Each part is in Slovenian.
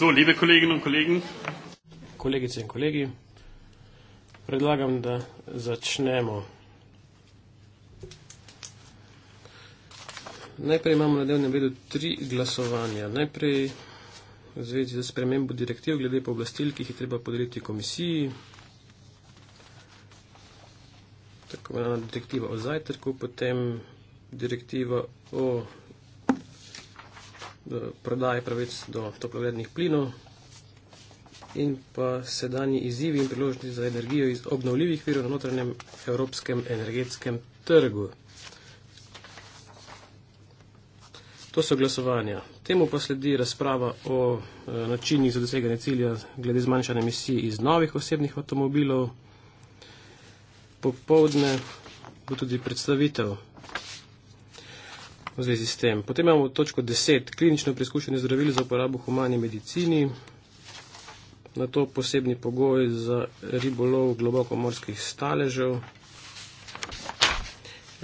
So, liebe Kolleginnen und Kollegen. Kollegice in Kollegi, predlagam, da začnemo. Najprej imamo na dnevnem redu tri glasovanja. Najprej v zvezi z spremembo direktiv glede pooblastil, ki jih je treba podeliti komisiji. Tako imenovana direktiva o zajtrku, potem direktiva o prodaje pravic do toplogrednih plinov in pa sedanji izzivi in priložnosti za energijo iz obnovljivih virov na notranjem evropskem energetskem trgu. To so glasovanja. Temu pa sledi razprava o e, načinih za doseganje cilja glede zmanjšanja emisij iz novih osebnih avtomobilov. Popovdne bo tudi predstavitev v zvezi s tem. Potem imamo točko 10, klinično preizkušanje zdravil za uporabo v humani medicini. Na to posebni pogoj za ribolov globokomorskih staležev,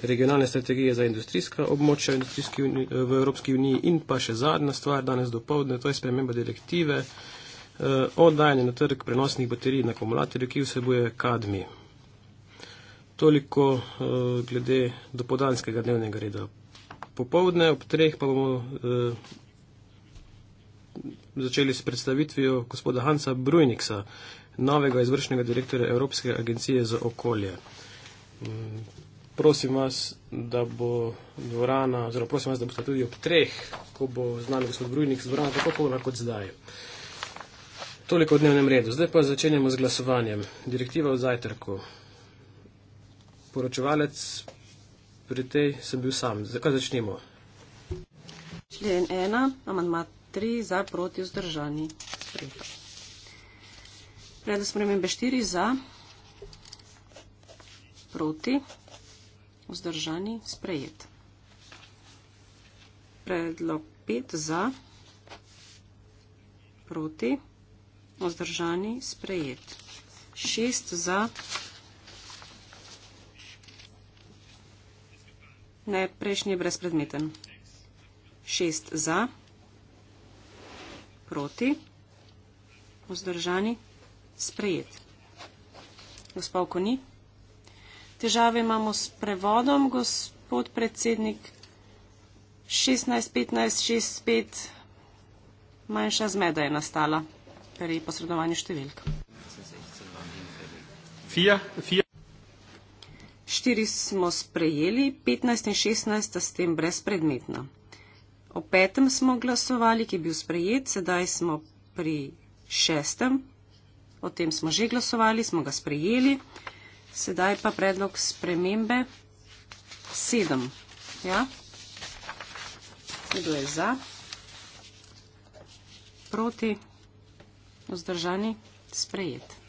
regionalne strategije za industrijska območja industrijski uni, v Evropski uniji in pa še zadnja stvar danes do povdne, to je sprememba direktive eh, o dajanju na trg prenosnih baterij na akumulatorju, ki vsebuje kadmi. Toliko eh, glede do podanskega dnevnega reda popovdne, ob treh pa bomo eh, začeli s predstavitvijo gospoda Hansa Brujniksa, novega izvršnega direktorja Evropske agencije za okolje. Mm, prosim vas, da bo dvorana, oziroma prosim vas, da boste tudi ob treh, ko bo znan gospod Brujnik, dvorana tako polna kot zdaj. Toliko o dnevnem redu. Zdaj pa začenjamo z glasovanjem. Direktiva o zajtrku. Poročevalec pri tej sem bil sam. Zakaj začnimo? Člen ena, amandma tri za proti vzdržani. Predlog spremembe štiri za proti vzdržani sprejet. Predlog pet za proti vzdržani sprejet. Šest za proti. Ne, prejšnji je brezpredmeten. Šest za, proti, vzdržani, sprejet. Gospodko ni. Težave imamo s prevodom, gospod predsednik. 16, 15, 6, 5. Manjša zmeda je nastala pri posredovanju številk. Fija, fija štiri smo sprejeli, 15 in 16 sta s tem brezpredmetna. O petem smo glasovali, ki je bil sprejet, sedaj smo pri šestem, o tem smo že glasovali, smo ga sprejeli, sedaj pa predlog spremembe sedem. Ja? Kdo je za? Proti? Vzdržani? Sprejet.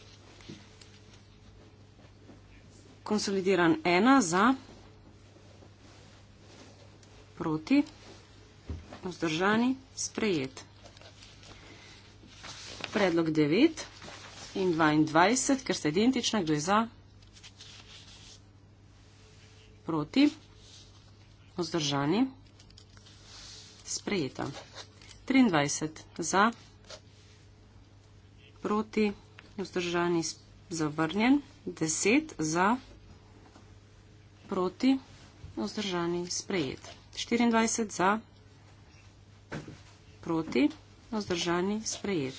konsolidiran ena za, proti, vzdržani, sprejet. Predlog 9 in 22, ker ste identična, gre za, proti, vzdržani, sprejeta. 23 za, proti, vzdržani, zavrnjen. 10 za, proti, vzdržani, sprejeta proti, vzdržani, sprejet. 24 za, proti, vzdržani, sprejet.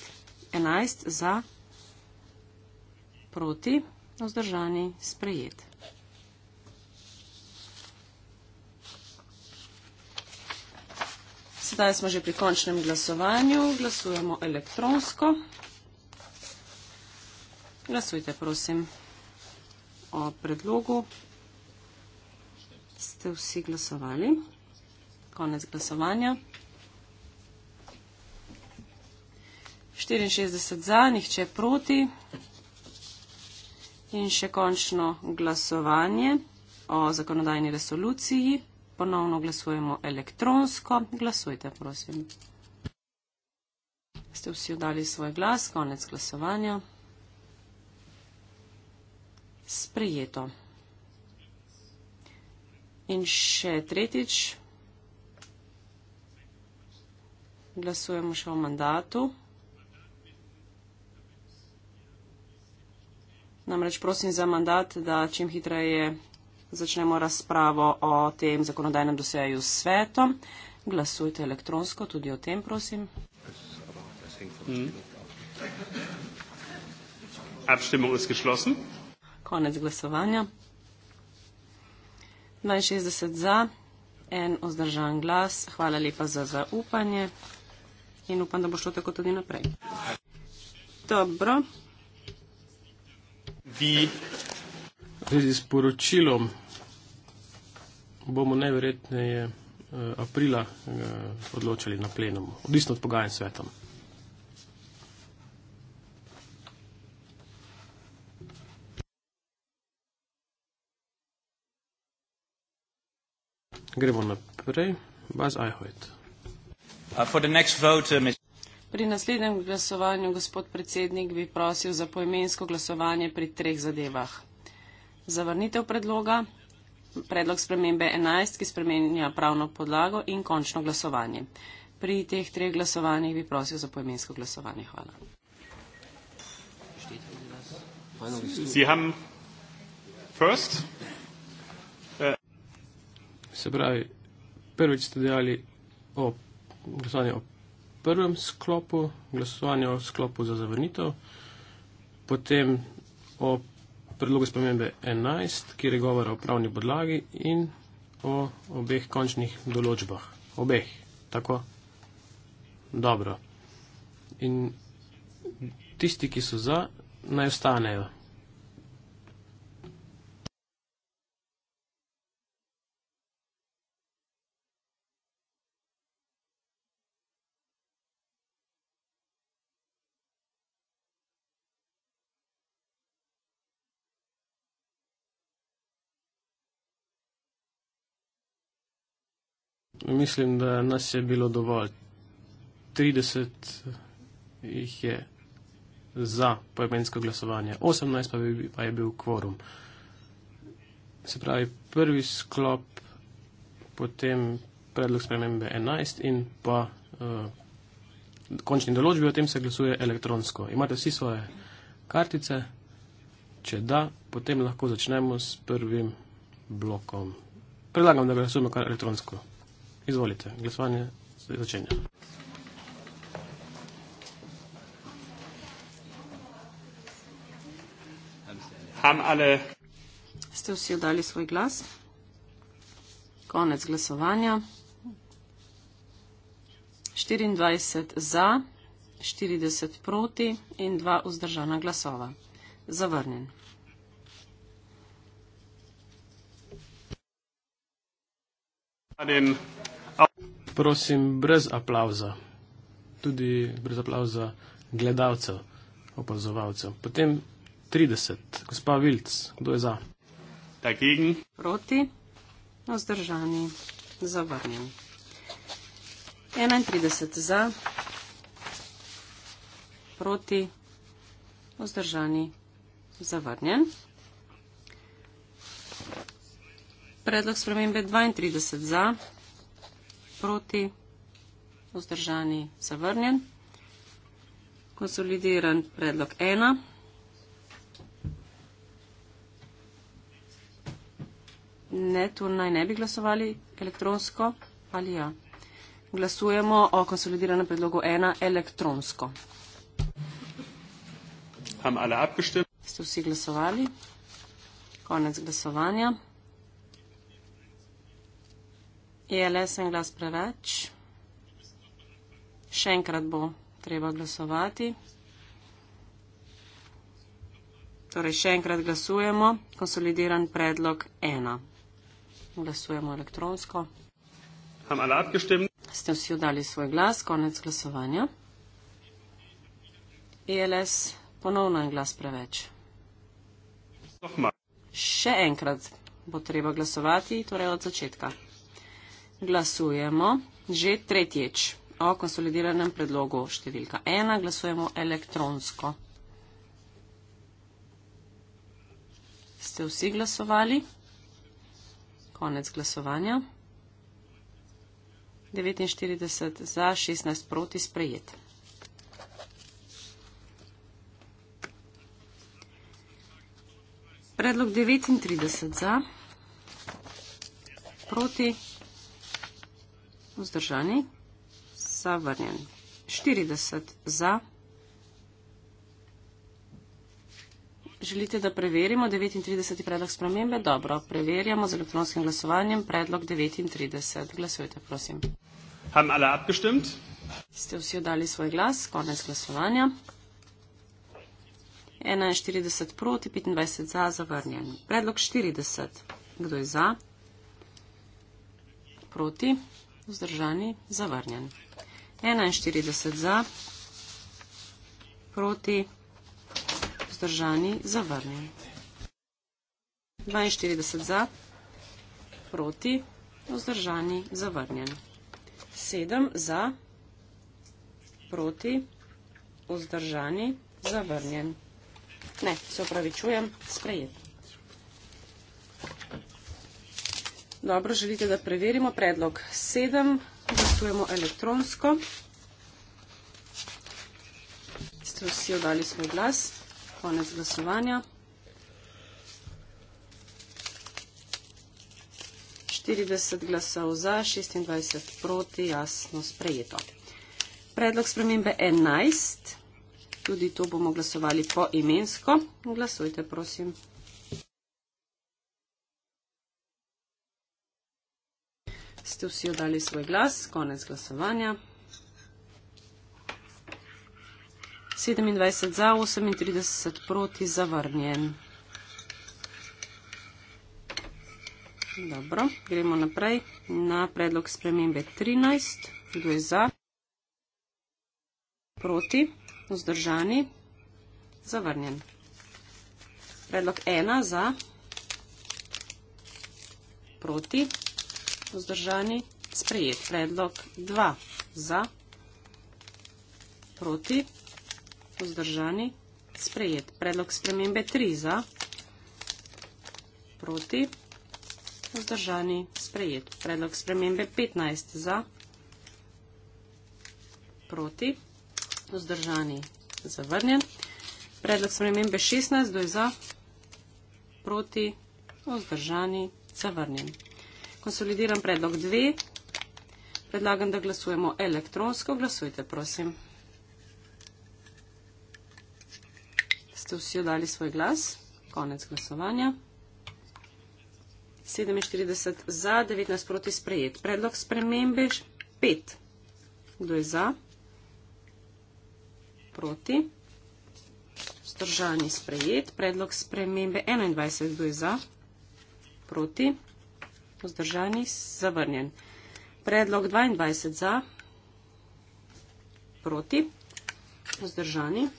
11 za, proti, vzdržani, sprejet. Sedaj smo že pri končnem glasovanju. Glasujemo elektronsko. Glasujte, prosim, o predlogu ste vsi glasovali. Konec glasovanja. 64 za, nihče proti. In še končno glasovanje o zakonodajni resoluciji. Ponovno glasujemo elektronsko. Glasujte, prosim. Ste vsi odali svoj glas, konec glasovanja. Sprejeto. In še tretjič, glasujemo še o mandatu. Namreč prosim za mandat, da čim hitreje začnemo razpravo o tem zakonodajnem doseju s svetom. Glasujte elektronsko tudi o tem, prosim. Mm. Konec glasovanja. 62 za, en ozdržan glas. Hvala lepa za zaupanje in upam, da bo šlo tako tudi naprej. Dobro. Vi. Zdaj, s poročilom bomo najverjetneje eh, aprila eh, odločili na plenumu, odvisno od pogajanj svetom. Gremo naprej. Baz Eichhout. Uh, uh, pri naslednjem glasovanju, gospod predsednik, bi prosil za poimensko glasovanje pri treh zadevah. Zavrnitev predloga, predlog spremembe 11, ki spremenja pravno podlago in končno glasovanje. Pri teh treh glasovanjih bi prosil za poimensko glasovanje. Hvala. Sie haben first. Se pravi, prvič ste dejali o glasovanju o prvem sklopu, glasovanju o sklopu za zavrnitev, potem o predlogu spremembe 11, kjer je govora o pravni podlagi in o obeh končnih določbah. Obeh. Tako. Dobro. In tisti, ki so za, naj ostanejo. Mislim, da nas je bilo dovolj. 30 jih je za poemensko glasovanje, 18 pa, bi, pa je bil kvorum. Se pravi, prvi sklop, potem predlog spremembe 11 in pa uh, končni določbi o tem se glasuje elektronsko. Imate vsi svoje kartice? Če da, potem lahko začnemo s prvim blokom. Predlagam, da glasujemo kar elektronsko. Izvolite, glasovanje se začenja. Ste vsi oddali svoj glas? Konec glasovanja. 24 za, 40 proti in 2 vzdržana glasova. Zavrnjen. Adem prosim, brez aplauza, tudi brez aplauza gledalcev, opazovalcev. Potem 30, gospa Vilc, kdo je za? Takigen. Proti, vzdržani, zavrnjen. 31 za, proti, vzdržani, zavrnjen. Predlog spremembe 32 za proti, vzdržani zavrnjen. Konsolidiran predlog 1. Ne, tu naj ne bi glasovali elektronsko ali ja. Glasujemo o konsolidiranem predlogu 1 elektronsko. Ste vsi glasovali? Konec glasovanja. Je le en glas preveč? Še enkrat bo treba glasovati. Torej, še enkrat glasujemo. Konsolidiran predlog ena. Glasujemo elektronsko. Ste vsi oddali svoj glas, konec glasovanja. ELS ponovno en glas preveč. Še enkrat bo treba glasovati, torej od začetka glasujemo že tretjič o konsolidiranem predlogu številka ena, glasujemo elektronsko. Ste vsi glasovali? Konec glasovanja. 49 za, 16 proti sprejet. Predlog 39 za, proti vzdržani, zavrnjen. 40 za. Želite, da preverimo 39. predlog spremembe? Dobro, preverjamo z elektronskim glasovanjem predlog 39. Glasujte, prosim. Haben alle abgestimmt? Ste vsi oddali svoj glas, konec glasovanja. 41 proti, 25 za, zavrnjen. Predlog 40. Kdo je za? Proti vzdržani, zavrnjen. 41 za, proti, vzdržani, zavrnjen. 42 za, proti, vzdržani, zavrnjen. 7 za, proti, vzdržani, zavrnjen. Ne, se opravičujem, sprejeti. Dobro, želite, da preverimo predlog 7. Glasujemo elektronsko. Ste vsi oddali svoj glas. Konec glasovanja. 40 glasov za, 26 proti, jasno sprejeto. Predlog spremembe 11. Tudi to bomo glasovali po imensko. Glasujte, prosim. ste vsi odali svoj glas, konec glasovanja. 27 za, 38 proti, zavrnjen. Dobro, gremo naprej na predlog spremembe 13. Kdo je za? Proti, vzdržani, zavrnjen. Predlog 1 za, proti, vzdržani. Sprejet predlog 2 za, proti, vzdržani. Sprejet predlog spremembe 3 za, proti, vzdržani. Sprejet predlog spremembe 15 za, proti, vzdržani. Zavrnjen. Predlog spremembe 16 do je za, proti, vzdržani. Zavrnjen konsolidiran predlog 2. Predlagam, da glasujemo elektronsko. Glasujte, prosim. Ste vsi odali svoj glas? Konec glasovanja. 47 za, 19 proti sprejet. Predlog spremembe 5. Kdo je za? Proti. Stržani sprejet. Predlog spremembe 21. Kdo je za? Proti vzdržani, zavrnjen. Predlog 22 za, proti, vzdržani,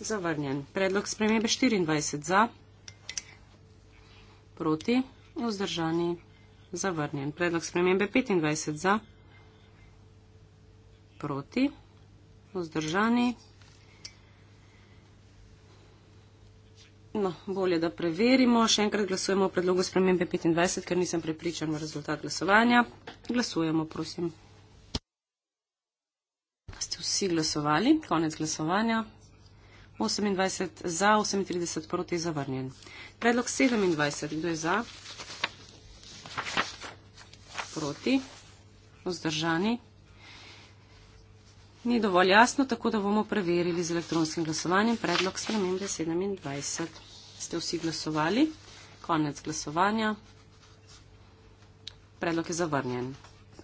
zavrnjen. Predlog spremembe 24 za, proti, vzdržani, zavrnjen. Predlog spremembe 25 za, proti, vzdržani, zavrnjen. No, bolje, da preverimo. Še enkrat glasujemo o predlogu spremembe 25, ker nisem prepričan v rezultat glasovanja. Glasujemo, prosim. Ste vsi glasovali? Konec glasovanja. 28 za, 38 proti zavrnjen. Predlog 27. Kdo je za? Proti? Vzdržani? ni dovolj jasno, tako da bomo preverili z elektronskim glasovanjem predlog spremembe 27. Ste vsi glasovali? Konec glasovanja. Predlog je zavrnjen.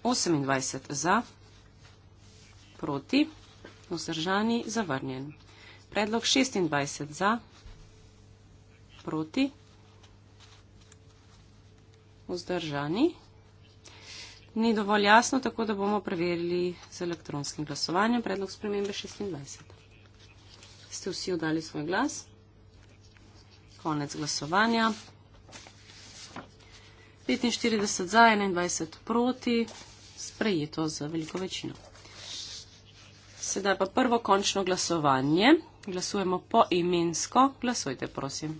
28 za, proti, vzdržani, zavrnjen. Predlog 26 za, proti, vzdržani ni dovolj jasno, tako da bomo preverili z elektronskim glasovanjem predlog spremembe 26. Ste vsi oddali svoj glas? Konec glasovanja. 45 za, 21 proti, sprejeto z veliko večino. Sedaj pa prvo končno glasovanje. Glasujemo poimensko. Glasujte, prosim.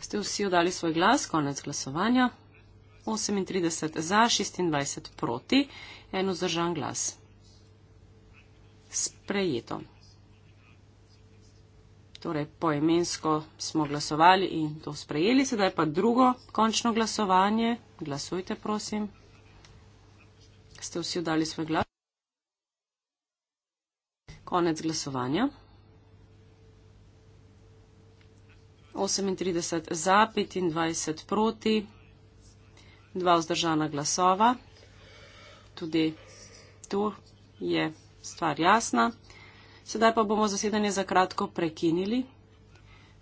ste vsi odali svoj glas, konec glasovanja. 38 za, 26 proti, eno zdržan glas. Sprejeto. Torej, poemensko smo glasovali in to sprejeli, sedaj pa drugo končno glasovanje. Glasujte, prosim. Ste vsi odali svoj glas? Konec glasovanja. 38 za, 25 proti, dva vzdržana glasova. Tudi tu je stvar jasna. Sedaj pa bomo zasedanje za kratko prekinili,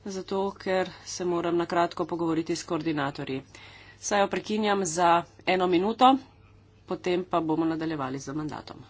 zato ker se moram na kratko pogovoriti s koordinatorji. Saj jo prekinjam za eno minuto, potem pa bomo nadaljevali z mandatom.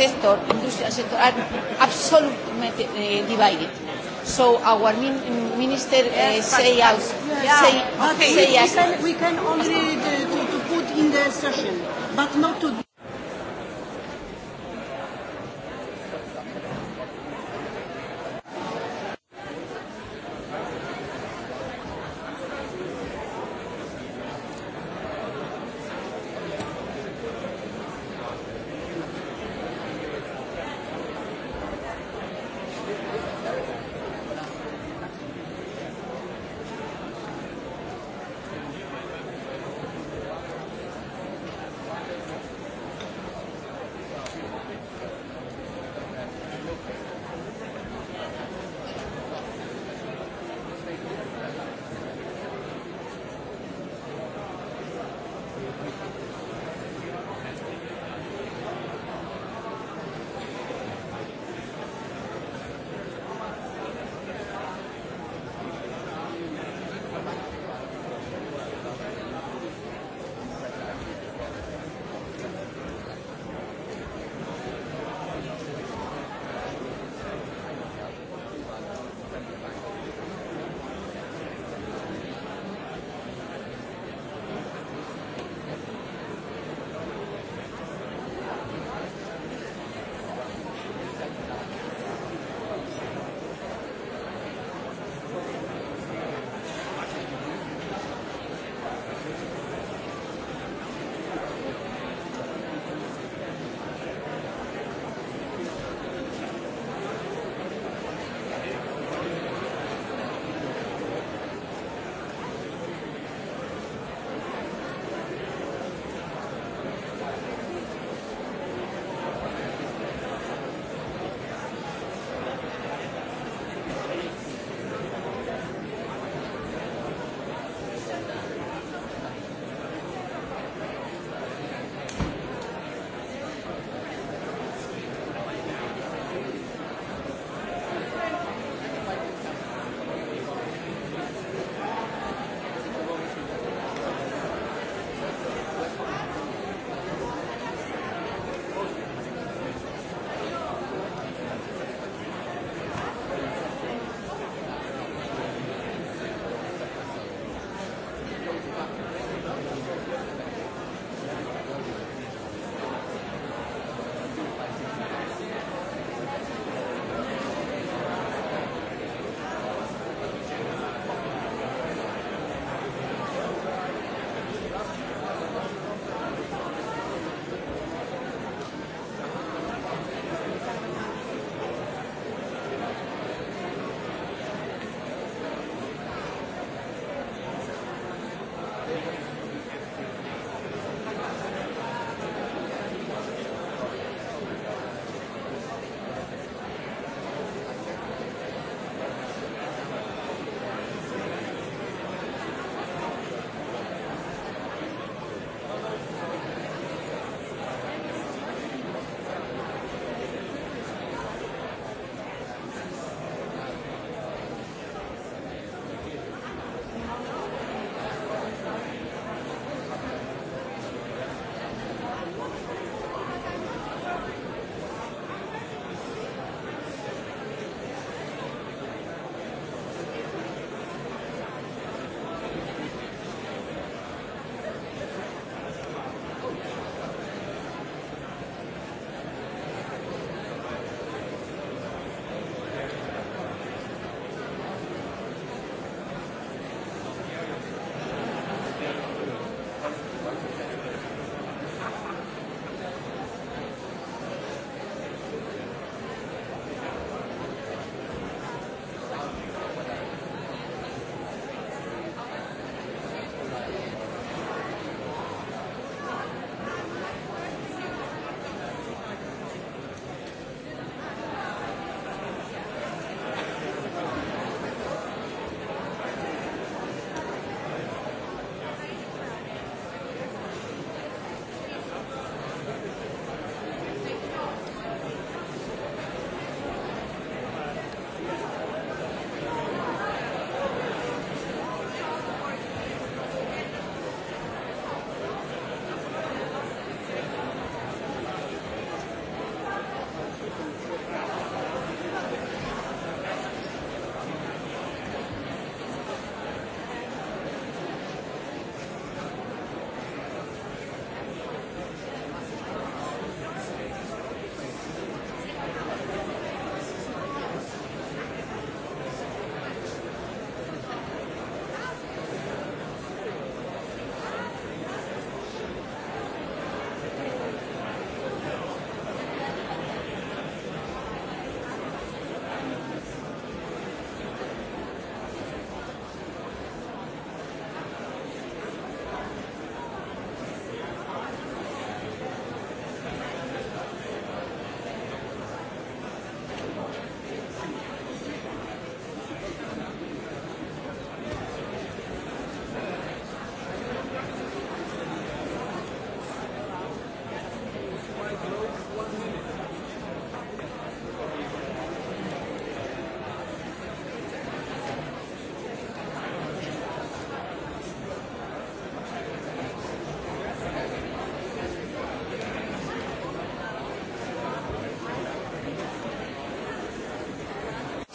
sector, industrial sector, are absolutely uh, eh, divided. So our min minister uh, yes, say us, yes. say, okay. say we, us. We can, we can only do, uh, to, to put in the session, but not to.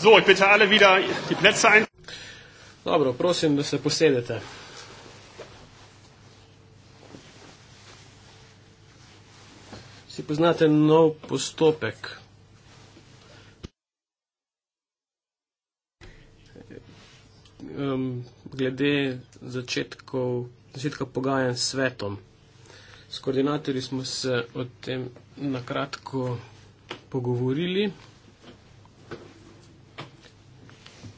So, ich bitte alle wieder die Plätze ein. Dobro, prosim, da se posedete. Si poznate nov postopek? Um, glede začetkov, začetka pogajanj s svetom. S koordinatorji smo se o tem na kratko pogovorili.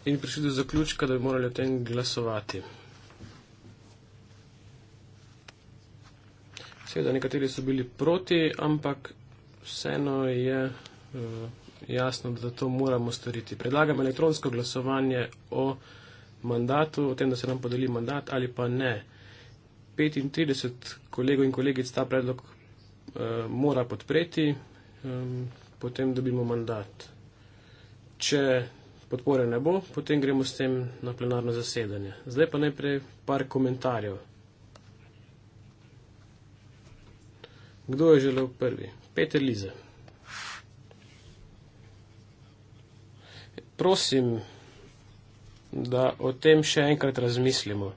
in prišli do zaključka, da bi morali o tem glasovati. Seveda, nekateri so bili proti, ampak vseeno je eh, jasno, da to moramo storiti. Predlagam elektronsko glasovanje o mandatu, o tem, da se nam podeli mandat ali pa ne. 35 kolegov in kolegic ta predlog eh, mora podpreti, eh, potem dobimo mandat. Če podpore ne bo, potem gremo s tem na plenarno zasedanje. Zdaj pa najprej par komentarjev. Kdo je želel prvi? Peter Lize. Prosim, da o tem še enkrat razmislimo.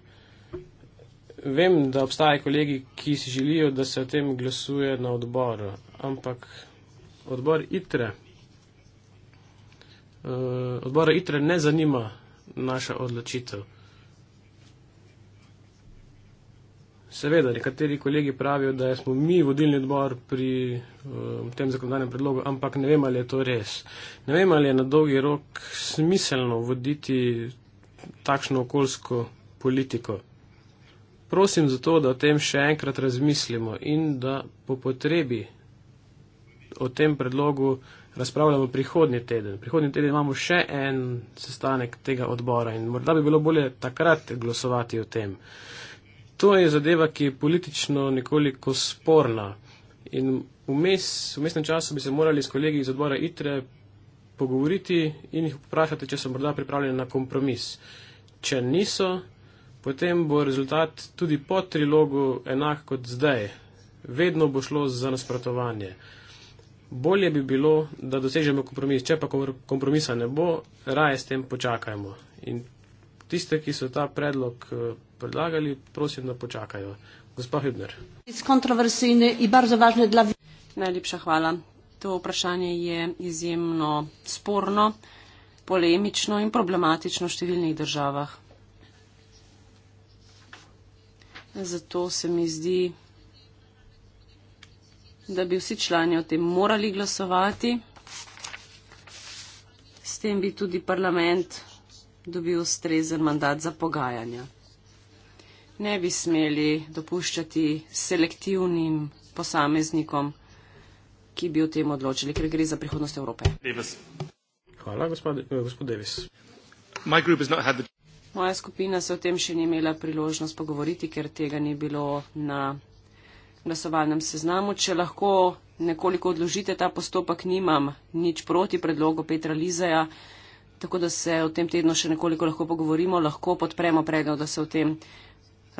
Vem, da obstajajo kolegi, ki si želijo, da se o tem glasuje na odboru, ampak odbor ITRE Eh, odbora ITRE ne zanima naša odločitev. Seveda, nekateri kolegi pravijo, da smo mi vodilni odbor pri uh, tem zakonodajnem predlogu, ampak ne vem, ali je to res. Ne vem, ali je na dolgi rok smiselno voditi takšno okoljsko politiko. Prosim za to, da o tem še enkrat razmislimo in da po potrebi o tem predlogu uh, razpravljamo prihodnji teden. Prihodnji teden imamo še en sestanek tega odbora in morda bi bilo bolje takrat glasovati o tem. To je zadeva, ki je politično nekoliko sporna in v mestnem času bi se morali s kolegi iz odbora ITRE pogovoriti in jih vprašati, če so morda pripravljeni na kompromis. Če niso, potem bo rezultat tudi po trilogu enak kot zdaj. Vedno bo šlo za nasprotovanje bolje bi bilo, da dosežemo kompromis. Če pa kompromisa ne bo, raje s tem počakajmo. In tiste, ki so ta predlog eh, predlagali, prosim, da počakajo. Gospa Hübner. Najlepša hvala. To vprašanje je izjemno sporno, polemično in problematično v številnih državah. Zato se mi zdi da bi vsi člani o tem morali glasovati. S tem bi tudi parlament dobil ustrezen mandat za pogajanja. Ne bi smeli dopuščati selektivnim posameznikom, ki bi o tem odločili, ker gre za prihodnost Evrope. Davis. Hvala, gospod eh, Davis. Moja skupina se o tem še ni imela priložnost pogovoriti, ker tega ni bilo na glasovalnem seznamu. Če lahko nekoliko odložite ta postopek, nimam nič proti predlogu Petra Lizeja, tako da se v tem tednu še nekoliko lahko pogovorimo, lahko podpremo predlog, da se o tem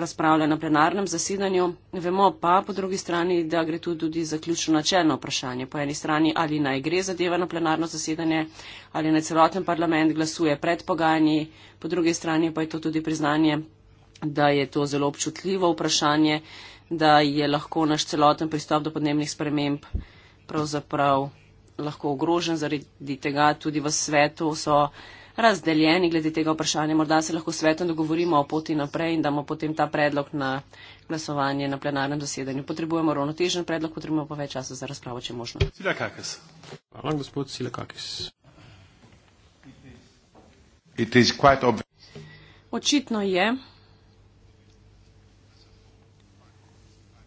razpravlja na plenarnem zasedanju. Vemo pa po drugi strani, da gre tu tudi za ključno načelno vprašanje. Po eni strani, ali naj gre zadeva na plenarno zasedanje, ali naj celoten parlament glasuje pred pogajanji, po drugi strani pa je to tudi priznanje, da je to zelo občutljivo vprašanje, da je lahko naš celoten pristop do podnebnih sprememb pravzaprav lahko ogrožen. Zaradi tega tudi v svetu so razdeljeni glede tega vprašanja. Morda se lahko svetom dogovorimo o poti naprej in damo potem ta predlog na glasovanje na plenarnem zasedanju. Potrebujemo ravnotežen predlog, potrebujemo pa več časa za razpravo, če možno. Silakakis. Hvala, gospod Silakakis. Očitno je,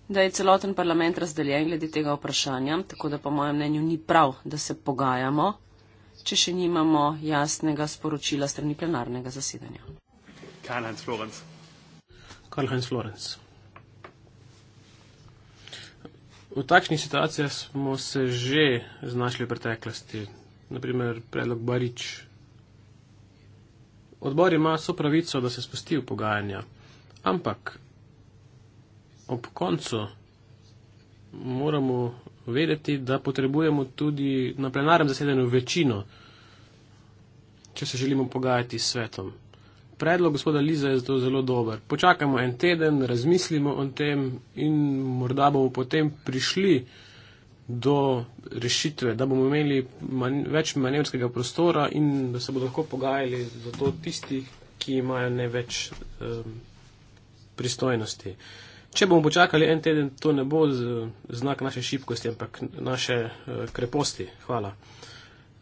da je celoten parlament razdeljen glede tega vprašanja, tako da po mojem mnenju ni prav, da se pogajamo, če še nimamo jasnega sporočila strani plenarnega zasedanja. Karl-Heinz Florenc. Karl-Heinz Florenc. V takšnih situacijah smo se že znašli v preteklosti, naprimer predlog Barič. Odbor ima so pravico, da se spusti v pogajanja, ampak ob koncu moramo vedeti, da potrebujemo tudi na plenarnem zasedanju večino, če se želimo pogajati s svetom. Predlog gospoda Liza je zato zelo dober. Počakamo en teden, razmislimo o tem in morda bomo potem prišli do rešitve, da bomo imeli man več manevrskega prostora in da se bodo lahko pogajali za to tisti, ki imajo ne več um, ehm, pristojnosti. Če bomo počakali en teden, to ne bo znak naše šibkosti, ampak naše eh, kreposti. Hvala.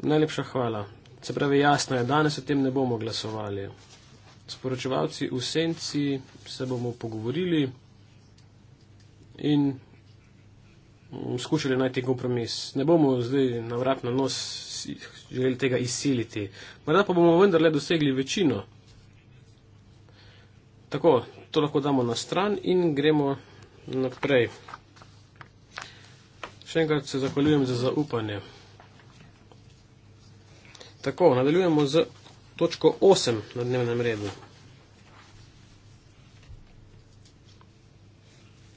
Najlepša hvala. Se pravi, jasno je, danes o tem ne bomo glasovali. Sporočevalci v senci se bomo pogovorili in mm, skušali najti kompromis. Ne bomo zdaj na vrat na nos želeli tega izsiliti. Morda pa bomo vendarle dosegli večino. Tako, to lahko damo na stran in gremo naprej. Še enkrat se zahvaljujem za zaupanje. Tako, nadaljujemo z točko 8 na dnevnem redu.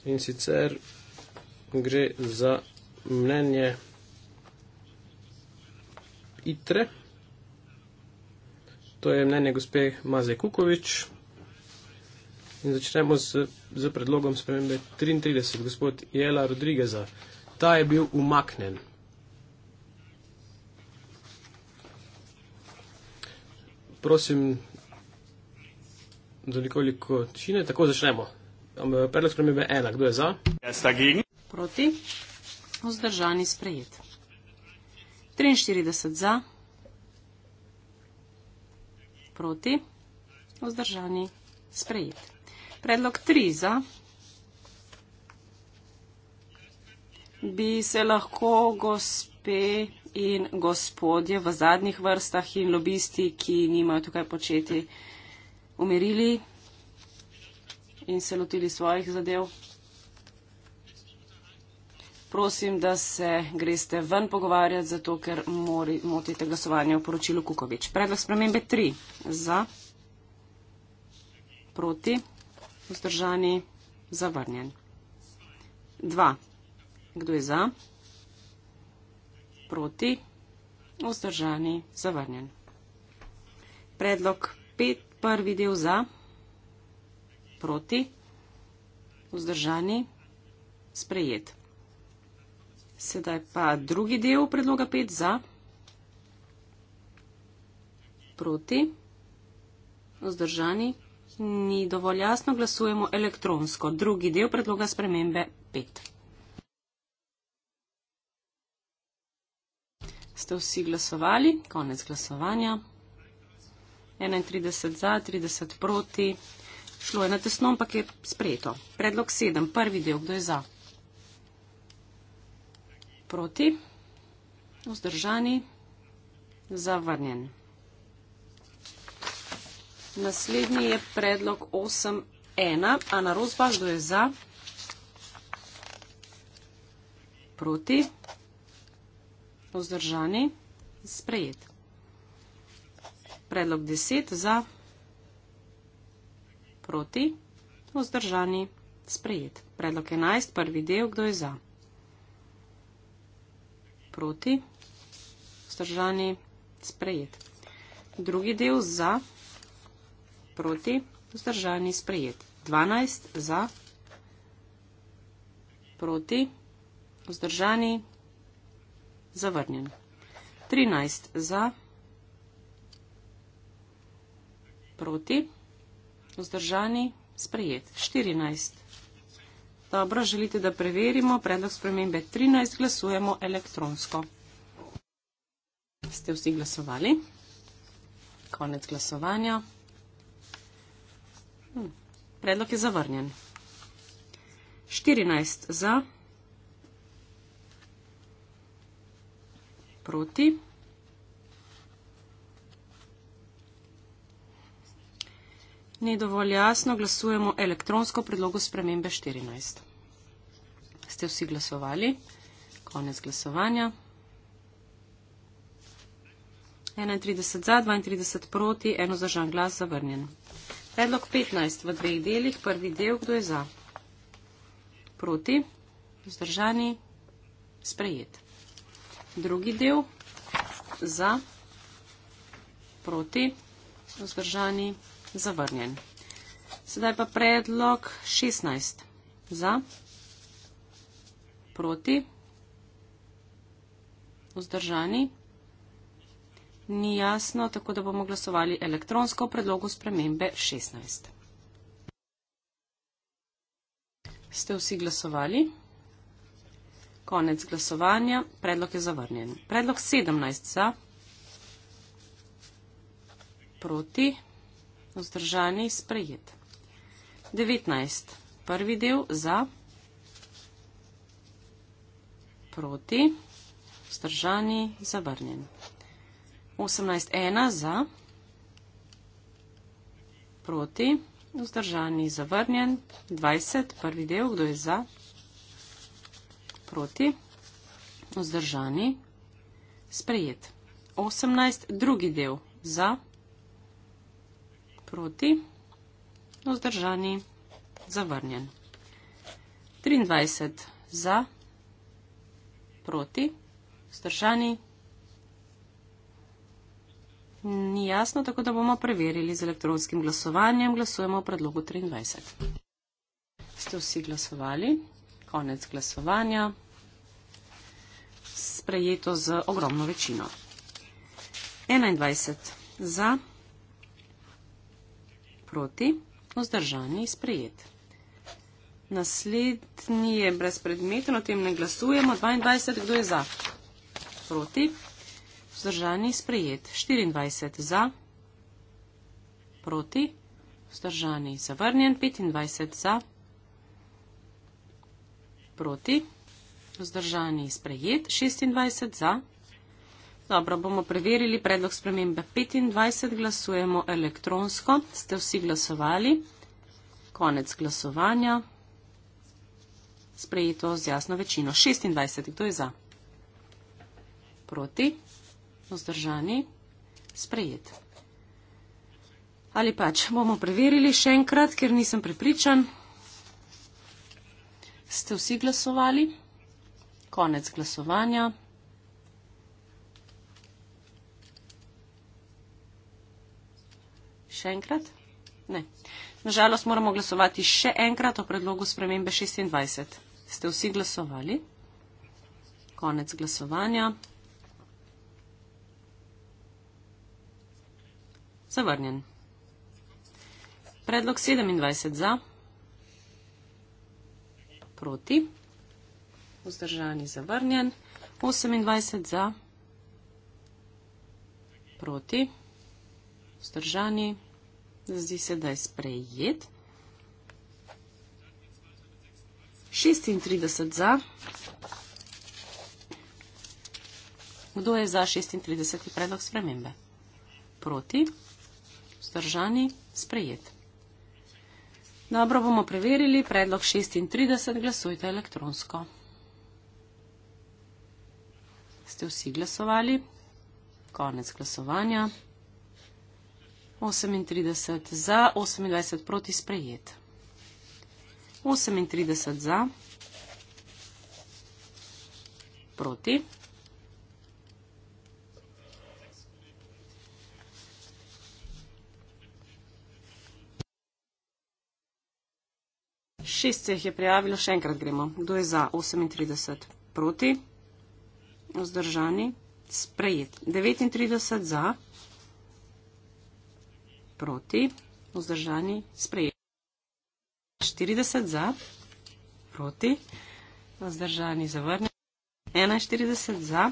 In sicer gre za mnenje ITRE. To je mnenje gospe Maze Kukovič, In začnemo z, z predlogom spremembe 33, gospod Jela Rodrigeza. Ta je bil umaknen. Prosim, da nekoliko čine, tako začnemo. Predlog spremembe 1, kdo je za? Proti, vzdržani sprejet. 43 za, proti, vzdržani sprejet. Predlog 3 za. Bi se lahko gospe in gospodje v zadnjih vrstah in lobisti, ki nimajo tukaj početi, umirili in se lotili svojih zadev? Prosim, da se greste ven pogovarjati, zato ker mori, motite glasovanje v poročilu Kukovič. Predlog spremembe 3 za. Proti vzdržani, zavrnjen. 2. Kdo je za? Proti, vzdržani, zavrnjen. Predlog 5. Prvi del za, proti, vzdržani, sprejet. Sedaj pa drugi del predloga 5 za, proti, vzdržani, ni dovolj jasno, glasujemo elektronsko. Drugi del predloga spremembe 5. Ste vsi glasovali? Konec glasovanja. 31 za, 30 proti. Šlo je na tesno, ampak je sprejeto. Predlog 7. Prvi del, kdo je za? Proti. Vzdržani. Zavrnjen. Naslednji je predlog 8.1. Ana Rozba, kdo je za? Proti? Vzdržani? Sprejet. Predlog 10 za? Proti? Vzdržani? Sprejet. Predlog 11, prvi del, kdo je za? Proti? Vzdržani? Sprejet. Drugi del za? Proti? proti, vzdržani sprejet. 12 za, proti, vzdržani, zavrnjen. 13 za, proti, vzdržani, sprejet. 14. Dobro, želite, da preverimo predlog spremembe 13, glasujemo elektronsko. Ste vsi glasovali? Konec glasovanja. Hmm. Predlog je zavrnjen. 14 za, proti. Ni dovolj jasno, glasujemo elektronsko predlogu spremembe 14. Ste vsi glasovali? Konec glasovanja. 31 za, 32 proti, eno zažan glas zavrnjen. Predlog 15 v dveh delih, prvi del, kdo je za? Proti, vzdržani, sprejet. Drugi del, za, proti, vzdržani, zavrnjen. Sedaj pa predlog 16. Za, proti, vzdržani, zavrnjen ni jasno, tako da bomo glasovali elektronsko v predlogu spremembe 16. Ste vsi glasovali? Konec glasovanja. Predlog je zavrnjen. Predlog 17 za. Proti. Vzdržani. Sprejet. 19. Prvi del za. Proti. Vzdržani. Zavrnjen. 18.1 za, proti, vzdržani, zavrnjen, 20, prvi del, kdo je za, proti, vzdržani, sprejet. 18, drugi del, za, proti, vzdržani, zavrnjen. 23, za, proti, vzdržani, ni jasno, tako da bomo preverili z elektronskim glasovanjem. Glasujemo o predlogu 23. Ste vsi glasovali? Konec glasovanja. Sprejeto z ogromno večino. 21 za, proti, vzdržani, sprejet. Naslednji je brezpredmeten, o tem ne glasujemo. 22, kdo je za? Proti, vzdržani, sprejet. 24 za, proti, vzdržani, zavrnjen. 25 za, proti, vzdržani, sprejet. 26 za. Dobro, bomo preverili predlog spremembe. 25 glasujemo elektronsko. Ste vsi glasovali? Konec glasovanja. Sprejeto z jasno večino. 26. Kdo je za? Proti vzdržani, sprejet. Ali pač bomo preverili še enkrat, ker nisem prepričan. Ste vsi glasovali? Konec glasovanja. Še enkrat? Ne. Nažalost moramo glasovati še enkrat o predlogu spremembe 26. Ste vsi glasovali? Konec glasovanja. Zavrnjen. Predlog 27 za, proti, vzdržani zavrnjen. 28 za, proti, vzdržani. Zdi se, da je sprejet. 36 za. Kdo je za 36. predlog spremembe? Proti. Vzdržani, sprejet. Dobro bomo preverili predlog 36, glasujte elektronsko. Ste vsi glasovali? Konec glasovanja. 38 za, 28 proti sprejet. 38 za, proti Šest se jih je prijavilo, še enkrat gremo. Kdo je za? 38 proti, vzdržani, sprejet. 39 za, proti, vzdržani, sprejet. 40 za, proti, vzdržani, zavrnjen. 41 za.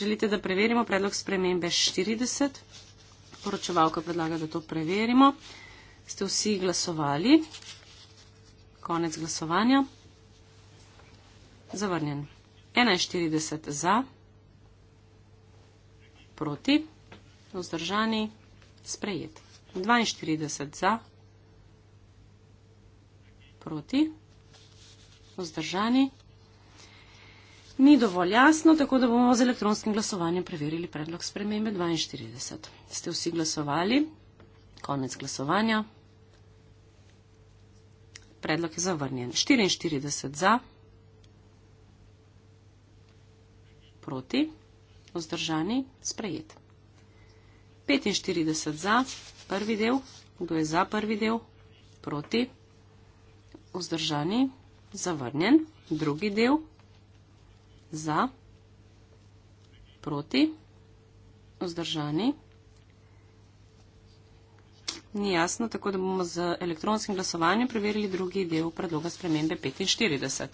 Želite, da preverimo predlog spremembe 40? Poročevalka predlaga, da to preverimo. Ste vsi glasovali? konec glasovanja. Zavrnjen. 41 za, proti, vzdržani, sprejet. 42 za, proti, vzdržani. Ni dovolj jasno, tako da bomo z elektronskim glasovanjem preverili predlog spremembe 42. Ste vsi glasovali? Konec glasovanja. Predlog je zavrnjen. 44 za, proti, vzdržani, sprejet. 45 za, prvi del, kdo je za prvi del, proti, vzdržani, zavrnjen. Drugi del, za, proti, vzdržani, zavrnjen ni jasno, tako da bomo z elektronskim glasovanjem preverili drugi del predloga spremembe 45.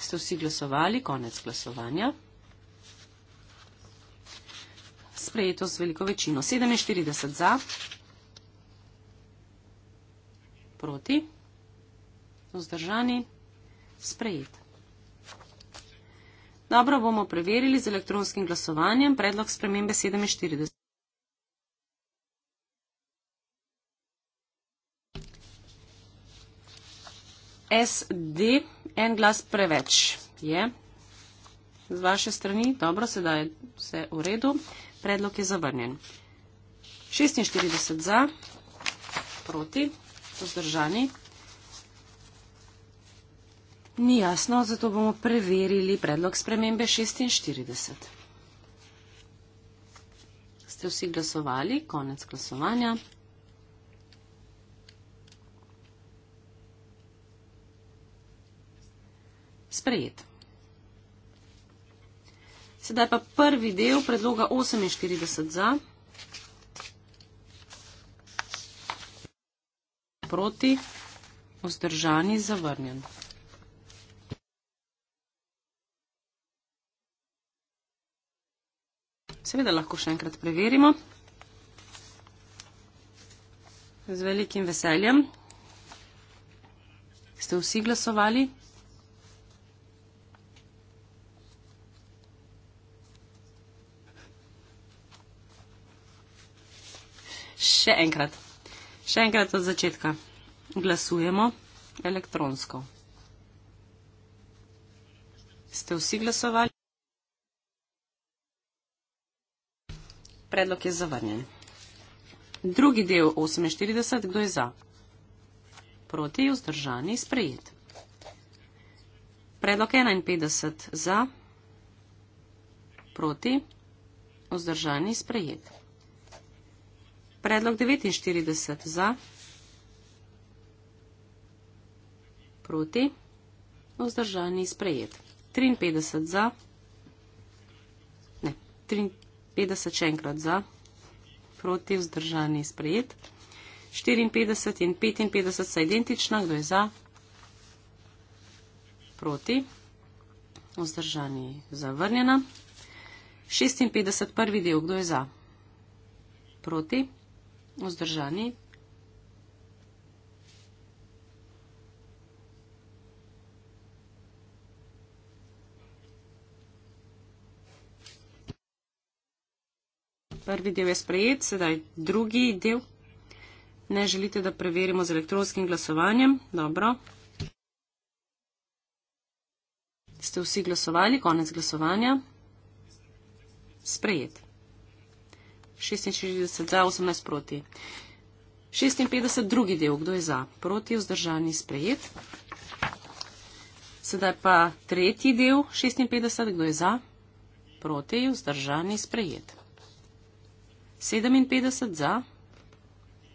Ste vsi glasovali, konec glasovanja. Sprejeto z veliko večino. 47 za, proti, vzdržani, sprejet. Dobro bomo preverili z elektronskim glasovanjem predlog spremembe 47. SD, en glas preveč je. Z vaše strani, dobro, sedaj je vse v redu, predlog je zavrnjen. 46 za, proti, vzdržani. Ni jasno, zato bomo preverili predlog spremembe 46. Ste vsi glasovali? Konec glasovanja. sprejet. Sedaj pa prvi del predloga 48 za, proti, vzdržani, zavrnjen. Seveda lahko še enkrat preverimo. Z velikim veseljem ste vsi glasovali še enkrat. Še enkrat od začetka. Glasujemo elektronsko. Ste vsi glasovali? Predlog je zavrnjen. Drugi del 48. Kdo je za? Proti je vzdržani sprejet. Predlog 51 za, proti, vzdržani sprejeti. Predlog 49 za, proti, vzdržani sprejet. 53 za, ne, 53 še enkrat za, proti, vzdržani sprejet. 54 in 55 sta identična, kdo je za, proti, vzdržani zavrnjena. 56 prvi del, kdo je za, proti vzdržani. Prvi del je sprejet, sedaj drugi del. Ne želite, da preverimo z elektronskim glasovanjem. Dobro. Ste vsi glasovali, konec glasovanja. Sprejet. 46 za, 18 proti. 56 drugi del, kdo je za? Proti, vzdržani, sprejet. Sedaj pa tretji del, 56, kdo je za? Proti, vzdržani, sprejet. 57 za,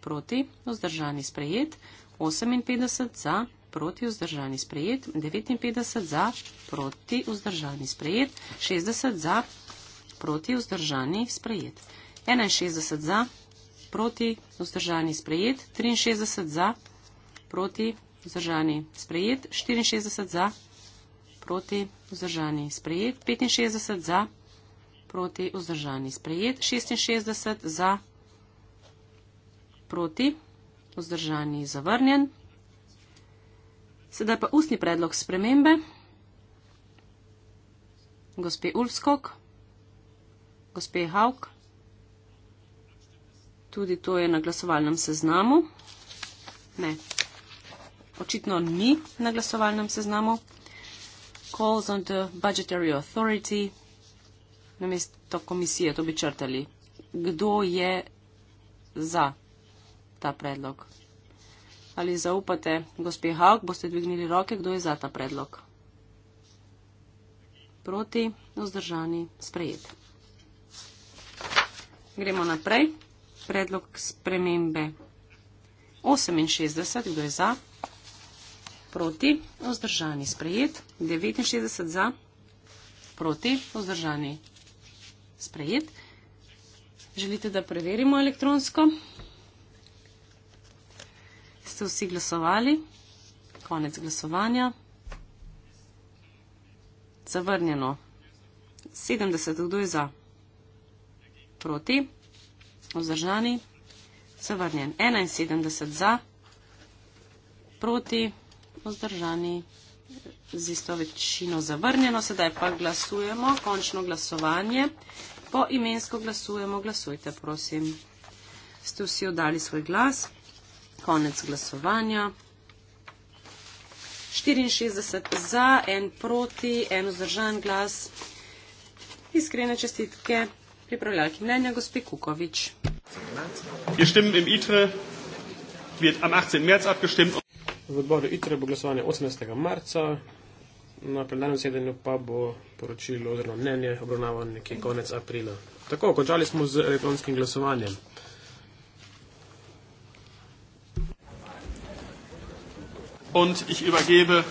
proti, vzdržani, sprejet. 58 za, proti, vzdržani, sprejet. 59 za, proti, vzdržani, sprejet. 60 za, proti, vzdržani, sprejet. 61 za, proti, vzdržani sprejet, 63 za, proti, vzdržani sprejet, 64 za, proti, vzdržani sprejet, 65 za, proti, vzdržani sprejet, 66 za, proti, vzdržani zavrnjen. Sedaj pa ustni predlog spremembe. Gospe Ulfskog, gospe Hauk tudi to je na glasovalnem seznamu. Ne, očitno ni na glasovalnem seznamu. Calls on the budgetary authority. Namesto komisije to bi črtali. Kdo je za ta predlog? Ali zaupate, gospe Haug, boste dvignili roke, kdo je za ta predlog? Proti, vzdržani, sprejet. Gremo naprej predlog spremembe 68, kdo je za, proti, vzdržani, sprejet, 69 za, proti, vzdržani, sprejet. Želite, da preverimo elektronsko? Ste vsi glasovali? Konec glasovanja. Zavrnjeno. 70, kdo je za? Proti vzdržani, zavrnjen 71 za, proti, vzdržani, z isto večino zavrnjeno, sedaj pa glasujemo, končno glasovanje, po imensko glasujemo, glasujte prosim. Ste vsi oddali svoj glas, konec glasovanja. 64 za, en proti, en vzdržan glas. Iskrene čestitke pripravljalki mnenja gospe Kukovič. 18. März. Wir stimmen im ITRE, wird am 18. März abgestimmt. W wyborze ITRE było głosowanie 18 marca. Na plenarnym zjedzeniu pa było poruczyło odrębnienie, obronowane jakieś koniec aprila. Tak, kończaliśmy z elektronicznym głosowaniem. Und ich übergebe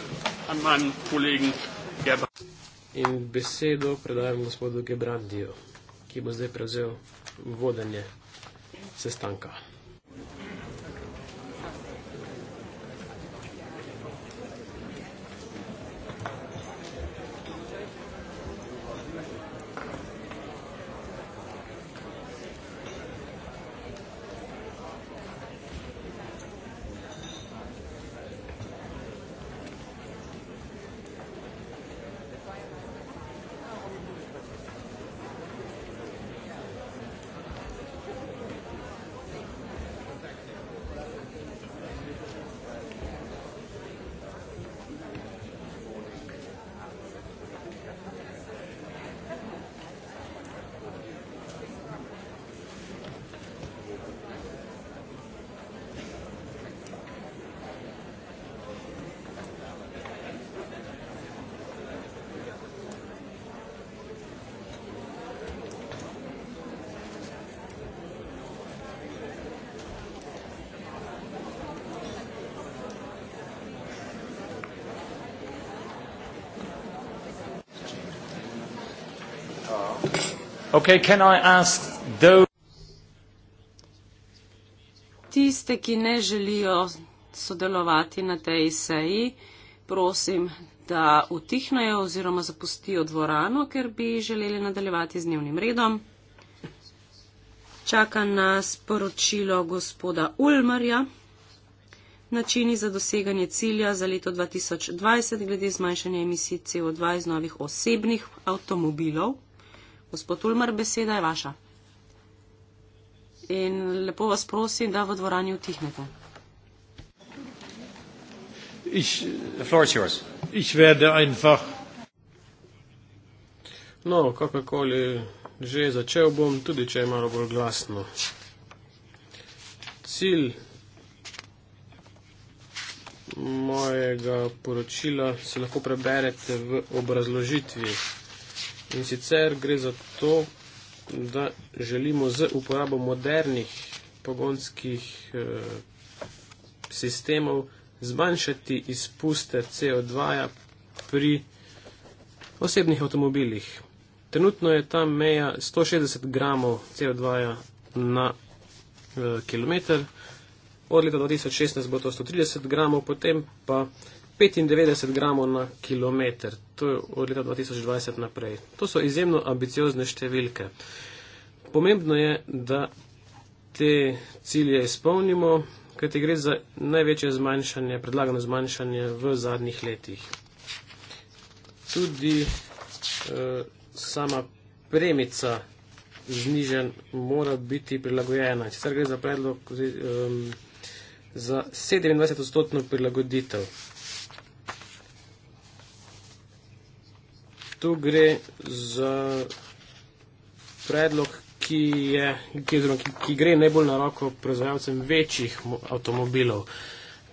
an meinen Kollegen Gebrandio. In besedo predajam gospodu Gebrandio, ki bo zdaj prevzel vodenje sestanka. Okay, can I ask those Tiste, ki ne želijo sodelovati na tej seji, prosim, da utihnejo oziroma zapustijo dvorano, ker bi želeli nadaljevati z dnevnim redom. Čaka nas poročilo gospoda Ulmarja. Načini za doseganje cilja za leto 2020 glede zmanjšanja emisij CO2 iz novih osebnih avtomobilov. Gospod Ulmer, beseda je vaša. In lepo vas prosim, da v dvorani utihnete. Ich, the floor is yours. Ich werde einfach. No, kakorkoli že začel bom, tudi če je malo bolj glasno. Cilj mojega poročila se lahko preberete v obrazložitvi. In sicer gre za to, da želimo z uporabo modernih pogonskih eh, sistemov zmanjšati izpuste CO2 pri osebnih avtomobilih. Trenutno je ta meja 160 gramov CO2 na eh, kilometr, od leta 2016 bo to 130 gramov, potem pa 95 gramov na kilometr to je od leta 2020 naprej. To so izjemno ambiciozne številke. Pomembno je, da te cilje izpolnimo, ker ti gre za največje zmanjšanje, predlagano zmanjšanje v zadnjih letih. Tudi e, sama premica znižen mora biti prilagojena. Sicer gre za predlog e, za 27-odstotno prilagoditev. tu gre za predlog, ki, je, ki, ki, ki gre najbolj na roko proizvajalcem večjih avtomobilov,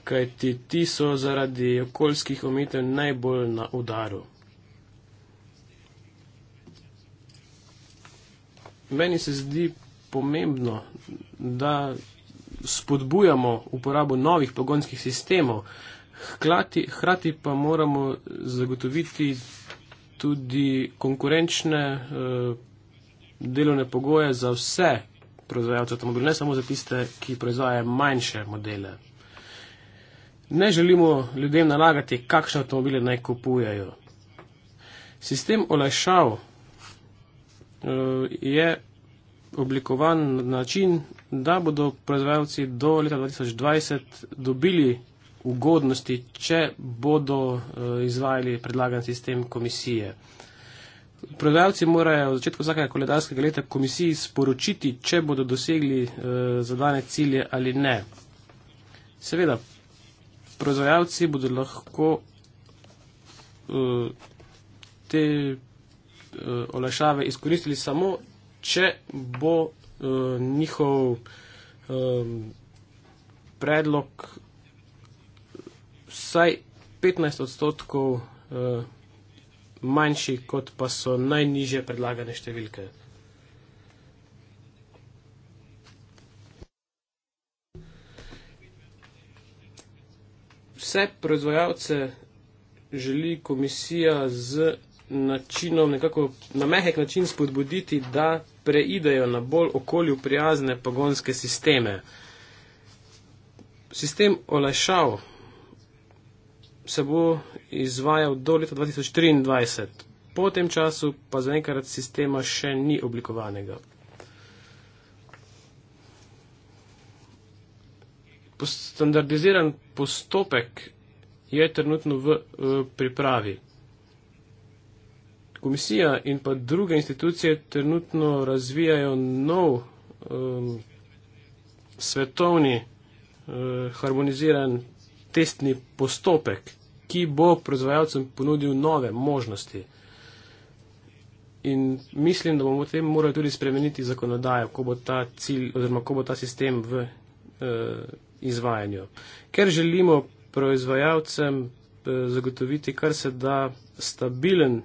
kajti ti so zaradi okoljskih omitev najbolj na udaru. Meni se zdi pomembno, da spodbujamo uporabo novih pogonskih sistemov, hkrati pa moramo zagotoviti tudi konkurenčne eh, delovne pogoje za vse proizvajalce avtomobilov, ne samo za tiste, ki proizvajajo manjše modele. Ne želimo ljudem nalagati, kakšne avtomobile naj kupujajo. Sistem olajšav eh, je oblikovan na način, da bodo proizvajalci do leta 2020 dobili ugodnosti, če bodo eh, izvajali predlagan sistem komisije. Prodajalci morajo v začetku vsakega koledarskega leta komisiji sporočiti, če bodo dosegli eh, zadane cilje ali ne. Seveda, proizvajalci bodo lahko eh, te olajšave izkoristili samo, če bo njihov predlog vsaj 15 odstotkov eh, manjši, kot pa so najniže predlagane številke. Vse proizvajalce želi komisija z načinom, nekako na mehek način spodbuditi, da preidejo na bolj okolju prijazne pogonske sisteme. Sistem olajšav se bo izvajal do leta 2023. Po tem času pa zaenkrat sistema še ni oblikovanega. Standardiziran postopek je trenutno v, v pripravi. Komisija in pa druge institucije trenutno razvijajo nov um, svetovni uh, harmoniziran testni postopek, ki bo proizvajalcem ponudil nove možnosti. In mislim, da bomo potem morali tudi spremeniti zakonodajo, ko bo ta cilj oziroma ko bo ta sistem v eh, izvajanju. Ker želimo proizvajalcem eh, zagotoviti kar se da stabilen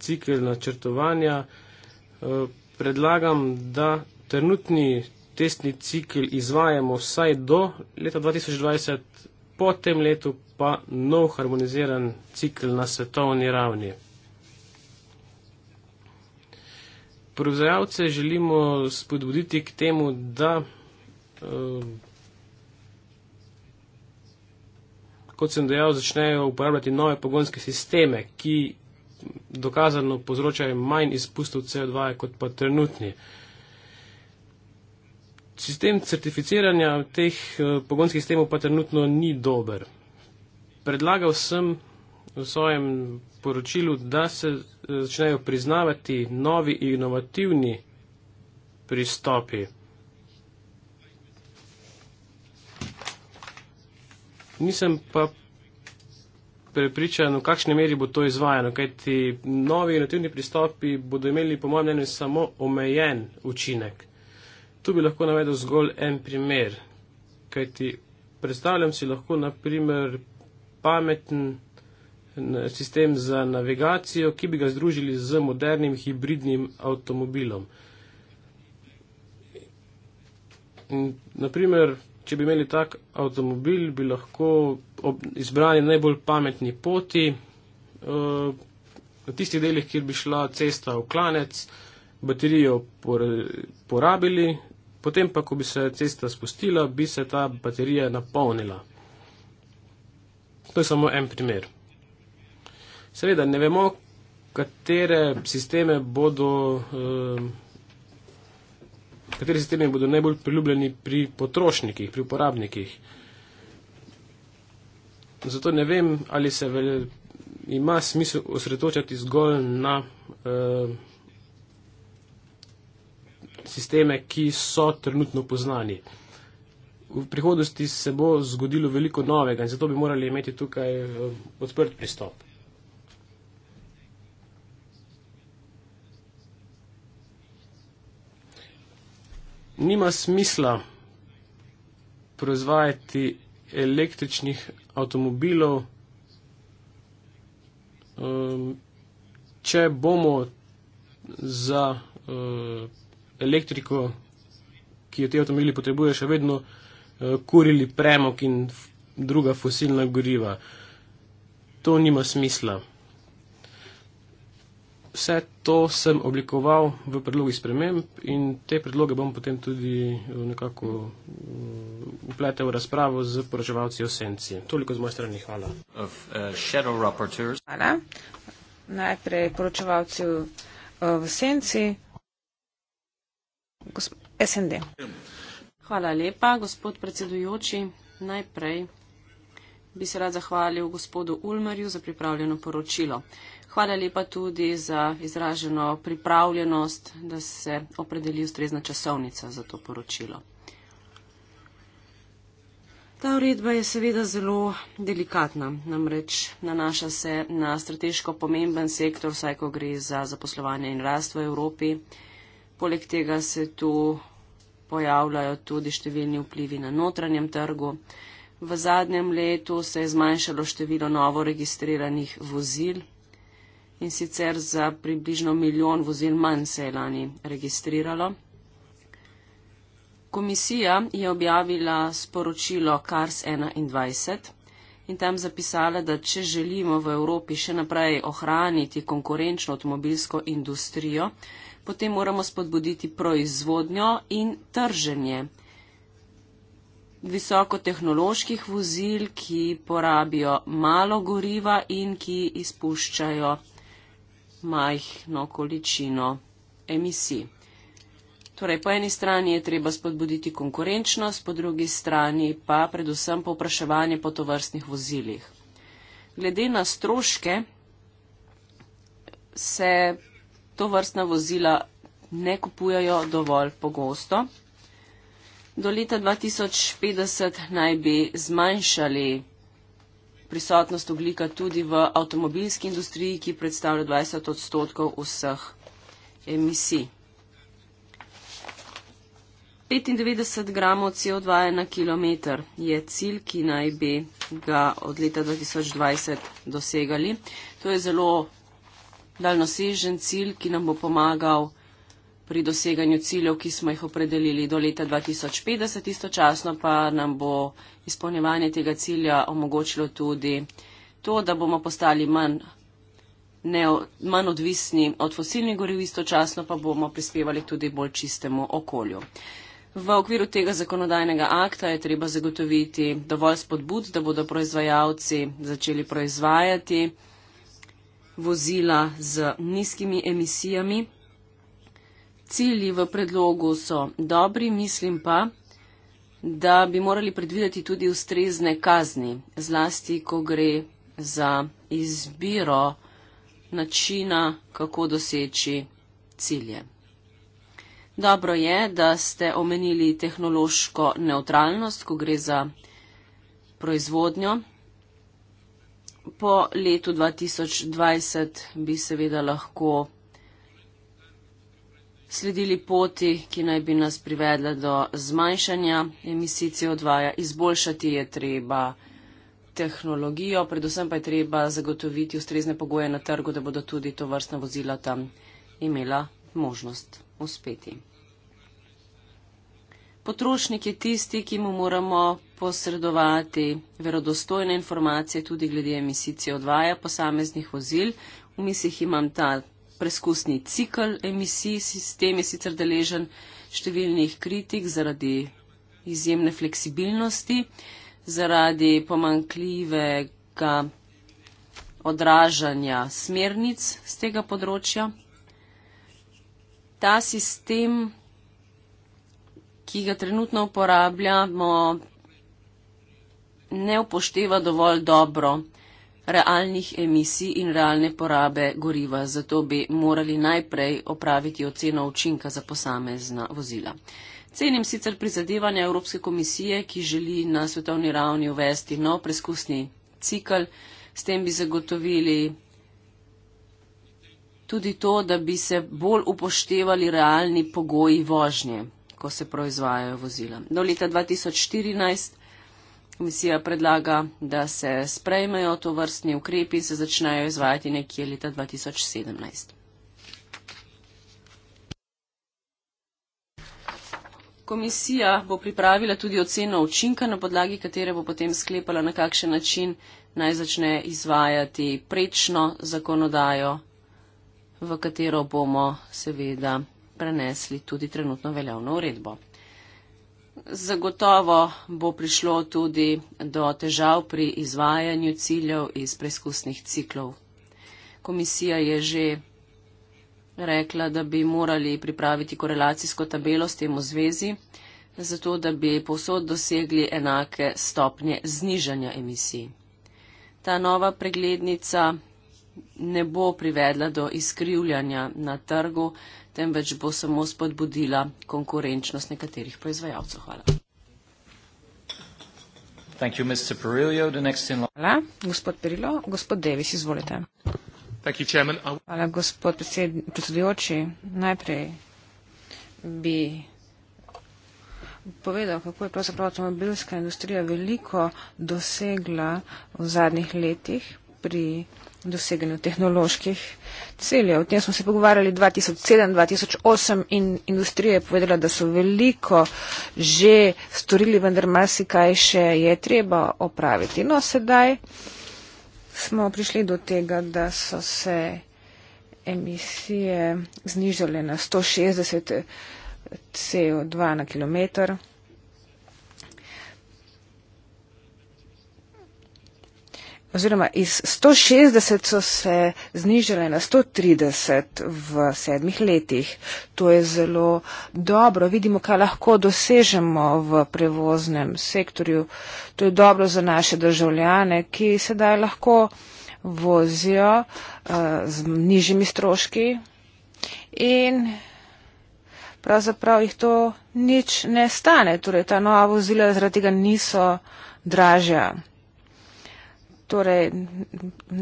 cikl načrtovanja, eh, predlagam, da trenutni testni cikl izvajamo vsaj do leta 2020 po tem letu pa nov harmoniziran cikl na svetovni ravni. Proizvajalce želimo spodbuditi k temu, da eh, kot sem dejal, začnejo uporabljati nove pogonske sisteme, ki dokazano povzročajo manj izpustov CO2 kot pa trenutni. Uh, sistem certificiranja teh eh, pogonskih sistemov pa trenutno ni dober. Predlagal sem v svojem poročilu, da se eh, začnejo priznavati novi inovativni pristopi. Nisem pa prepričan, v kakšni meri bo to izvajano, kajti novi inovativni pristopi bodo imeli, po mojem mnenju, samo omejen učinek. Tu bi lahko navedel zgolj en primer, kajti predstavljam si lahko naprimer pameten sistem za navigacijo, ki bi ga združili z modernim hibridnim avtomobilom. Naprimer, če bi imeli tak avtomobil, bi lahko izbrali najbolj pametni poti na e, tistih delih, kjer bi šla cesta v klanec, baterijo porabili, Potem pa, ko bi se cesta spustila, bi se ta baterija napolnila. To je samo en primer. Seveda, ne vemo, katere sisteme bodo, eh, katere sisteme bodo najbolj priljubljeni pri potrošnikih, pri uporabnikih. Zato ne vem, ali se vel, ima smisel osredotočati zgolj na. Eh, sisteme, ki so trenutno poznani. V prihodnosti se bo zgodilo veliko novega in zato bi morali imeti tukaj eh, odprt pristop. Nima smisla proizvajati električnih avtomobilov, eh, če bomo za eh, elektriko, ki jo ti avtomobili potrebujejo, še vedno eh, kurili premog in druga fosilna goriva. To nima smisla. Vse to sem oblikoval v predlogi sprememb in te predloge bom potem tudi eh, nekako upletel eh, v razpravo z poročevalci o senci. Toliko z moje strani, hvala. Of, uh, hvala. Najprej poročevalci v senci. SND. Hvala lepa, gospod predsedujoči. Najprej bi se rad zahvalil gospodu Ulmerju za pripravljeno poročilo. Hvala lepa tudi za izraženo pripravljenost, da se opredeli ustrezna časovnica za to poročilo. Ta uredba je seveda zelo delikatna, namreč nanaša se na strateško pomemben sektor, vsaj ko gre za zaposlovanje in rast v Evropi. Poleg tega se tu pojavljajo tudi številni vplivi na notranjem trgu. V zadnjem letu se je zmanjšalo število novo registriranih vozil in sicer za približno milijon vozil manj se je lani registriralo. Komisija je objavila sporočilo Kars 21 in tam zapisala, da če želimo v Evropi še naprej ohraniti konkurenčno avtomobilsko industrijo, potem moramo spodbuditi proizvodnjo in trženje visokotehnoloških vozil, ki porabijo malo goriva in ki izpuščajo majhno količino emisij. Torej, po eni strani je treba spodbuditi konkurenčnost, po drugi strani pa predvsem povpraševanje po tovrstnih vozilih. Glede na stroške se to vrstna vozila ne kupujajo dovolj pogosto. Do leta 2050 naj bi zmanjšali prisotnost oglika tudi v avtomobilski industriji, ki predstavlja 20 odstotkov vseh emisij. 95 gramov CO2 na kilometr je cilj, ki naj bi ga od leta 2020 dosegali. To je zelo daljnosežen cilj, ki nam bo pomagal pri doseganju ciljev, ki smo jih opredelili do leta 2050, istočasno pa nam bo izpolnjevanje tega cilja omogočilo tudi to, da bomo postali manj, ne, manj odvisni od fosilnih goriv, istočasno pa bomo prispevali tudi bolj čistemu okolju. V okviru tega zakonodajnega akta je treba zagotoviti dovolj spodbud, da bodo proizvajalci začeli proizvajati vozila z nizkimi emisijami. Cilji v predlogu so dobri, mislim pa, da bi morali predvideti tudi ustrezne kazni, zlasti, ko gre za izbiro načina, kako doseči cilje. Dobro je, da ste omenili tehnološko neutralnost, ko gre za proizvodnjo po letu 2020 bi seveda lahko sledili poti, ki naj bi nas privedla do zmanjšanja emisij CO2. Izboljšati je treba tehnologijo, predvsem pa je treba zagotoviti ustrezne pogoje na trgu, da bodo tudi to vrstna vozila tam imela možnost uspeti potrošnik je tisti, ki mu moramo posredovati verodostojne informacije tudi glede emisicije odvaja posameznih vozil. V mislih imam ta preskusni cikl emisij, sistem je sicer deležen številnih kritik zaradi izjemne fleksibilnosti, zaradi pomankljivega odražanja smernic z tega področja. Ta sistem ki ga trenutno uporabljamo, ne upošteva dovolj dobro realnih emisij in realne porabe goriva, zato bi morali najprej opraviti oceno učinka za posamezna vozila. Cenim sicer prizadevanja Evropske komisije, ki želi na svetovni ravni uvesti nov preskusni cikl, s tem bi zagotovili tudi to, da bi se bolj upoštevali realni pogoji vožnje ko se proizvajajo vozila. Do leta 2014 komisija predlaga, da se sprejmejo to vrstni ukrepi in se začnejo izvajati nekje leta 2017. Komisija bo pripravila tudi oceno učinka, na podlagi katere bo potem sklepala, na kakšen način naj začne izvajati prečno zakonodajo, v katero bomo seveda prenesli tudi trenutno veljavno uredbo. Zagotovo bo prišlo tudi do težav pri izvajanju ciljev iz preizkusnih ciklov. Komisija je že rekla, da bi morali pripraviti korelacijsko tabelo s tem v zvezi, zato da bi povsod dosegli enake stopnje znižanja emisij. Ta nova preglednica ne bo privedla do izkrivljanja na trgu, temveč bo samo spodbudila konkurenčnost nekaterih proizvajalcev. Hvala. Thank you, Mr. Perillo. The next in line. Hvala, gospod Perillo. Gospod Davis, izvolite. Thank you, Chairman. Hvala, gospod predsedujoči. Najprej bi povedal, kako je pravzaprav avtomobilska industrija veliko dosegla v zadnjih letih pri doseganju tehnoloških ciljev. O tem smo se pogovarjali 2007-2008 in industrija je povedala, da so veliko že storili, vendar marsikaj še je treba opraviti. No, sedaj smo prišli do tega, da so se emisije znižale na 160 CO2 na kilometr. oziroma iz 160 so se znižale na 130 v sedmih letih. To je zelo dobro. Vidimo, kaj lahko dosežemo v prevoznem sektorju. To je dobro za naše državljane, ki sedaj lahko vozijo uh, z nižjimi stroški in pravzaprav jih to nič ne stane. Torej, ta nova vozila zaradi tega niso dražja torej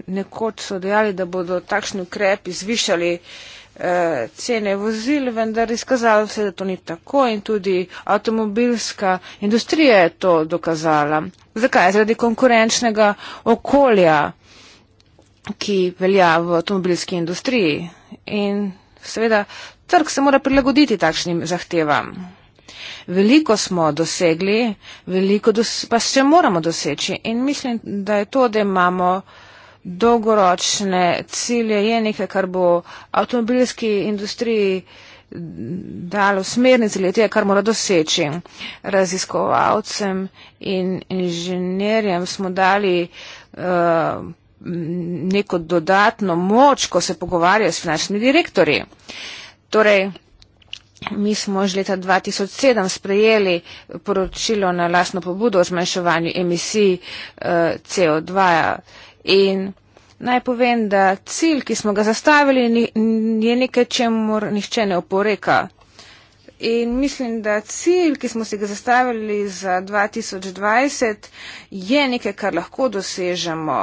nekoč so dejali, da bodo takšni ukrepi zvišali eh, cene vozil, vendar izkazalo se, da to ni tako in tudi avtomobilska industrija je to dokazala. Zakaj? Zaradi konkurenčnega okolja, ki velja v avtomobilski industriji. In seveda trg se mora prilagoditi takšnim zahtevam. Veliko smo dosegli, veliko dos pa še moramo doseči in mislim, da je to, da imamo dolgoročne cilje, je nekaj, kar bo avtomobilski industriji dalo smernice letje, kar mora doseči. Raziskovalcem in inženirjem smo dali uh, neko dodatno moč, ko se pogovarjajo s finančnimi direktori. Torej, Mi smo že leta 2007 sprejeli poročilo na lasno pobudo o zmanjševanju emisij eh, CO2 in naj povem, da cilj, ki smo ga zastavili, je nekaj, čemur nihče ne oporeka. In mislim, da cilj, ki smo si ga zastavili za 2020, je nekaj, kar lahko dosežemo.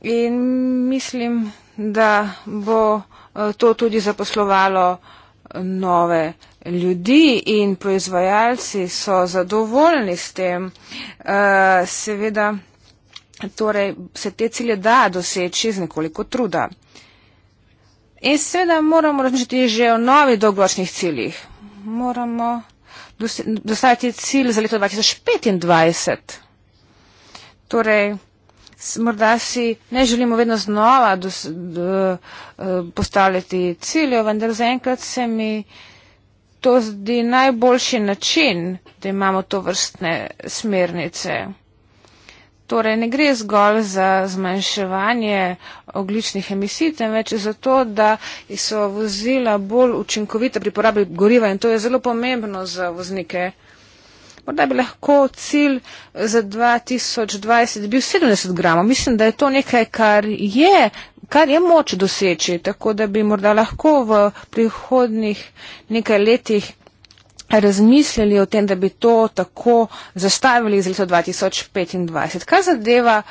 In mislim, da bo. Eh, to tudi zaposlovalo nove ljudi in proizvajalci so zadovoljni s tem. Eh, seveda torej, se te cilje da doseči z nekoliko truda. In seveda moramo razmišljati že o novih dolgoročnih ciljih. Moramo dostaviti cilj za leto 2025. Torej, morda si ne želimo vedno znova dos, d, d, eh, postavljati ciljev, vendar zaenkrat se mi to zdi najboljši način, da imamo to vrstne smernice. Torej, ne gre zgolj za zmanjševanje ogličnih emisij, temveč za to, da so vozila bolj učinkovita pri porabi goriva in to je zelo pomembno za voznike morda bi lahko cilj za 2020 bil 70 gramov. Mislim, da je to nekaj, kar je, kar je moč doseči, tako da bi morda lahko v prihodnih nekaj letih razmislili o tem, da bi to tako zastavili z leto 2025. Kar zadeva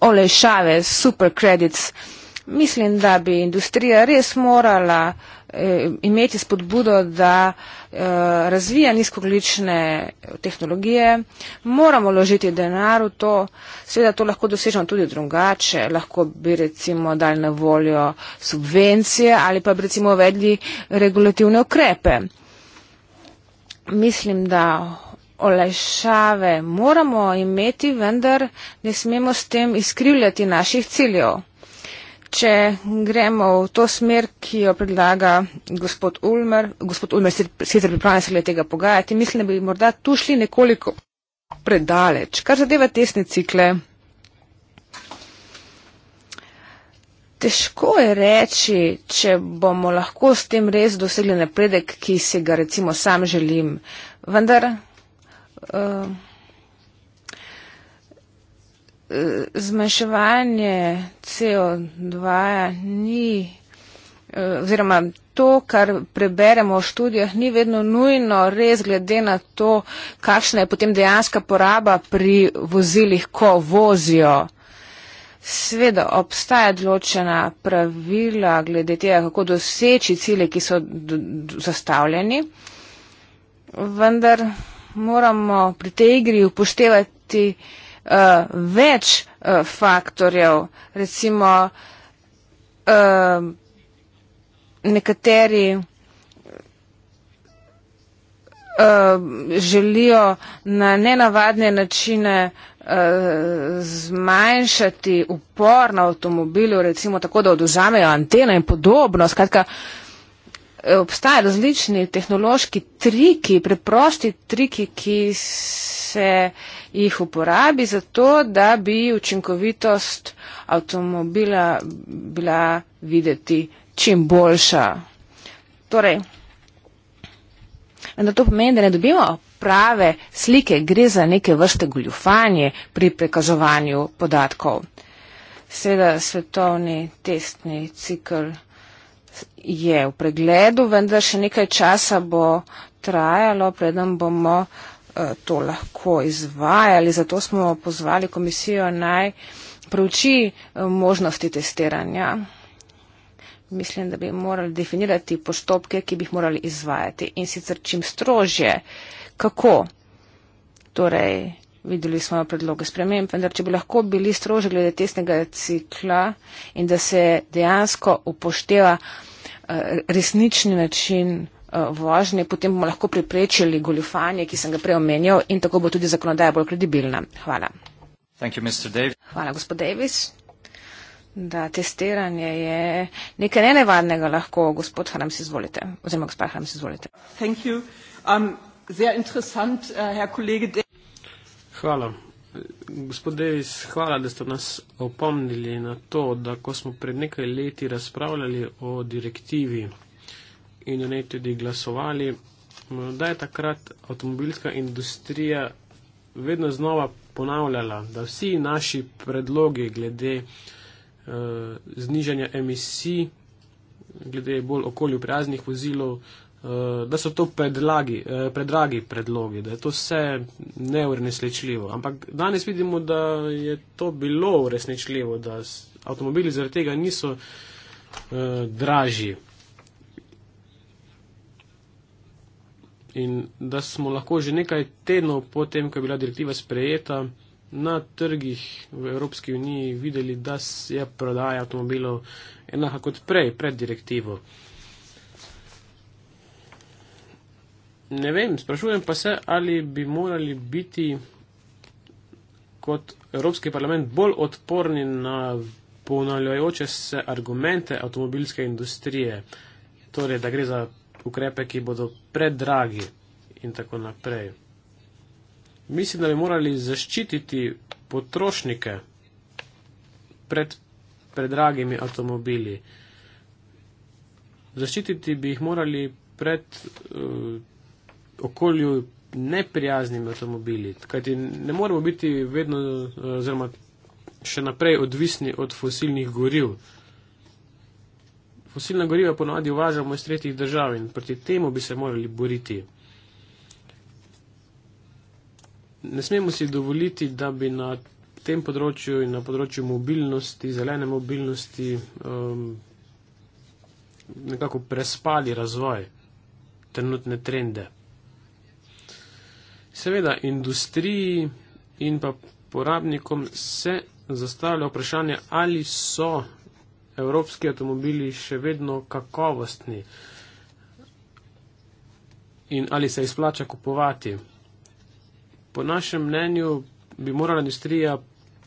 olejšave, super credits, mislim, da bi industrija res morala uh, Eh, imeti spodbudo, da eh, razvija nizkoglične tehnologije, moramo ložiti denar v to, seveda to lahko dosežemo tudi drugače, lahko bi recimo dali na voljo subvencije ali pa bi recimo uvedli regulativne ukrepe. Mislim, da olajšave moramo imeti, vendar ne smemo s tem izkrivljati naših ciljev če gremo v to smer, ki jo predlaga gospod Ulmer, gospod Ulmer sicer pripravljen se le tega pogajati, mislim, da bi morda tu šli nekoliko predaleč. Kar zadeva tesne cikle, težko je reči, če bomo lahko s tem res dosegli napredek, ki si ga recimo sam želim. Vendar. Uh, zmanjševanje CO2 ni, eh, oziroma to, kar preberemo v študijah, ni vedno nujno res glede na to, kakšna je potem dejanska poraba pri vozilih, ko vozijo. Sveda obstaja določena pravila glede tega, kako doseči cilje, ki so zastavljeni, vendar moramo pri tej igri upoštevati uh, več uh, faktorjev. Recimo, uh, nekateri uh, želijo na nenavadne načine zmanjšati upor na avtomobilu, recimo tako, da oduzamejo antene in podobno. Skratka, uh, Eh, obstajajo različni tehnološki triki, preprosti triki, ki se jih uporabi za to, da bi učinkovitost avtomobila bila videti čim boljša. Torej, da to pomeni, da ne dobimo prave slike, gre za neke vrste goljufanje pri prekazovanju podatkov. Seveda svetovni testni cikl je v pregledu, vendar še nekaj časa bo trajalo, predem bomo eh, to lahko izvajali. Zato smo pozvali komisijo naj preuči eh, možnosti testiranja. Mislim, da bi morali definirati postopke, ki bi jih morali izvajati in sicer čim strožje. Kako? Torej, videli smo predloge sprememb, vendar če bi lahko bili strože glede testnega cikla in da se dejansko upošteva eh, resnični način eh, vožnje, potem bomo lahko priprečili goljufanje, ki sem ga prej omenjal in tako bo tudi zakonodaja bolj kredibilna. Hvala. You, Hvala, gospod Davis. Da, testiranje je nekaj nenevadnega lahko, gospod Harams, izvolite. Oziroma, gospod Harams, izvolite. Hvala. Gospod Davis, hvala, da ste nas opomnili na to, da ko smo pred nekaj leti razpravljali o direktivi in o njej tudi glasovali, da je takrat avtomobilska industrija vedno znova ponavljala, da vsi naši predlogi glede uh, znižanja emisij, glede bolj okoljoprijaznih vozilov, uh, Eh, da so to predlagi, eh, predragi predlogi, da je to vse neurenesličljivo. Ampak danes vidimo, da je to bilo uresničljivo, da avtomobili zaradi tega niso eh, dražji. In da smo lahko že nekaj tednov potem, ko je bila direktiva sprejeta, na trgih v Evropski uniji videli, da je prodaja avtomobilov enaka kot prej, pred direktivo. Uh, ne vem, sprašujem pa se, ali bi morali biti kot Evropski parlament bolj odporni na ponavljajoče se argumente avtomobilske industrije, torej da gre za ukrepe, ki bodo predragi in tako naprej. Mislim, da bi morali zaščititi potrošnike pred predragimi avtomobili. Zaščititi bi jih morali pred uh, okolju neprijaznimi avtomobili. Kajti ne moremo biti vedno oziroma še naprej odvisni od fosilnih goriv. Fosilna goriva ponavadi uvažamo iz tretjih držav in proti temu bi se morali boriti. Ne smemo si dovoliti, da bi na tem področju in na področju mobilnosti, zelene mobilnosti, um, nekako prespali razvoj trenutne trende. Seveda, industriji in pa porabnikom se zastavlja vprašanje, ali so evropski avtomobili še vedno kakovostni in ali se izplača kupovati. Po našem mnenju bi morala industrija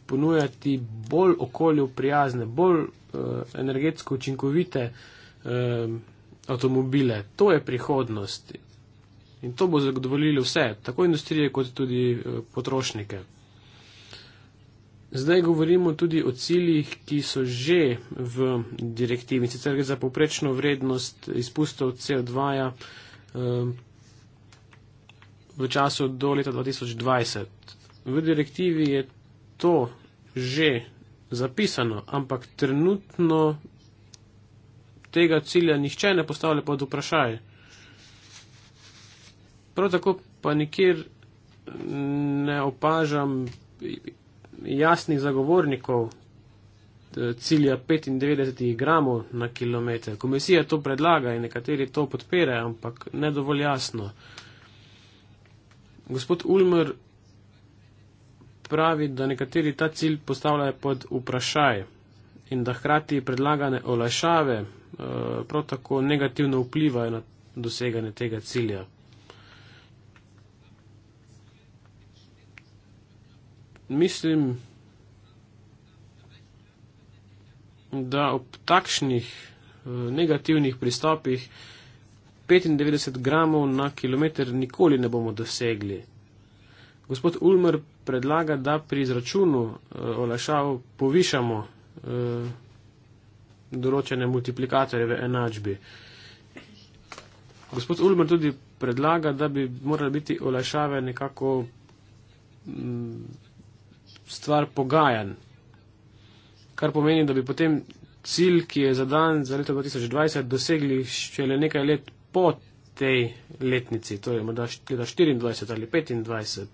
ponujati bolj okolju prijazne, bolj uh, energetsko učinkovite uh, avtomobile. To je prihodnost. In to bo zadovoljilo vse, tako industrije kot tudi eh, potrošnike. Zdaj govorimo tudi o ciljih, ki so že v direktivi. Sicer gre za poprečno vrednost izpustov CO2 -ja, eh, v času do leta 2020. V direktivi je to že zapisano, ampak trenutno tega cilja nihče ne postavlja pod vprašanje prav tako pa nikjer ne opažam jasnih zagovornikov eh, cilja 95 gramov na kilometr. Komisija to predlaga in nekateri to podpirajo, ampak ne dovolj jasno. Gospod Ulmer pravi, da nekateri ta cilj postavljajo pod vprašaj in da hkrati predlagane olajšave eh, prav tako negativno vplivajo na doseganje tega cilja. mislim, da ob takšnih eh, negativnih pristopih 95 gramov na kilometr nikoli ne bomo dosegli. Gospod Ulmer predlaga, da pri izračunu uh, olajšav povišamo uh, določene multiplikatorje v enačbi. Gospod Ulmer tudi predlaga, da bi morali biti olajšave nekako mm, stvar pogajanj. Kar pomeni, da bi potem cilj, ki je zadan za leto 2020, dosegli še le nekaj let po tej letnici, to je morda leta 24 ali 25.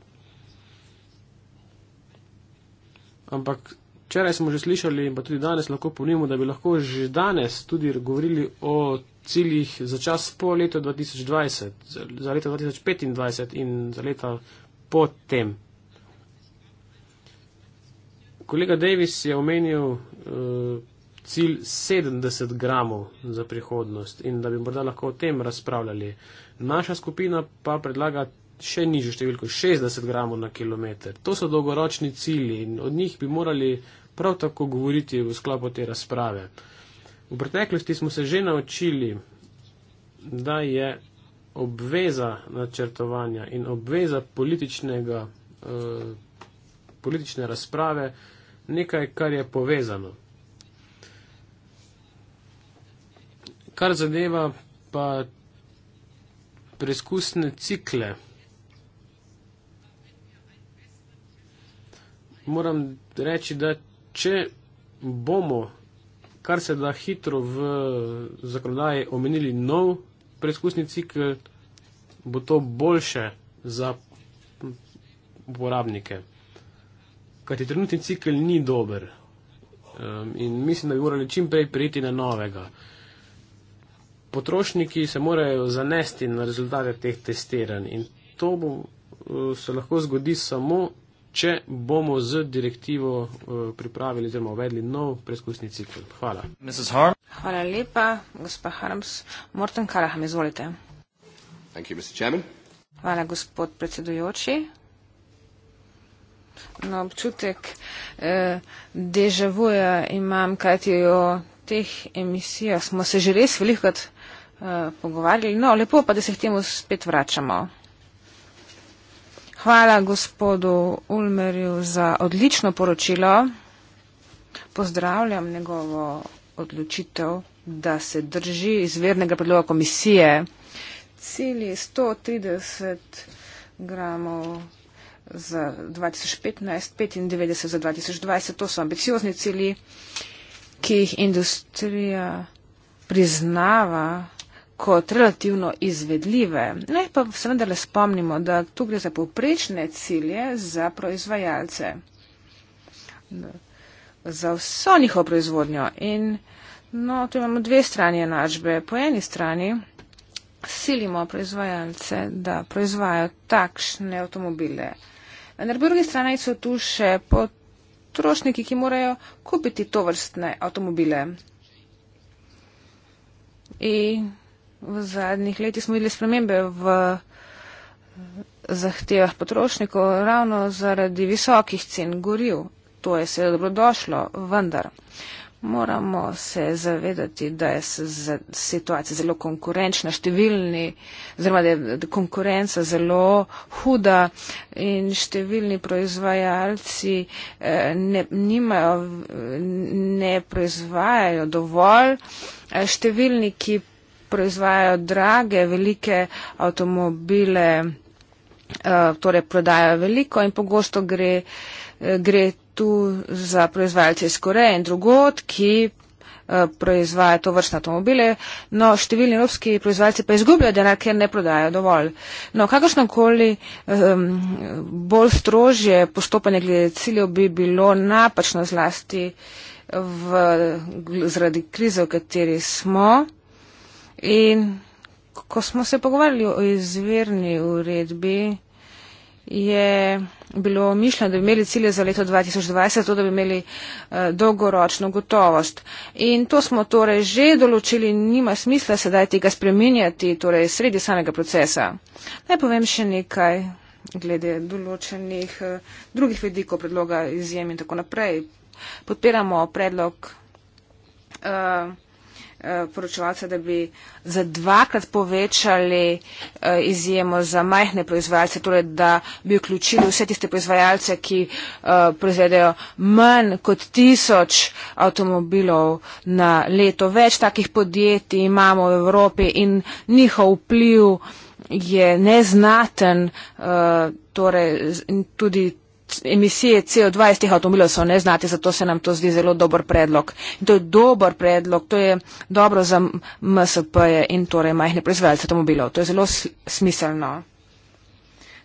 Ampak včeraj smo že slišali in pa tudi danes lahko ponimo, da bi lahko že danes tudi govorili o ciljih za čas po letu 2020, za leto 2025 in za leta potem. Kolega Davis je omenil uh, cilj 70 gramov za prihodnost in da bi morda lahko o tem razpravljali. Naša skupina pa predlaga še nižjo številko, 60 gramov na kilometr. To so dolgoročni cilji in od njih bi morali prav tako govoriti v sklopu te razprave. V preteklosti smo se že naučili, da je obveza načrtovanja in obveza političnega, eh, politične razprave eh, nekaj, kar je povezano. Kar zadeva pa preizkusne cikle. Moram reči, da če bomo kar se da hitro v zakonodaji omenili nov preizkusni cikl, bo to boljše za uporabnike kajti trenutni cikl ni dober. Um, in mislim, da bi morali čim prej priti na novega. Potrošniki se morajo zanesti na rezultate teh testiranj in to bo, eh, se lahko zgodi samo, če bomo z direktivo eh, pripravili oziroma uvedli nov preskusni cikl. Hvala. Hvala lepa, gospa Harms. Morten Karaham, izvolite. Hvala, gospod predsedujoči no, občutek eh, dežavuja imam, kajti o teh emisijah smo se že res veliko eh, pogovarjali. No, lepo pa, da se k temu spet vračamo. Hvala gospodu Ulmerju za odlično poročilo. Pozdravljam njegovo odločitev, da se drži izvernega predloga komisije. Cilj je 130 gramov za 2015, 95 za 2020. To so ambiciozni cilji, ki jih industrija priznava kot relativno izvedljive. Naj pa se vendarle spomnimo, da tu gre za poprečne cilje za proizvajalce, za vso njihovo proizvodnjo. In no, tu imamo dve strani enačbe. Po eni strani silimo proizvajalce, da proizvajajo takšne avtomobile. Na drugi strani so tu še potrošniki, ki morajo kupiti to vrstne avtomobile. In v zadnjih letih smo videli spremembe v zahtevah potrošnikov ravno zaradi visokih cen goril. To je seveda dobrodošlo, vendar. Uh, Moramo se zavedati, da je situacija zelo konkurenčna, številni, oziroma da je konkurenca zelo huda in številni proizvajalci eh, ne, nimajo, ne proizvajajo dovolj. Eh, številni, ki proizvajajo drage, velike avtomobile, eh, torej prodajajo veliko in pogosto gre. Eh, gre tu za proizvajalce iz Koreje in drugot, ki eh, proizvaja to vrstne avtomobile, no številni evropski proizvajalci pa izgubljajo denar, ker ne prodajajo dovolj. No, kakršnokoli um, bolj strožje postopanje glede ciljev bi bilo napačno zlasti v, zaradi krize, v kateri smo. In ko smo se pogovarjali o izvirni uredbi, je bilo mišljeno, da bi imeli cilje za leto 2020, to, da bi imeli uh, dolgoročno gotovost. In to smo torej že določili, nima smisla sedaj tega spreminjati, torej sredi samega procesa. Naj povem še nekaj glede določenih uh, drugih vedikov predloga izjem in tako naprej. Podpiramo predlog. Uh, Eh, poročevalce, da bi za dvakrat povečali eh, izjemo za majhne proizvajalce, torej da bi vključili vse tiste proizvajalce, ki eh, proizvedejo manj kot tisoč avtomobilov na leto. Več takih podjetij imamo v Evropi in njihov vpliv je neznaten, torej tudi emisije CO2 iz teh avtomobilov so neznate, zato se nam to zdi zelo dober predlog. In to je dober predlog, to je dobro za MSP -e in torej majhne proizvajalce avtomobilov. To je zelo smiselno.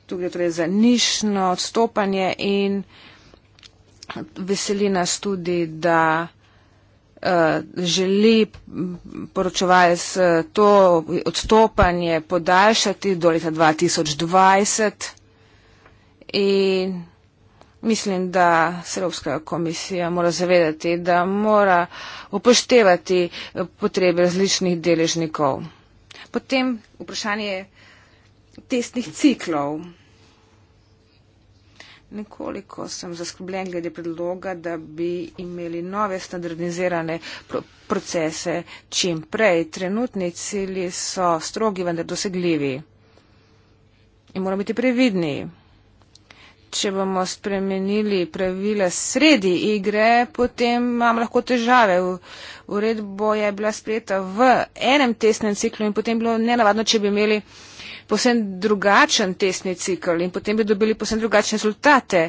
Tu gre torej za nišno odstopanje in veseli nas tudi, da eh, želi poročevalec eh, to odstopanje podaljšati do leta 2020 in Mislim, da se Evropska komisija mora zavedati, da mora upoštevati potrebe različnih deležnikov. Potem vprašanje testnih ciklov. Nekoliko sem zaskrbljen glede predloga, da bi imeli nove standardizirane procese čim prej. Trenutni cilji so strogi, vendar dosegljivi. In moramo biti previdni če bomo spremenili pravila sredi igre, potem imam lahko težave. Uredbo je bila sprejeta v enem testnem ciklu in potem bilo nenavadno, če bi imeli posebno drugačen testni cikl in potem bi dobili posebno drugačne rezultate.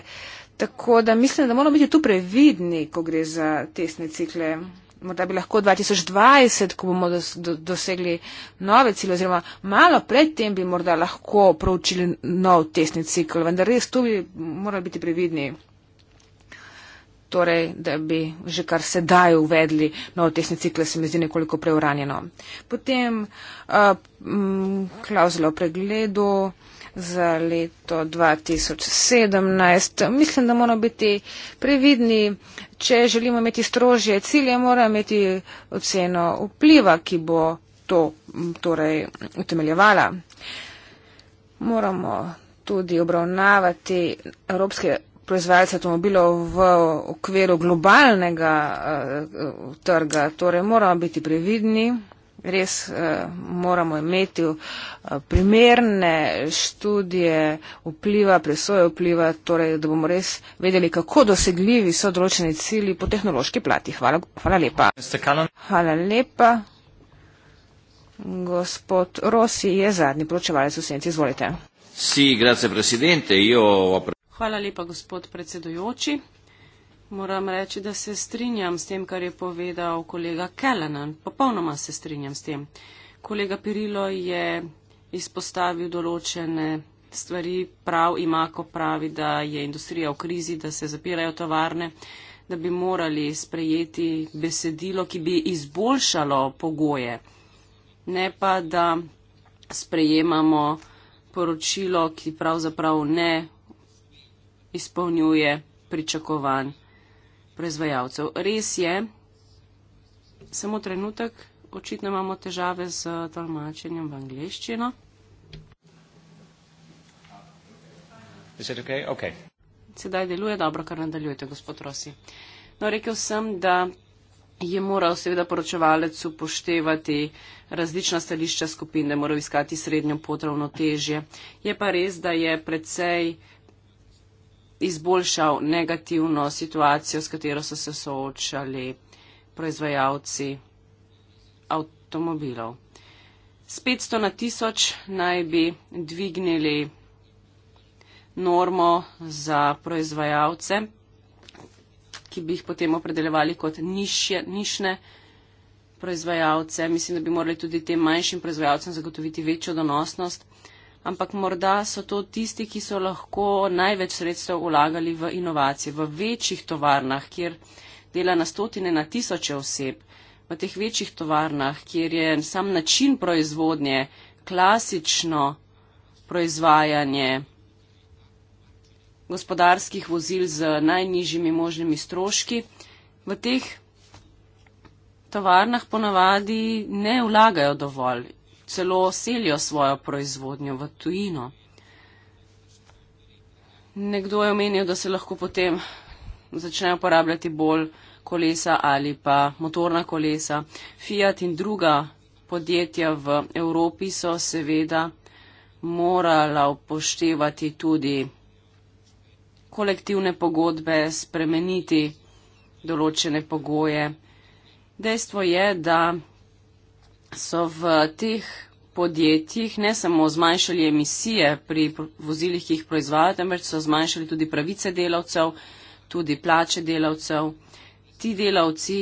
Tako da mislim, da moramo biti tu previdni, ko gre za testne cikle morda bi lahko 2020, ko bomo dos, do, dosegli nove cilje, oziroma malo predtem bi morda lahko proučili nov testni cikl, vendar res tu bi morali biti previdni. Torej, da bi že kar sedaj uvedli nov testni cikl, se mi zdi nekoliko preuranjeno. Potem uh, m, klauzula o pregledu za leto 2017. Mislim, da moramo biti previdni, če želimo imeti strožje cilje, moramo imeti oceno vpliva, ki bo to torej, utemeljevala. Moramo tudi obravnavati evropske proizvajalce avtomobilov v okviru globalnega uh, trga, torej moramo biti previdni res uh, moramo imeti uh, primerne študije vpliva, presoje vpliva, torej, da bomo res vedeli, kako dosegljivi so določeni cilji po tehnološki plati. Hvala, hvala lepa. Hvala lepa. Gospod Rossi je zadnji poročevalec v senci. Izvolite. Hvala lepa, gospod predsedujoči. Moram reči, da se strinjam s tem, kar je povedal kolega Kellenan. Popolnoma se strinjam s tem. Kolega Pirilo je izpostavil določene stvari, prav ima, ko pravi, da je industrija v krizi, da se zapirajo tovarne, da bi morali sprejeti besedilo, ki bi izboljšalo pogoje. Ne pa, da sprejemamo poročilo, ki pravzaprav ne izpolnjuje pričakovanj proizvajalcev. Res je, samo trenutek, očitno imamo težave z tolmačenjem v angliščino. Okay? Okay. Sedaj deluje dobro, kar nadaljujete, gospod Rosi. No, rekel sem, da je moral seveda poročevalec upoštevati različna stališča skupine, moral iskati srednjo potravno težje. Je pa res, da je precej izboljšal negativno situacijo, s katero so se soočali proizvajalci avtomobilov. S 500 na 1000 naj bi dvignili normo za proizvajalce, ki bi jih potem opredeljevali kot nišje, nišne proizvajalce. Mislim, da bi morali tudi tem manjšim proizvajalcem zagotoviti večjo donosnost ampak morda so to tisti, ki so lahko največ sredstev vlagali v inovacije, v večjih tovarnah, kjer dela na stotine, na tisoče oseb, v teh večjih tovarnah, kjer je sam način proizvodnje, klasično proizvajanje gospodarskih vozil z najnižjimi možnimi stroški. V teh tovarnah ponavadi ne vlagajo dovolj celo selijo svojo proizvodnjo v tujino. Nekdo je omenil, da se lahko potem začnejo uporabljati bolj kolesa ali pa motorna kolesa. Fiat in druga podjetja v Evropi so seveda morala upoštevati tudi kolektivne pogodbe, spremeniti določene pogoje. Dejstvo je, da so v teh podjetjih ne samo zmanjšali emisije pri vozilih, ki jih proizvajajo, temveč so zmanjšali tudi pravice delavcev, tudi plače delavcev. Ti delavci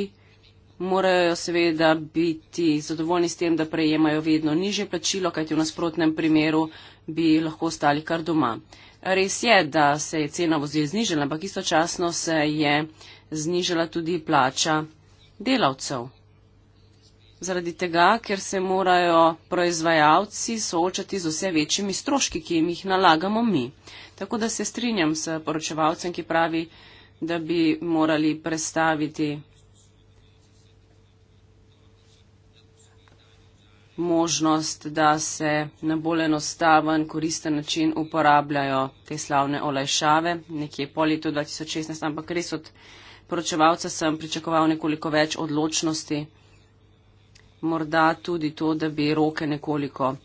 morajo seveda biti zadovoljni s tem, da prejemajo vedno nižje plačilo, kajti v nasprotnem primeru bi lahko ostali kar doma. Res je, da se je cena vozil znižala, ampak istočasno se je znižala tudi plača delavcev zaradi tega, ker se morajo proizvajalci soočati z vse večjimi stroški, ki jim jih nalagamo mi. Tako da se strinjam s poročevalcem, ki pravi, da bi morali predstaviti možnost, da se na bolj enostaven, koristen način uporabljajo te slavne olajšave, nekje po letu 2016, ampak res od poročevalca sem pričakoval nekoliko več odločnosti morda tudi to, da bi roke nekoliko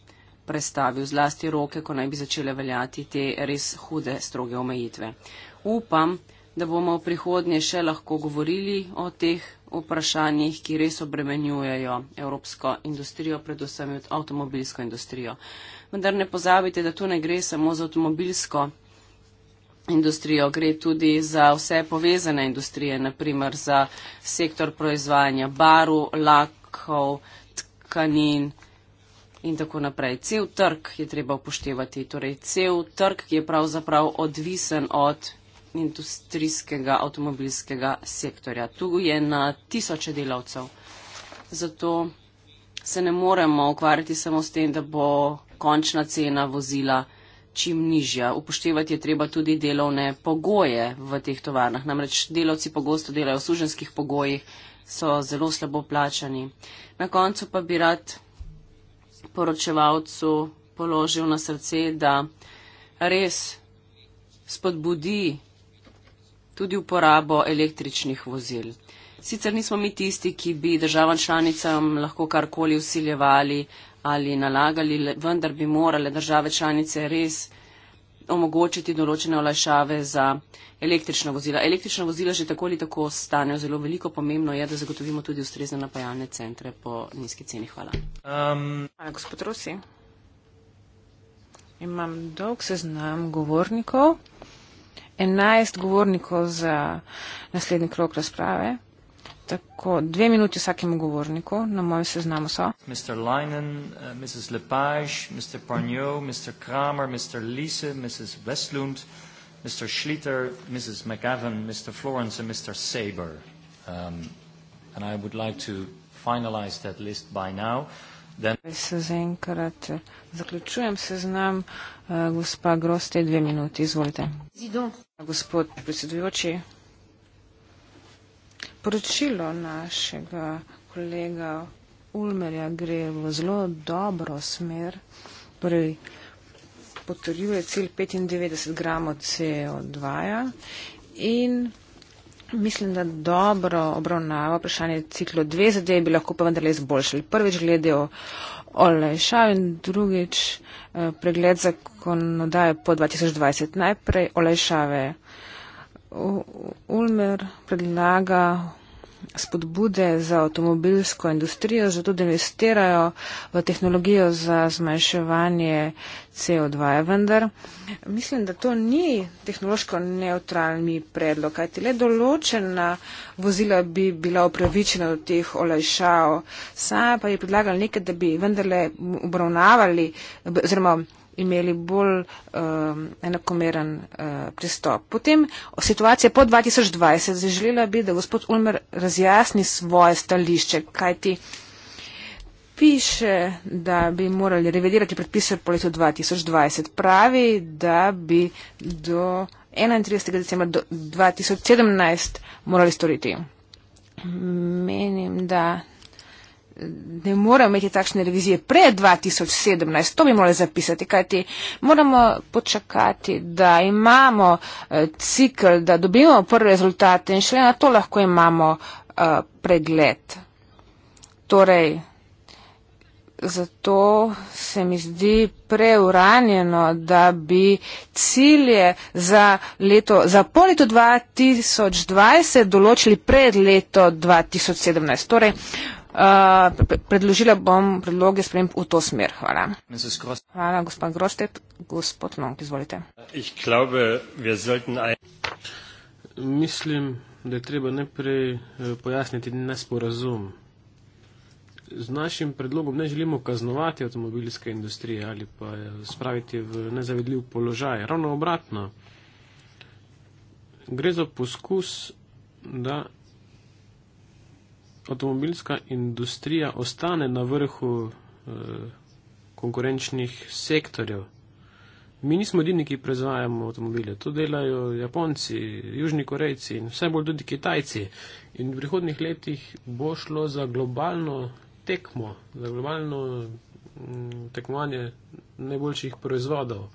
prestavil, zlasti roke, ko naj bi začele veljati te res hude, stroge omejitve. Upam, da bomo v prihodnje še lahko govorili o teh vprašanjih, ki res obremenjujejo evropsko industrijo, predvsem avtomobilsko industrijo. Vendar ne pozabite, da tu ne gre samo za avtomobilsko industrijo, gre tudi za vse povezane industrije, naprimer za sektor proizvajanja barv, lak, lakov, tkanin in tako naprej. Cel trg je treba upoštevati. Torej, cel trg je pravzaprav odvisen od industrijskega avtomobilskega sektorja. Tu je na tisoče delavcev. Zato se ne moremo ukvarjati samo s tem, da bo končna cena vozila čim nižja. Upoštevati je treba tudi delovne pogoje v teh tovarnah. Namreč delavci pogosto delajo v služenskih pogojih, so zelo slabo plačani. Na koncu pa bi rad poročevalcu položil na srce, da res spodbudi tudi uporabo električnih vozil. Sicer nismo mi tisti, ki bi državam članicam lahko karkoli usiljevali ali nalagali, vendar bi morale države članice res omogočiti določene olajšave za električna vozila. Električna vozila že tako ali tako stanejo zelo veliko, pomembno je, da zagotovimo tudi ustrezne napajalne centre po nizki ceni. Hvala. Um... Hvala, gospod Rosi. Imam dolg seznam govornikov, 11 govornikov za naslednji krok razprave. Tako, dve minuti vsakemu govorniku, na mojem seznamu so. Mr. Leinen, uh, eh, Mrs. Lepage, Mr. Parnjo, Mr. Kramer, Mr. Lise, Mrs. Westlund, Mr. Schlitter, Mrs. McGavin, Mr. Florence and Mr. Saber. Um, and I would like to finalize that list by now. Then... Se zaenkrat eh, zaključujem seznam. Uh, gospa Groste, dve minuti, izvolite. Zidon. Gospod predsedujoči poročilo našega kolega Ulmerja gre v zelo dobro smer. Torej, potrjuje cilj 95 gramov CO2 -ja in mislim, da dobro obravnava vprašanje ciklo dve zadeve bi lahko pa vendarle izboljšali. Prvič glede o olajšav in drugič eh, pregled zakonodaje po 2020. Najprej olajšave. Ulmer predlaga spodbude za avtomobilsko industrijo, zato da investirajo v tehnologijo za zmanjševanje CO2, ja, vendar mislim, da to ni tehnološko neutralni predlog, kajti le določena vozila bi bila upravičena do teh olajšav. Sama pa je predlagala nekaj, da bi vendarle obravnavali oziroma imeli bolj um, enakomeren uh, pristop. Potem situacija po 2020. Zdaj želela bi, da gospod Ulmer razjasni svoje stališče, kaj ti piše, da bi morali revidirati predpise po letu 2020. Pravi, da bi do 31. decembra 2017 morali storiti. Menim, da ne moremo imeti takšne revizije pred 2017, to bi morali zapisati, kajti moramo počakati, da imamo eh, cikl, da dobimo prve rezultate in šele na to lahko imamo eh, pregled. Torej, zato se mi zdi preuranjeno, da bi cilje za, leto, za po leto 2020 določili pred leto 2017. Torej, Eh, predložila bom predloge sprem v to smer. Hvala. Hvala, gospod Grostet. Gospod Monk, izvolite. Mislim, da je treba najprej eh, pojasniti nesporazum. Z našim predlogom ne želimo kaznovati avtomobilske industrije ali pa eh, spraviti v nezavedljiv položaj. Ravno obratno. Gre za poskus, da avtomobilska industrija ostane na vrhu eh, konkurenčnih sektorjev. Mi nismo edini, ki proizvajamo avtomobile. To delajo Japonci, Južni Korejci in vse bolj tudi Kitajci. In v prihodnih letih bo šlo za globalno tekmo, za globalno mm, tekmovanje najboljših proizvodov.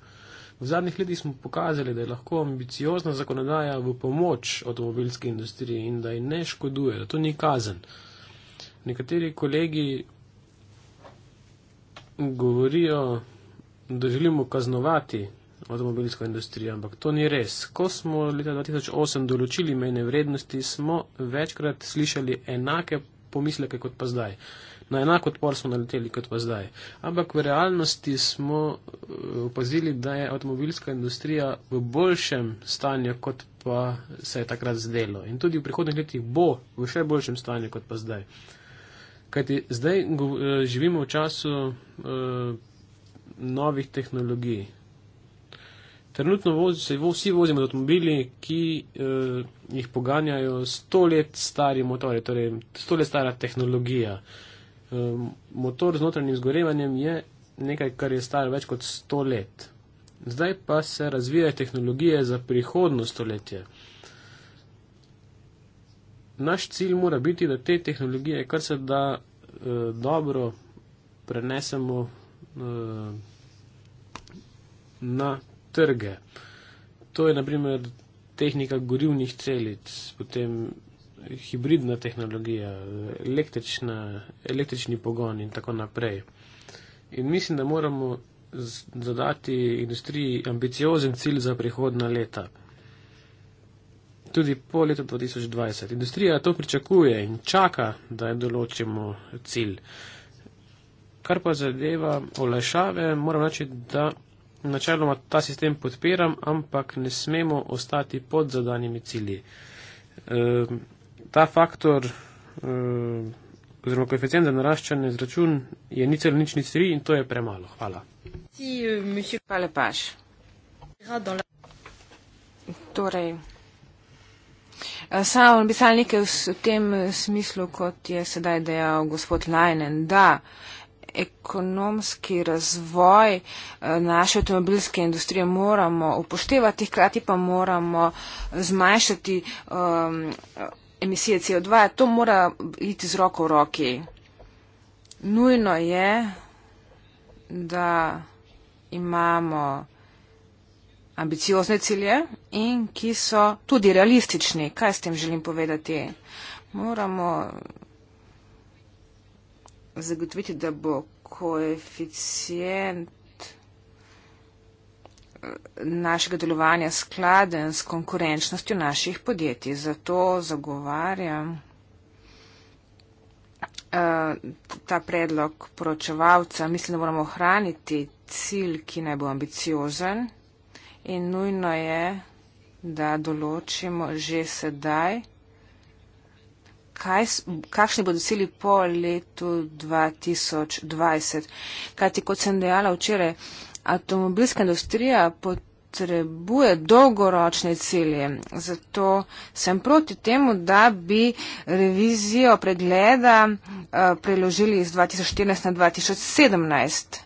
V zadnjih letih smo pokazali, da je lahko ambiciozna zakonodaja v pomoč avtomobilski industriji in da ji ne škoduje, da to ni kazen. Nekateri kolegi govorijo, da želimo kaznovati avtomobilsko industrijo, ampak to ni res. Ko smo leta 2008 določili mejne vrednosti, smo večkrat slišali enake pomisleke kot pa zdaj na enak odpor smo naleteli kot pa zdaj. Ampak v realnosti smo eh, opazili, da je avtomobilska industrija v boljšem stanju, kot pa se je takrat zdelo. In tudi v prihodnih letih bo v še boljšem stanju, kot pa zdaj. Kajti zdaj eh, živimo v času eh, novih tehnologij. Trenutno se vsi vozimo z avtomobili, ki eh, jih poganjajo sto let stari motori, torej sto let stara tehnologija. Eh, motor z notranjim zgorevanjem je nekaj, kar je staro več kot 100 let. Zdaj pa se razvijajo tehnologije za prihodno stoletje. Naš cilj mora biti, da te tehnologije kar se da eh, dobro prenesemo eh, na trge. To je naprimer tehnika gorivnih celic, potem hibridna tehnologija, električna, električni pogon in tako naprej. In mislim, da moramo zadati industriji ambiciozen cilj za prihodna leta. Tudi po letu 2020. Industrija to pričakuje in čaka, da je določimo cilj. Kar pa zadeva olajšave, moram reči, da načeloma ta sistem podpiram, ampak ne smemo ostati pod zadanimi cilji. Ehm, ta faktor eh, oziroma koeficient za naraščanje izračun je nič ali nič nič tri in to je premalo. Hvala. Eh, Hvala paš. Torej, eh, samo bi sal nekaj v tem smislu, kot je sedaj dejal gospod Lajnen, da ekonomski razvoj naše avtomobilske industrije moramo upoštevati, hkrati pa moramo zmanjšati um, emisije CO2, to mora iti z roko v roki. Nujno je, da imamo ambiciozne cilje in ki so tudi realistični. Kaj s tem želim povedati? Moramo zagotoviti, da bo koeficient našega delovanja skladen s konkurenčnostjo naših podjetij. Zato zagovarjam eh, ta predlog poročevalca. Mislim, da moramo ohraniti cilj, ki naj bo ambiciozen in nujno je, da določimo že sedaj, kaj, kakšni bodo cilji po letu 2020. Kajti, kot sem dejala včeraj, avtomobilska industrija potrebuje dolgoročne cilje. Zato sem proti temu, da bi revizijo pregleda eh, preložili iz 2014 na 2017.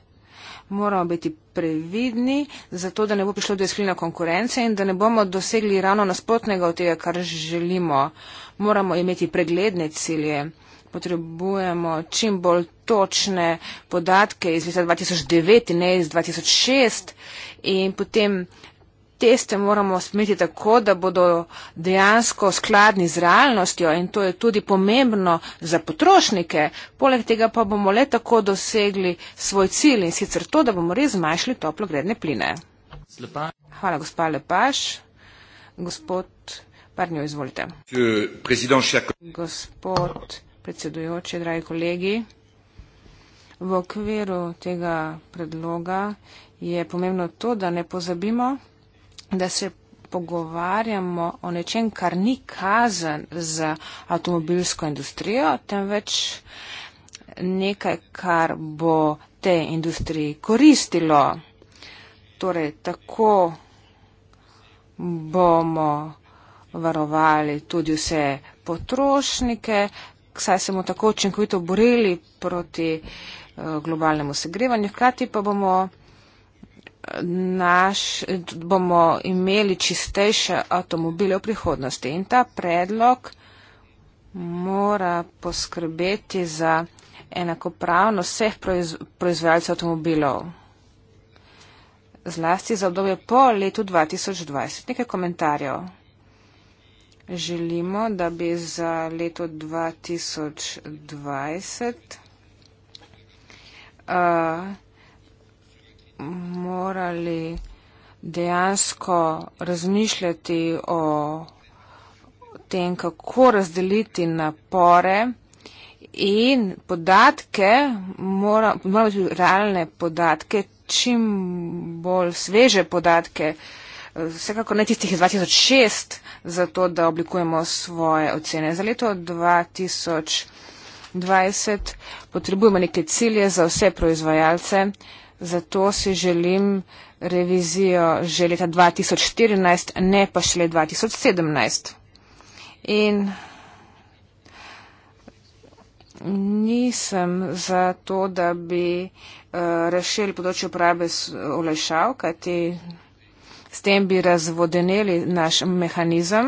Moramo biti previdni, zato da ne bo prišlo do izkljena konkurence in da ne bomo dosegli ravno nasprotnega od tega, kar želimo. Moramo imeti pregledne cilje potrebujemo čim bolj točne podatke iz leta 2009 in ne iz 2006 in potem teste moramo smeti tako, da bodo dejansko skladni z realnostjo in to je tudi pomembno za potrošnike. Poleg tega pa bomo le tako dosegli svoj cilj in sicer to, da bomo res zmanjšali toplogredne pline. Lepa. Hvala, gospa Lepaš. Gospod Parnjo, izvolite. Gospod predsedujoči, dragi kolegi. V okviru tega predloga je pomembno to, da ne pozabimo, da se pogovarjamo o nečem, kar ni kazen za avtomobilsko industrijo, temveč nekaj, kar bo te industriji koristilo. Torej, tako bomo varovali tudi vse potrošnike, saj se bomo tako učinkovito borili proti eh, globalnemu segrevanju, hkrati pa bomo, eh, naš, bomo imeli čistejše avtomobile v prihodnosti. In ta predlog mora poskrbeti za enakopravnost vseh proiz, proizvajalcev avtomobilov. Zlasti za obdobje po letu 2020. Nekaj komentarjev želimo, da bi za leto 2020 uh, morali dejansko razmišljati o tem, kako razdeliti napore in podatke, moramo mora imeti realne podatke, čim bolj sveže podatke, uh, vsekako ne tistih iz 2006, zato da oblikujemo svoje ocene. Za leto 2020 potrebujemo neke cilje za vse proizvajalce, zato si želim revizijo že leta 2014, ne pa šele 2017. In nisem za to, da bi uh, eh, rešili področje uprave olajšav, kajti S tem bi razvodeneli naš mehanizem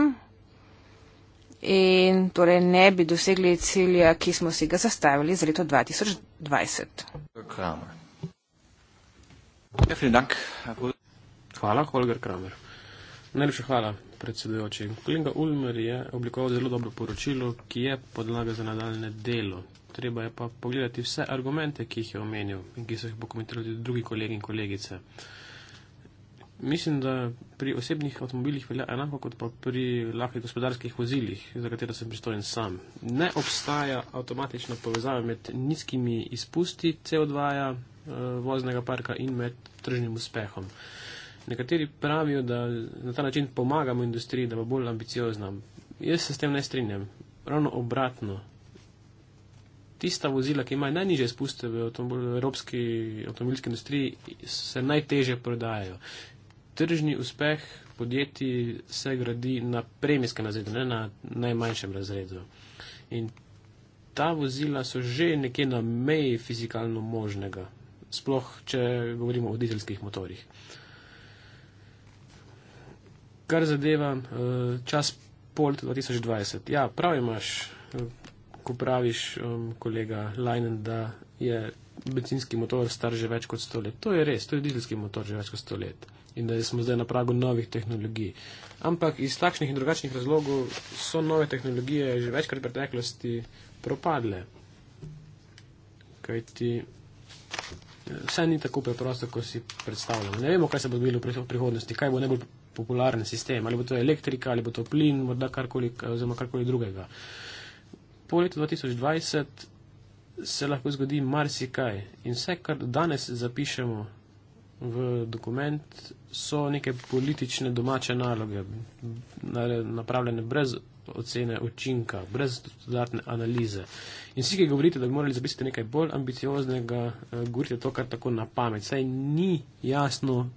in torej ne bi dosegli cilja, ki smo si ga zastavili za leto 2020. Ja, hvala, Holger Kramer. Najlepša hvala, predsedujoči. Kolega Ulmer je oblikoval zelo dobro poročilo, ki je podlaga za nadaljne delo. Treba je pa pogledati vse argumente, ki jih je omenil in ki so jih pokomentirali drugi kolegi in kolegice. Mislim, da pri osebnih avtomobilih velja enako kot pa pri lahkih gospodarskih vozilih, za katera sem pristojen sam. Ne obstaja avtomatična povezava med nizkimi izpusti CO2 -ja, eh, voznega parka in med tržnim uspehom. Nekateri pravijo, da na ta način pomagamo industriji, da bo bolj ambiciozna. Jaz se s tem ne strinjam. Ravno obratno. Tista vozila, ki imajo najniže izpuste v, v evropski avtomobilski industriji, se najteže prodajajo tržni uspeh podjetij se gradi na premijskem razredu, ne na najmanjšem razredu. In ta vozila so že nekje na meji fizikalno možnega, sploh če govorimo o dizelskih motorjih. Kar zadeva eh, čas polt 2020. Ja, prav imaš, eh, ko praviš, um, kolega Leinen, da je bencinski motor star že več kot sto let. To je res, to je dizelski motor že več kot sto let in da smo zdaj na pragu novih tehnologij. Ampak iz takšnih in drugačnih razlogov so nove tehnologije že večkrat v preteklosti propadle. Kajti eh, vse ni tako preprosto, kot si predstavljamo. Ne vemo, kaj se bo zgodilo v prihodnosti, kaj bo najbolj popularen sistem, ali bo to elektrika, ali bo to plin, morda karkoli, eh, oziroma karkoli drugega. Po letu 2020 se lahko zgodi marsikaj in vse, kar danes zapišemo v dokument, so neke politične domače naloge, napravljene brez ocene učinka, brez dodatne analize. In vsi, ki govorite, da bi morali zapisati nekaj bolj ambicioznega, eh, govorite to kar tako na pamet. Saj ni jasno,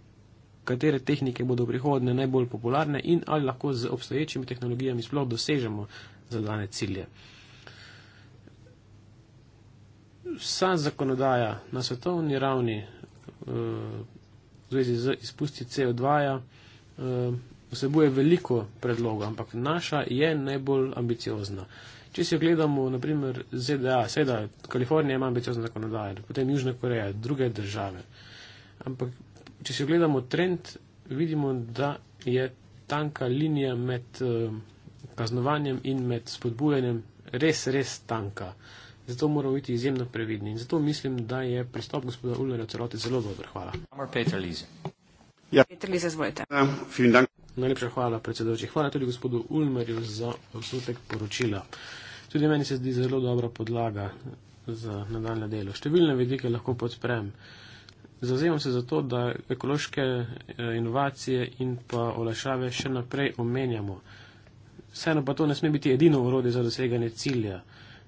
katere tehnike bodo prihodne najbolj popularne in ali lahko z obstoječimi tehnologijami sploh dosežemo zadane cilje. Vsa zakonodaja na svetovni ravni eh, zvezi z izpusti CO2, -ja, eh, vsebuje veliko predlogov, ampak naša je najbolj ambiciozna. Če si ogledamo, naprimer, ZDA, seveda, Kalifornija ima ambiciozno zakonodajo, potem Južna Koreja, druge države. Ampak, če si ogledamo trend, vidimo, da je tanka linija med eh, kaznovanjem in med spodbujanjem res, res tanka. Zato moramo biti izjemno previdni in zato mislim, da je pristop gospoda Ullera celoti zelo dober. Hvala. Peter Lize. Ja. Peter Lize, izvolite. Ja, Najlepša hvala, predsedujoči. Hvala tudi gospodu Ulmerju za odsotek poročila. Tudi meni se zdi zelo dobra podlaga za nadaljne delo. Številne vidike lahko podprem. Zazemam se zato, da ekološke eh, inovacije in pa olašave še naprej omenjamo. Vseeno pa to ne sme biti edino urode za doseganje cilja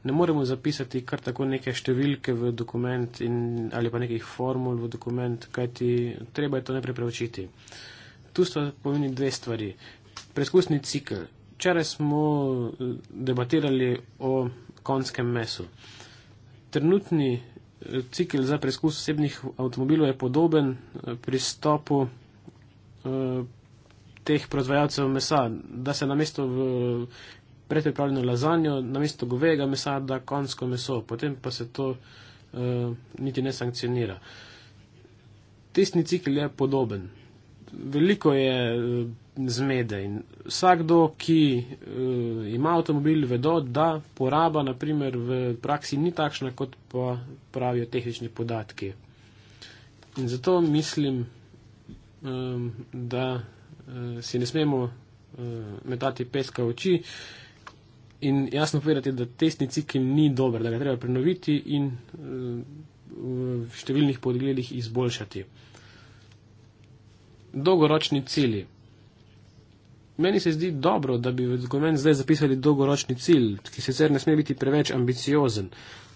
ne moremo zapisati kar tako neke številke v dokument in, ali pa nekih formul v dokument, kajti treba je to najprej preučiti. Tu sta pomeni dve stvari. Preskusni cikl. Včeraj smo eh, debatirali o konskem mesu. Trenutni eh, cikl za preskus osebnih avtomobilov je podoben eh, pristopu eh, teh proizvajalcev mesa, da se namesto v predpravljeno lazanjo, namesto govejega mesa, da konsko meso, potem pa se to uh, niti ne sankcionira. Testni cikl je podoben. Veliko je uh, zmede in vsakdo, ki uh, ima avtomobil, vedo, da poraba naprimer v praksi ni takšna, kot pa pravijo tehnični podatki. In zato mislim, um, da uh, si ne smemo uh, metati peska v oči. Uh, in jasno povedati, da testni cikl ni dober, da ga treba prenoviti in eh, v številnih podgledih izboljšati. Dolgoročni cilji. Meni se zdi dobro, da bi v dokument zdaj zapisali dolgoročni cilj, ki sicer ne sme biti preveč ambiciozen.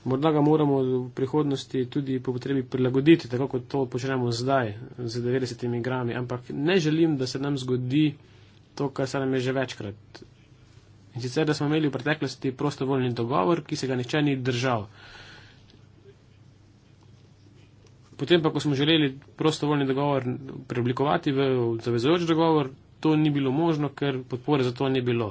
Morda ga moramo v prihodnosti tudi po potrebi prilagoditi, tako kot to počnemo zdaj z 90 grami, ampak ne želim, da se nam zgodi to, kar se nam je že večkrat In sicer, da smo imeli v preteklosti prostovoljni dogovor, ki se ga niče ni držal. Potem pa, ko smo želeli prostovoljni dogovor preoblikovati v zavezojoč dogovor, to ni bilo možno, ker podpore za to ni bilo.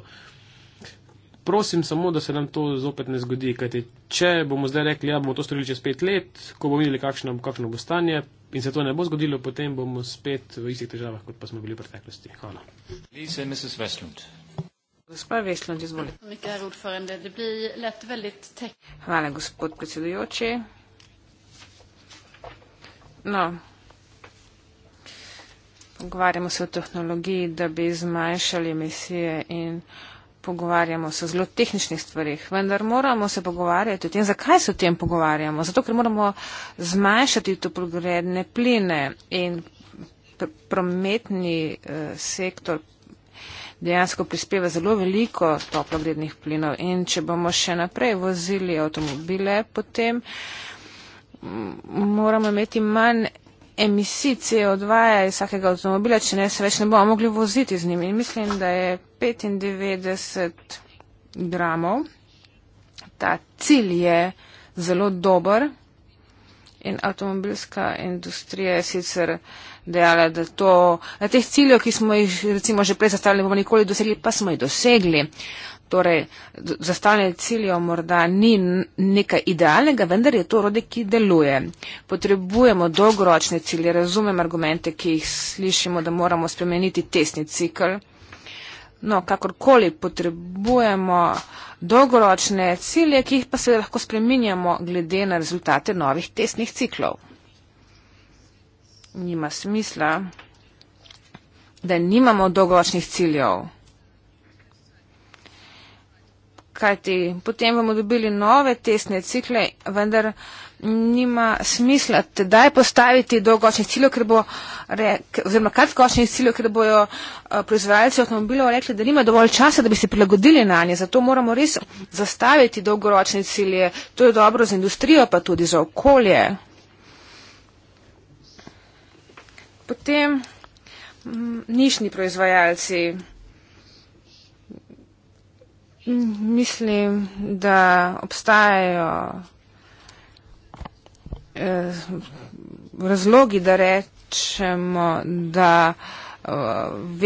Prosim samo, da se nam to zopet ne zgodi, kajte če bomo zdaj rekli, da ja, bomo to storili čez pet let, ko bomo videli, kakšno, kakšno bo stanje in se to ne bo zgodilo, potem bomo spet v istih težavah, kot pa smo bili v preteklosti. Hvala. Hvala, gospod predsedujoči. No, pogovarjamo se o tehnologiji, da bi zmanjšali emisije in pogovarjamo se o zelo tehničnih stvarih, vendar moramo se pogovarjati o tem, zakaj se o tem pogovarjamo. Zato, ker moramo zmanjšati toplogredne pline in prometni eh, sektor dejansko prispeva zelo veliko toplogrednih plinov in če bomo še naprej vozili avtomobile, potem mm, moramo imeti manj emisij CO2 iz vsakega avtomobila, če ne se več ne bomo mogli voziti z njimi. In mislim, da je 95 gramov. Ta cilj je zelo dober in avtomobilska industrija je sicer uh, dejala, da, to, da teh ciljev, ki smo jih recimo že prej zastavili, bomo nikoli dosegli, pa smo jih dosegli. Torej, zastavljanje ciljev morda ni nekaj idealnega, vendar je to rode, ki deluje. Potrebujemo dolgoročne cilje, razumem argumente, ki jih slišimo, da moramo spremeniti tesni cikl. No, kakorkoli potrebujemo dolgoročne cilje, ki jih pa se lahko spreminjamo glede na rezultate novih tesnih ciklov nima smisla, da nimamo dolgoročnih ciljev. Kajti potem bomo dobili nove tesne cikle, vendar nima smisla tedaj postaviti dolgoročnih ciljev, ker bo, oziroma kratkoročnih ciljev, ker bojo eh, proizvajalci avtomobilov rekli, da nima dovolj časa, da bi se prilagodili na nje. Zato moramo res zastaviti dolgoročne cilje. To je dobro za industrijo, pa tudi za okolje. potem mm, nišni proizvajalci. Mislim, da obstajajo eh, razlogi, da rečemo, da eh,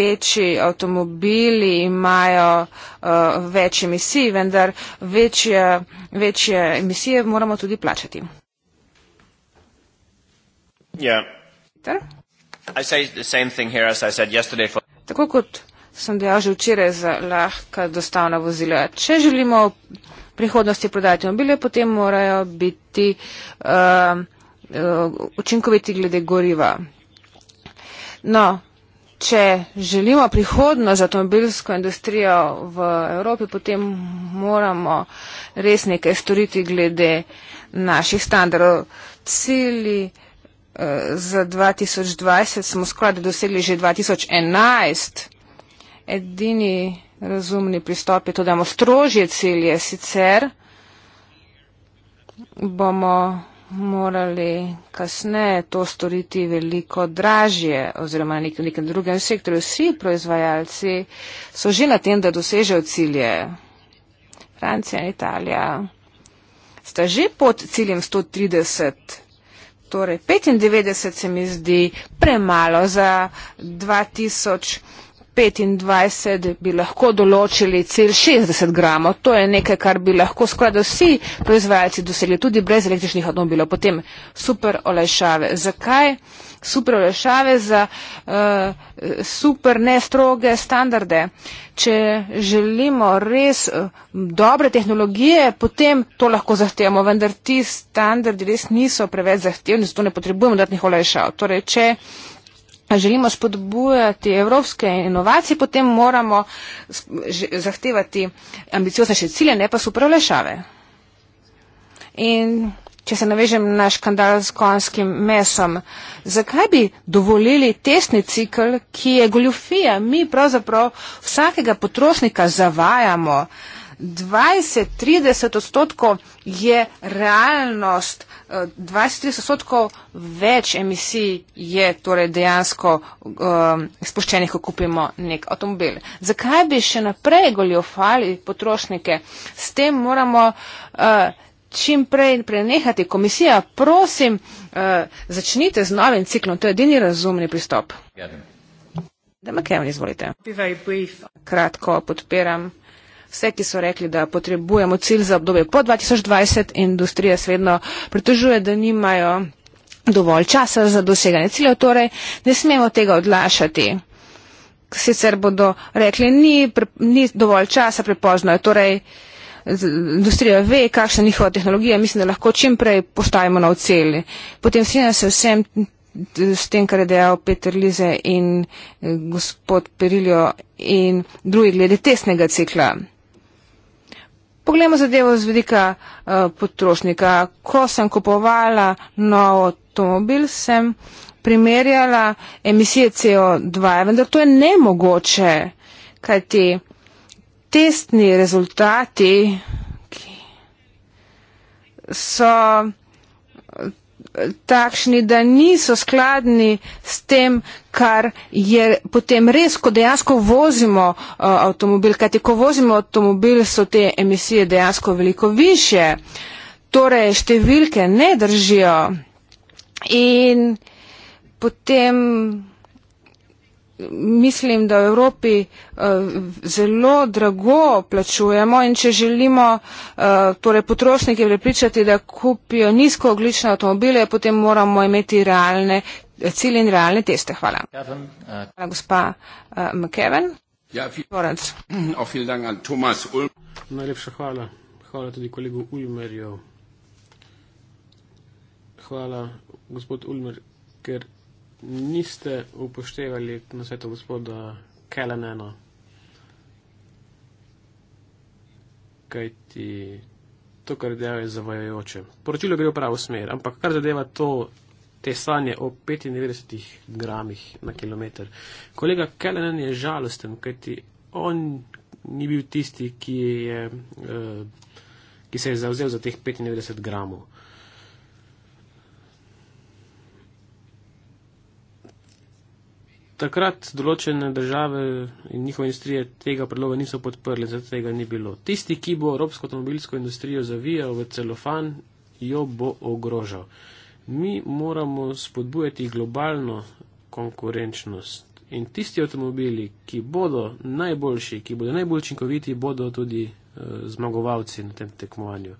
večji avtomobili imajo eh, več emisij, vendar večje, večje emisije moramo tudi plačati. Ja. Yeah. Tako kot sem dejal že včeraj za lahka dostavna vozila, če želimo v prihodnosti prodati mobile, potem morajo biti uh, uh, učinkoviti glede goriva. No, če želimo prihodnost za avtomobilsko industrijo v Evropi, potem moramo res nekaj storiti glede naših standardov. Cili za 2020 smo skoraj dosegli že 2011. Edini razumni pristop je to, da imamo strožje cilje, sicer bomo morali kasneje to storiti veliko dražje oziroma nek, nekem drugem sektorju. Vsi proizvajalci so že na tem, da dosežejo cilje. Francija in Italija sta že pod ciljem 130 Torej, 95 se mi zdi premalo za 2000. 25 bi lahko določili cilj 60 gramov. To je nekaj, kar bi lahko skoraj vsi proizvajalci dosegli tudi brez električnih avtomobilov. Potem super olajšave. Zakaj? Super olajšave za uh, super nestroge standarde. Če želimo res uh, dobre tehnologije, potem to lahko zahtevamo, vendar ti standardi res niso preveč zahtevni, zato ne potrebujemo dodatnih olajšav. Torej, želimo spodbujati evropske inovacije, potem moramo zahtevati ambicioznejše cilje, ne pa super olešave. In če se navežem na škandal s konskim mesom, zakaj bi dovolili testni cikl, ki je goljufija? Mi pravzaprav vsakega potrošnika zavajamo, uh, 20-30 odstotkov je realnost, 20-30 eh, odstotkov več emisij je torej dejansko izpuščenih, eh, um, ko kupimo nek avtomobil. Zakaj bi še naprej goljofali potrošnike? S tem moramo uh, čim prej prenehati. Komisija, prosim, uh, začnite z novim ciklom. To je edini razumni pristop. Da me kem, izvolite. Kratko podpiram. Vse, ki so rekli, da potrebujemo cilj za obdobje po 2020, industrija se vedno pritožuje, da nimajo dovolj časa za doseganje ciljev, torej ne smemo tega odlašati. Sicer bodo rekli, ni, pre, ni dovolj časa, prepozno je. Torej, industrija ve, kakšna je njihova tehnologija, mislim, da lahko čim prej postavimo na cilj. Potem strinjam se vsem s tem, kar je dejal Peter Lize in eh, gospod Perilijo in drugi glede tesnega cikla. Poglejmo zadevo z vidika uh, potrošnika. Ko sem kupovala nov avtomobil, sem primerjala emisije CO2, vendar to je nemogoče, kajti testni rezultati so takšni, da niso skladni s tem, kar je potem res, ko dejansko vozimo uh, avtomobil, kajti ko vozimo avtomobil, so te emisije dejansko veliko više. Torej, številke ne držijo. In potem mislim, da v Evropi eh, zelo drago plačujemo in če želimo eh, torej potrošnike prepričati, da kupijo nizkooglične avtomobile, potem moramo imeti realne cilje in realne teste. Hvala. Eh. Hvala, gospa McKeven. Ja, Najlepša hvala. Hvala tudi kolegu Ulmerju. Hvala, gospod Ulmer, ker niste upoštevali na svetu gospoda Kelenena, kaj ti to, kar delajo, je zavajajoče. Poročilo gre v pravo smer, ampak kar zadeva to, te sanje o 95 gramih na kilometr. Kolega Kelenen je žalosten, kaj ti on ni bil tisti, ki, je, uh, ki se je zauzel za teh 95 gramov. takrat določene države in njihove industrije tega predloga niso podprli, zato tega ni bilo. Tisti, ki bo evropsko avtomobilsko industrijo zavijal v celofan, jo bo ogrožal. Mi moramo spodbujati globalno konkurenčnost in tisti avtomobili, ki bodo najboljši, ki bodo najbolj učinkoviti, bodo tudi eh, zmagovalci na tem tekmovanju.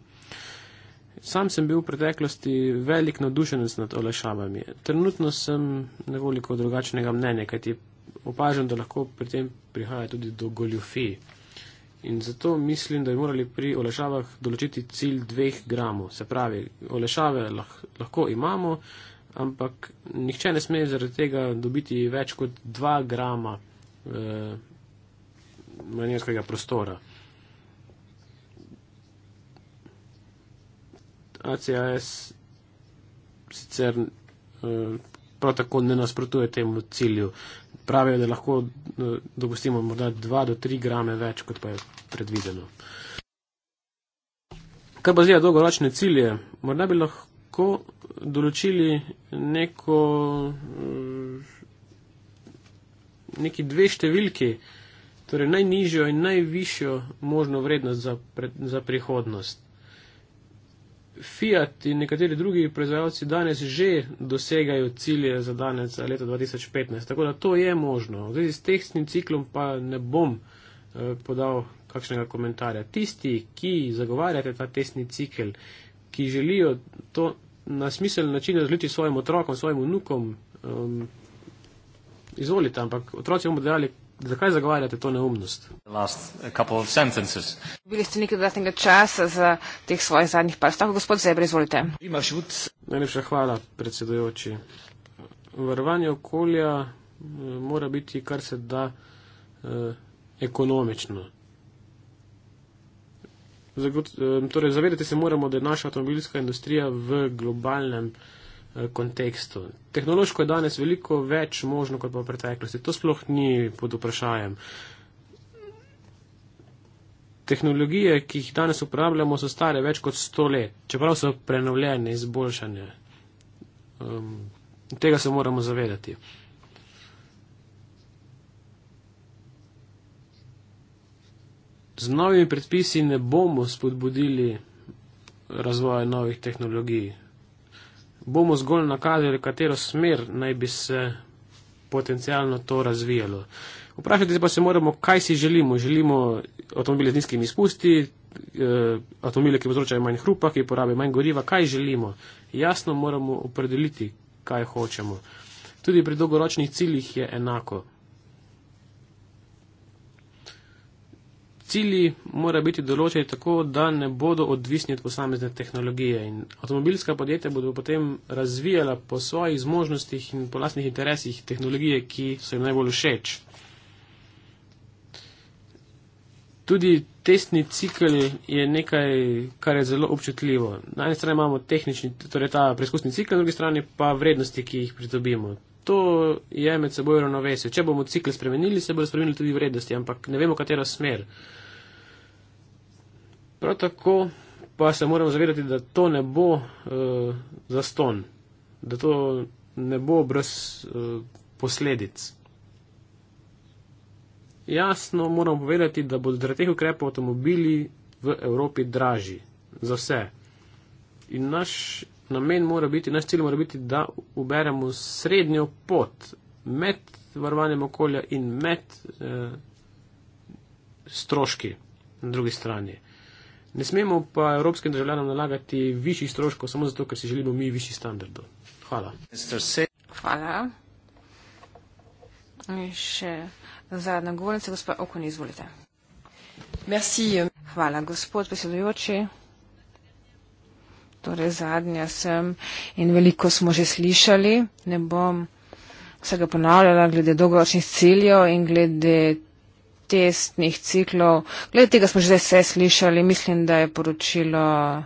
Sam sem bil v preteklosti velik navdušenec nad olajšavami. Trenutno sem nekoliko drugačnega mnenja, kajti opažam, da lahko pri tem prihaja tudi do goljufij. In zato mislim, da bi morali pri olajšavah določiti cilj dveh gramov. Se pravi, olajšave lahko imamo, ampak nihče ne sme zaradi tega dobiti več kot dva grama eh, manjerskega prostora. ACAS sicer uh, prav tako ne nasprotuje temu cilju. Pravijo, da lahko uh, dopustimo morda 2 do 3 grame več, kot pa je predvideno. Kar bazira dolgoročne cilje, morda bi lahko določili neko, eh, neki dve številki, torej najnižjo in najvišjo možno vrednost za, pre, za prihodnost. Fiat in nekateri drugi proizvajalci danes že dosegajo cilje za danes, za leto 2015, tako da to je možno. V zvezi s tehničnim ciklom pa ne bom eh, podal kakšnega komentarja. Tisti, ki zagovarjate ta tesni cikl, ki želijo to na smiseln način različi svojim otrokom, svojim vnukom, um, izvolite, ampak otroci bomo dejali Zakaj zagovarjate to neumnost? Bili ste nekaj dodatnega časa za teh svojih zadnjih par stavkov. Gospod Zebre, izvolite. Najlepša hvala, predsedujoči. Varovanje okolja eh, mora biti kar se da eh, ekonomično. Zagot, eh, torej, zavedati se moramo, da je naša avtomobilska industrija v globalnem. Eh, kontekstu. Tehnološko je danes veliko več možno kot pa v preteklosti. To sploh ni pod vprašajem. Tehnologije, ki jih danes uporabljamo, so stare več kot sto let, čeprav so prenovljene, izboljšane. Um, tega se moramo zavedati. Z novimi predpisi ne bomo spodbudili razvoja novih tehnologij bomo zgolj nakazali, katero smer naj bi se potencialno to razvijalo. Vprašati pa se moramo, kaj si želimo. Želimo avtomobile z nizkimi izpusti, eh, avtomobile, ki povzročajo manj hrupa, ki porabijo manj goriva. Kaj želimo? Jasno moramo opredeliti, kaj hočemo. Tudi pri dolgoročnih ciljih je enako. cilji morajo biti določeni tako, da ne bodo odvisni od posamezne tehnologije. In avtomobilska podjetja bodo potem razvijala po svojih zmožnostih in po lastnih interesih tehnologije, ki so jim najbolj všeč. Tudi testni cikl je nekaj, kar je zelo občutljivo. Na eni strani imamo tehnični, torej ta preizkusni cikl, na drugi strani pa vrednosti, ki jih pridobimo. To je med seboj ravnovesje. Če bomo cikl spremenili, se bodo spremenili tudi vrednosti, ampak ne vemo, katera smer. Uh, Prav tako pa se moramo zavedati, da to ne bo uh, eh, zaston, da to ne bo brez uh, posledic. Jasno moramo povedati, da bodo zaradi teh ukrepov avtomobili v Evropi dražji za vse. In naš namen mora biti, naš cilj mora biti, da uberemo srednjo pot med varovanjem okolja in med eh, stroški na drugi strani. Ne smemo pa evropskim državljanom nalagati višjih stroškov samo zato, ker si želimo mi višji standard. Hvala. Hvala. In še zadnja govornica, gospod Okon, izvolite. Merci. Hvala, gospod predsedujoči. Torej, zadnja sem in veliko smo že slišali. Ne bom vsega ponavljala glede dolgoročnih ciljev in glede testnih ciklov. Glede tega smo že zdaj vse slišali, mislim, da je poročilo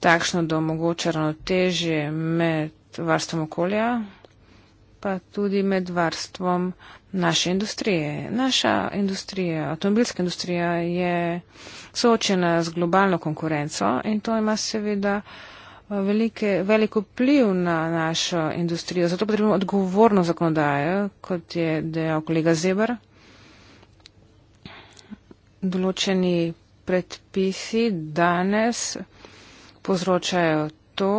takšno, da omogoča ravnoteže med varstvom okolja, pa tudi med varstvom naše industrije. Naša industrija, avtomobilska industrija je soočena z globalno konkurenco in to ima seveda eh, velike, veliko pliv na našo industrijo. Zato potrebujemo odgovorno zakonodajo, kot je dejal kolega Zebr določeni predpisi danes povzročajo to,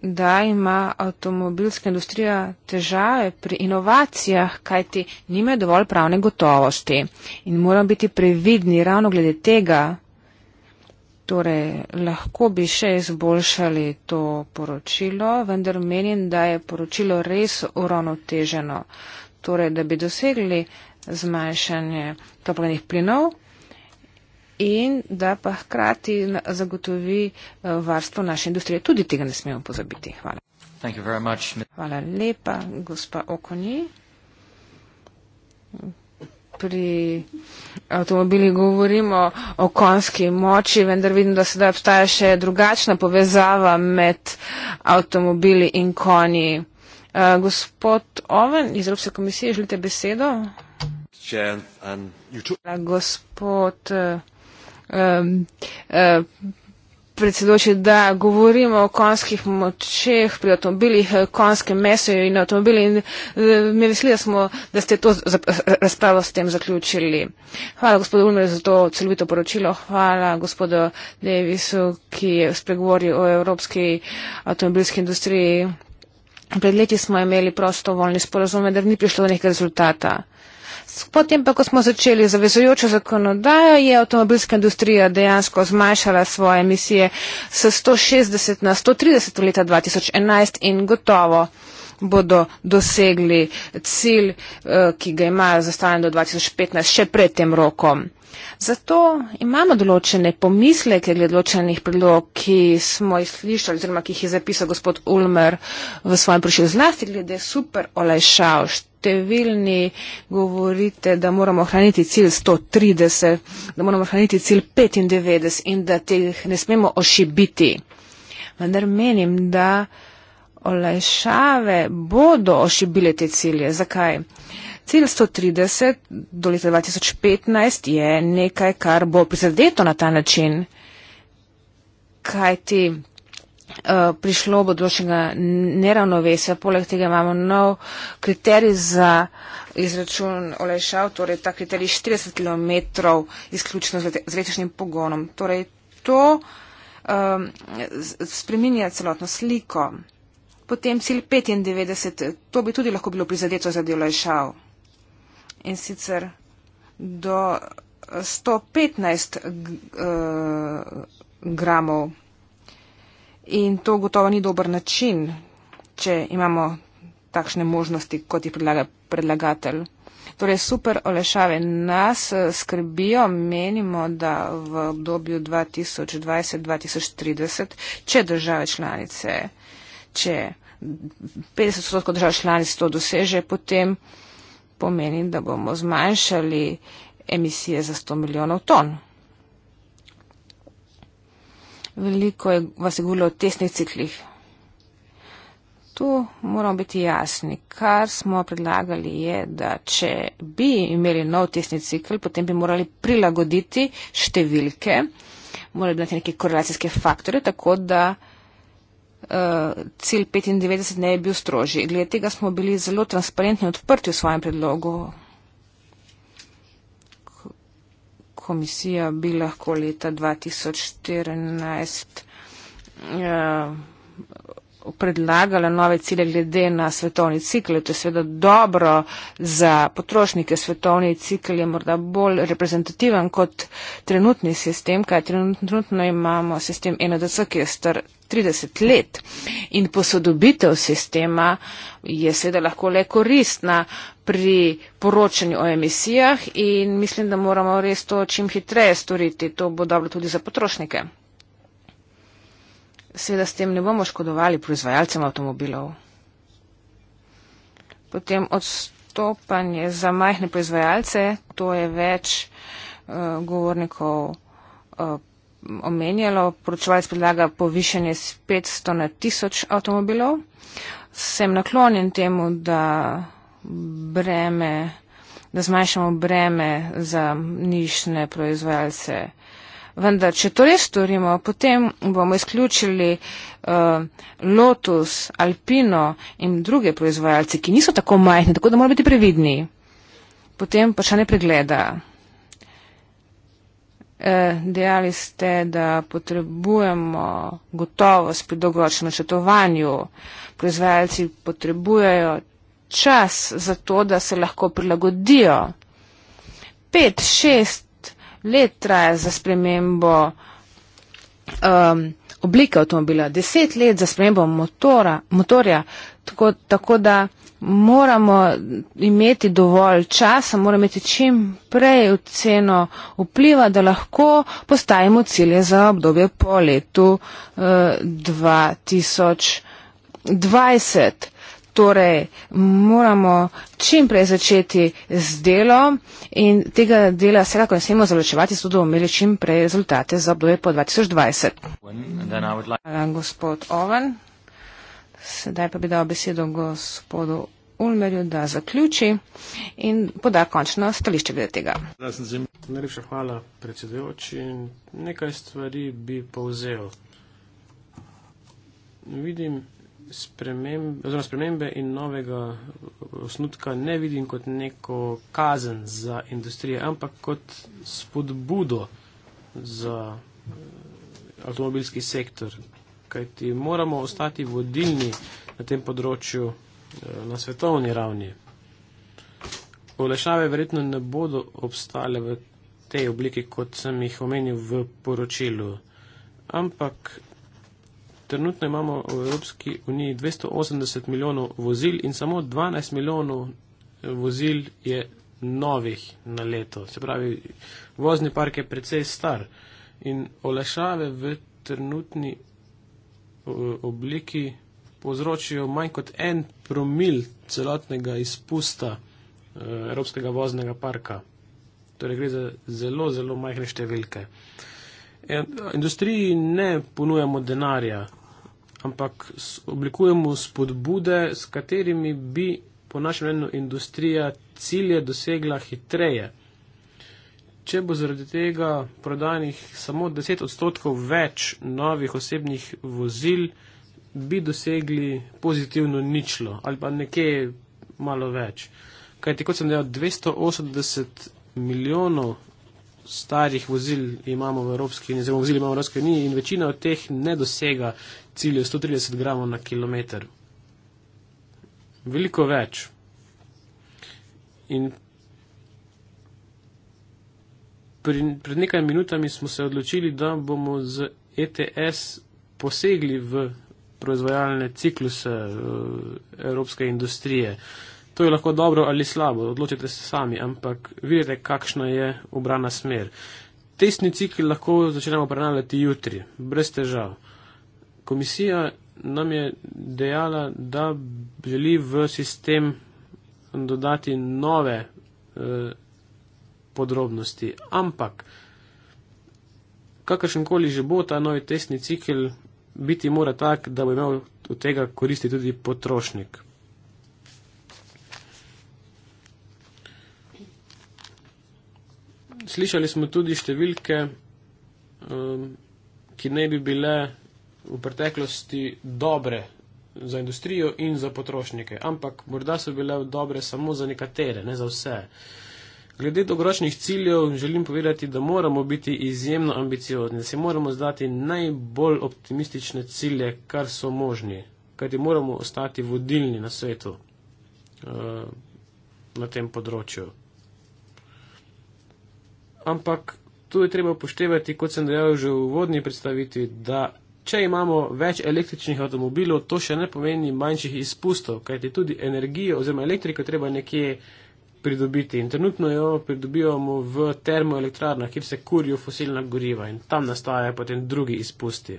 da ima avtomobilska industrija težave pri inovacijah, kajti nimajo dovolj pravne gotovosti in moramo biti previdni ravno glede tega. Torej, lahko bi še izboljšali to poročilo, vendar menim, da je poročilo res uravnoteženo. Torej, da bi dosegli zmanjšanje toplenih plinov in da pa hkrati zagotovi eh, varstvo naše industrije. Tudi tega ne smemo pozabiti. Hvala. Much, Hvala lepa, gospa Okoni. Pri avtomobilih govorimo o konski moči, vendar vidim, da sedaj obstaja še drugačna povezava med avtomobili in konji. Uh, gospod Oven iz Evropske komisije, želite besedo? Gospod eh, eh, predsedoči, da govorimo o konskih močeh pri avtomobilih, eh, konskem mesu in avtomobili in mi veseli, da, smo, da ste to razpravo s tem zaključili. Hvala gospodu Ulmer za to celovito poročilo, hvala gospodu Davisu, ki je spregovoril o evropski avtomobilski industriji. Pred leti smo imeli prostovoljni sporozum, vendar ni prišlo do nekega rezultata. Potem pa, ko smo začeli zavezujočo zakonodajo, je avtomobilska industrija dejansko zmanjšala svoje emisije s 160 na 130 leta 2011 in gotovo bodo dosegli cilj, eh, ki ga imajo zastavljen do 2015, še pred tem rokom. Zato imamo določene pomisleke glede določenih predlog, ki smo jih slišali oziroma ki jih je zapisal gospod Ulmer v svojem prišel zlasti glede super olajšav. Številni govorite, da moramo ohraniti cilj 130, da moramo ohraniti cilj 95 in da teh ne smemo ošibiti. Vendar menim, da olajšave bodo ošibile te cilje. Zakaj? Cilj 130 do leta 2015 je nekaj, kar bo prizadeto na ta način, kajti uh, prišlo bo do določenega neravnovesja. Poleg tega imamo nov kriterij za izračun olajšav, torej ta kriterij 40 km izključno z električnim pogonom. Torej to um, spreminja celotno sliko potem cilj 95, to bi tudi lahko bilo prizadeto za del lajšav. In sicer do 115 uh, eh, gramov. In to gotovo ni dober način, če imamo takšne možnosti, kot jih predlaga predlagatelj. Torej, super olešave nas eh, skrbijo, menimo, da v obdobju 2020-2030, če države članice, če 50 odstotkov držav članic to doseže, potem pomeni, da bomo zmanjšali emisije za 100 milijonov ton. Veliko je vas je govorilo o tesnih ciklih. Tu moramo biti jasni. Kar smo predlagali je, da če bi imeli nov tesni cikl, potem bi morali prilagoditi številke, morali dati neke korelacijske faktore, tako da uh, cilj 95 ne je bil strožji. Glede tega smo bili zelo transparentni in odprti v svojem predlogu. Komisija bi lahko leta 2014 uh, predlagala nove cilje glede na svetovni cikl. To je seveda dobro za potrošnike. Svetovni cikl je morda bolj reprezentativen kot trenutni sistem, kaj trenutno imamo sistem NDC, ki je star 30 let. In posodobitev sistema je seveda lahko le koristna pri poročanju o emisijah in mislim, da moramo res to čim hitreje storiti. To bo dobro tudi za potrošnike seveda s tem ne bomo škodovali proizvajalcem avtomobilov. Potem odstopanje za majhne proizvajalce, to je več uh, govornikov uh, omenjalo. Poročevalec predlaga povišanje z 500 na 1000 avtomobilov. Sem naklonjen temu, da, breme, da zmanjšamo breme za nišne proizvajalce. Vendar, če to res storimo, potem bomo izključili uh, Lotus, Alpino in druge proizvajalce, ki niso tako majhni, tako da moramo biti previdni. Potem pa še ne pregleda. Eh, dejali ste, da potrebujemo gotovost pri dolgoročnem načrtovanju. Proizvajalci potrebujejo čas za to, da se lahko prilagodijo. Pet, šest let traja za spremembo um, oblike avtomobila, deset let za spremembo motora, motorja, tako, tako da moramo imeti dovolj časa, moramo imeti čim prej oceno vpliva, da lahko postavimo cilje za obdobje po letu uh, 2020. Torej, moramo čim prej začeti z delom in tega dela vsekako ne smemo zaločevati, zato da bomo imeli čim prej rezultate za obdobje po 2020. Hvala, like... gospod Oven. Sedaj pa bi dal besedo gospodu Ulmerju, da zaključi in poda končno stališče glede tega. Najlepša hvala, predsedujoči. Nekaj stvari bi povzel. Vidim, sprememb, spremembe in novega osnutka ne vidim kot neko kazen za industrijo, ampak kot spodbudo za eh, avtomobilski sektor. Kajti moramo ostati vodilni na tem področju eh, na svetovni ravni. Olešave verjetno ne bodo obstale v tej obliki, kot sem jih omenil v poročilu. Ampak Trenutno imamo v Evropski uniji 280 milijonov vozil in samo 12 milijonov vozil je novih na leto. Se pravi, vozni park je precej star in olešave v trenutni obliki povzročijo manj kot en promil celotnega izpusta e, Evropskega voznega parka. Torej gre za zelo, zelo majhne številke. E, industriji ne ponujamo denarja ampak oblikujemo spodbude, s katerimi bi po našem mnenju industrija cilje dosegla hitreje. Če bo zaradi tega prodanih samo 10 odstotkov več novih osebnih vozil, bi dosegli pozitivno ničlo ali pa nekje malo več. Kaj ti, kot sem dejal, 280 milijonov starih vozil imamo v Evropski uniji in večina od teh ne dosega cilj je 130 gramov na kilometr. Veliko več. In pri, pred nekaj minutami smo se odločili, da bomo z ETS posegli v proizvajalne cikluse uh, evropske industrije. To je lahko dobro ali slabo, odločite se sami, ampak vidite, kakšna je obrana smer. Testni cikl lahko začnemo prenavljati jutri, brez težav komisija nam je dejala, da želi v sistem dodati nove eh, podrobnosti. Ampak, kakršenkoli že bo ta novi testni cikl, biti mora tak, da bo imel od tega koristi tudi potrošnik. Slišali smo tudi številke, eh, ki ne bi bile v preteklosti dobre za industrijo in za potrošnike, ampak morda so bile dobre samo za nekatere, ne za vse. Glede dolgoročnih ciljev želim povedati, da moramo biti izjemno ambiciozni, da si moramo zdati najbolj optimistične cilje, kar so možni, kajti moramo ostati vodilni na svetu eh, na tem področju. Ampak tu je treba upoštevati, kot sem dejal že v uvodni predstavitvi, da Če imamo več električnih avtomobilov, to še ne pomeni manjših izpustov, kajti tudi energijo oziroma elektriko treba nekje pridobiti. In trenutno jo pridobivamo v termoelektrarnah, kjer se kurijo fosilna goriva in tam nastajajo potem drugi izpusti.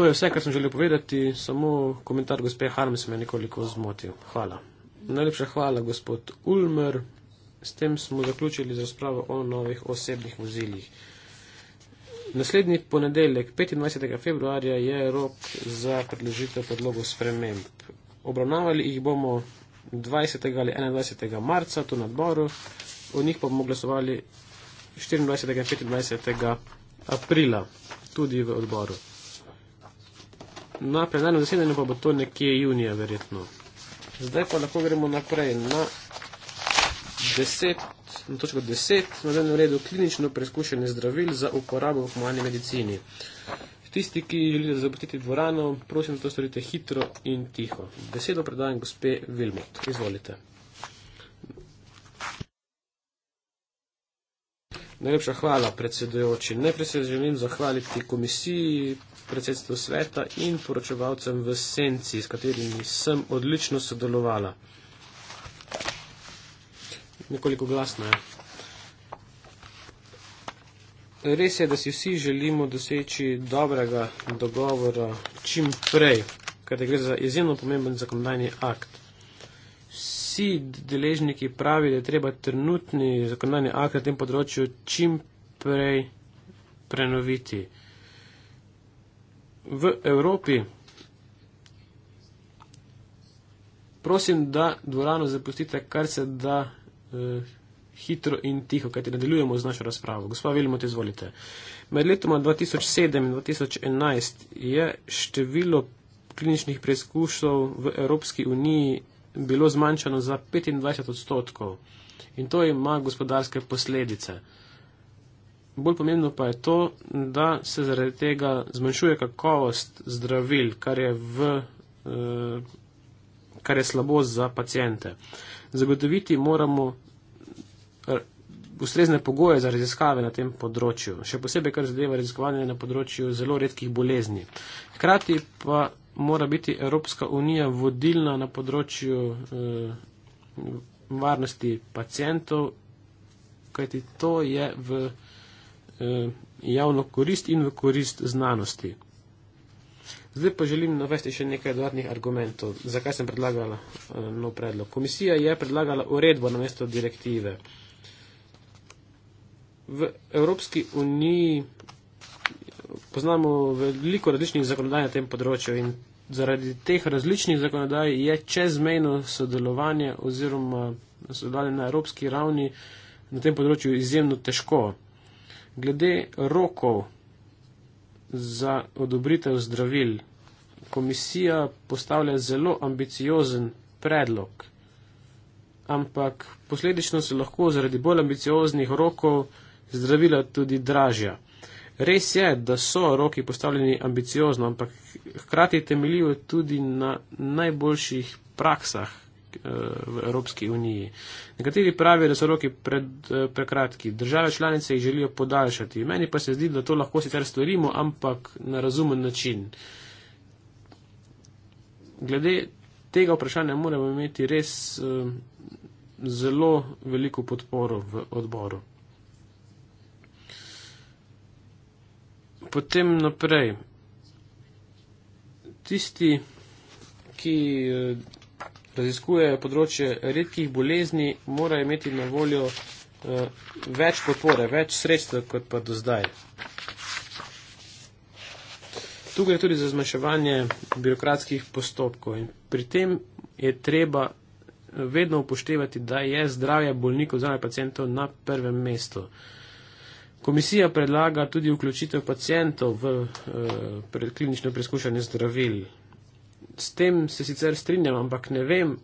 To je vse, kar sem želel povedati, samo komentar gospe Harms me je nekoliko zmotil. Hvala. Najlepša hvala, gospod Ulmer. S tem smo zaključili z razpravo o novih osebnih vozilih. Naslednji ponedeljek, 25. februarja, je rok za predložitev predlogov sprememb. Obravnavali jih bomo 20. ali 21. marca tu na odboru, o njih pa bomo glasovali 24. in 25. aprila tudi v odboru. Na plenarnem zasedanju pa bo to nekje junija verjetno. Zdaj pa lahko gremo naprej na 10 na točko 10, na dnevnem redu klinično preskušanje zdravil za uporabo v humani medicini. Tisti, ki želite zapustiti dvorano, prosim, da to storite hitro in tiho. Besedo predajam gospe Vilmot. Izvolite. Najlepša hvala, predsedujoči. Najprej se želim zahvaliti komisiji, predsedstvu sveta in poročevalcem v senci, s katerimi sem odlično sodelovala nekoliko glasna. Ja. Je. Res je, da si vsi želimo doseči dobrega dogovora čim prej, ker gre za izjemno pomemben zakonodajni akt. Vsi deležniki pravi, da je treba trenutni zakonodajni akt na tem področju čim prej prenoviti. V Evropi prosim, da dvorano zapustite kar se da Eh, hitro in tiho, kajti nadaljujemo z našo razpravo. Gospa Vilmo, te izvolite. Med letoma 2007 in 2011 je število kliničnih preizkušov v Evropski uniji bilo zmanjšano za 25 odstotkov in to ima gospodarske posledice. Bolj pomembno pa je to, da se zaradi tega zmanjšuje kakovost zdravil, kar je, v, eh, kar je slabo za pacijente zagotoviti moramo eh, ustrezne pogoje za raziskave na tem področju, še posebej kar zadeva raziskovanje na področju zelo redkih bolezni. Hkrati pa mora biti Evropska unija vodilna na področju eh, varnosti pacijentov, kajti to je v eh, javno korist in v korist znanosti. Zdaj pa želim navesti še nekaj dodatnih argumentov, zakaj sem predlagala eh, nov predlog. Komisija je predlagala uredbo na mesto direktive. V Evropski uniji poznamo veliko različnih zakonodaj na tem področju in zaradi teh različnih zakonodaj je čezmejno sodelovanje oziroma sodelovanje na evropski ravni na tem področju izjemno težko. Glede rokov za odobritev zdravil. Komisija postavlja zelo ambiciozen predlog, ampak posledično se lahko zaradi bolj ambicioznih rokov zdravila tudi dražja. Res je, da so roki postavljeni ambiciozno, ampak hkrati temeljijo tudi na najboljših praksah, v Evropski uniji. Nekateri pravijo, da so roki pred, eh, prekratki. Države članice jih želijo podaljšati. Meni pa se zdi, da to lahko sicer storimo, ampak na razumen način. Glede tega vprašanja moramo imeti res eh, zelo veliko podporo v odboru. Potem naprej. Tisti, ki eh, raziskujejo področje redkih bolezni, morajo imeti na voljo uh, več podpore, več sredstev, kot pa do zdaj. Tu gre tudi za zmanjševanje birokratskih postopkov in pri tem je treba eh, vedno upoštevati, da je zdravje bolnikov oziroma pacijentov na prvem mestu. Komisija predlaga tudi vključitev pacijentov v uh, klinično preizkušanje zdravil s tem se sicer strinjam, ampak ne vem,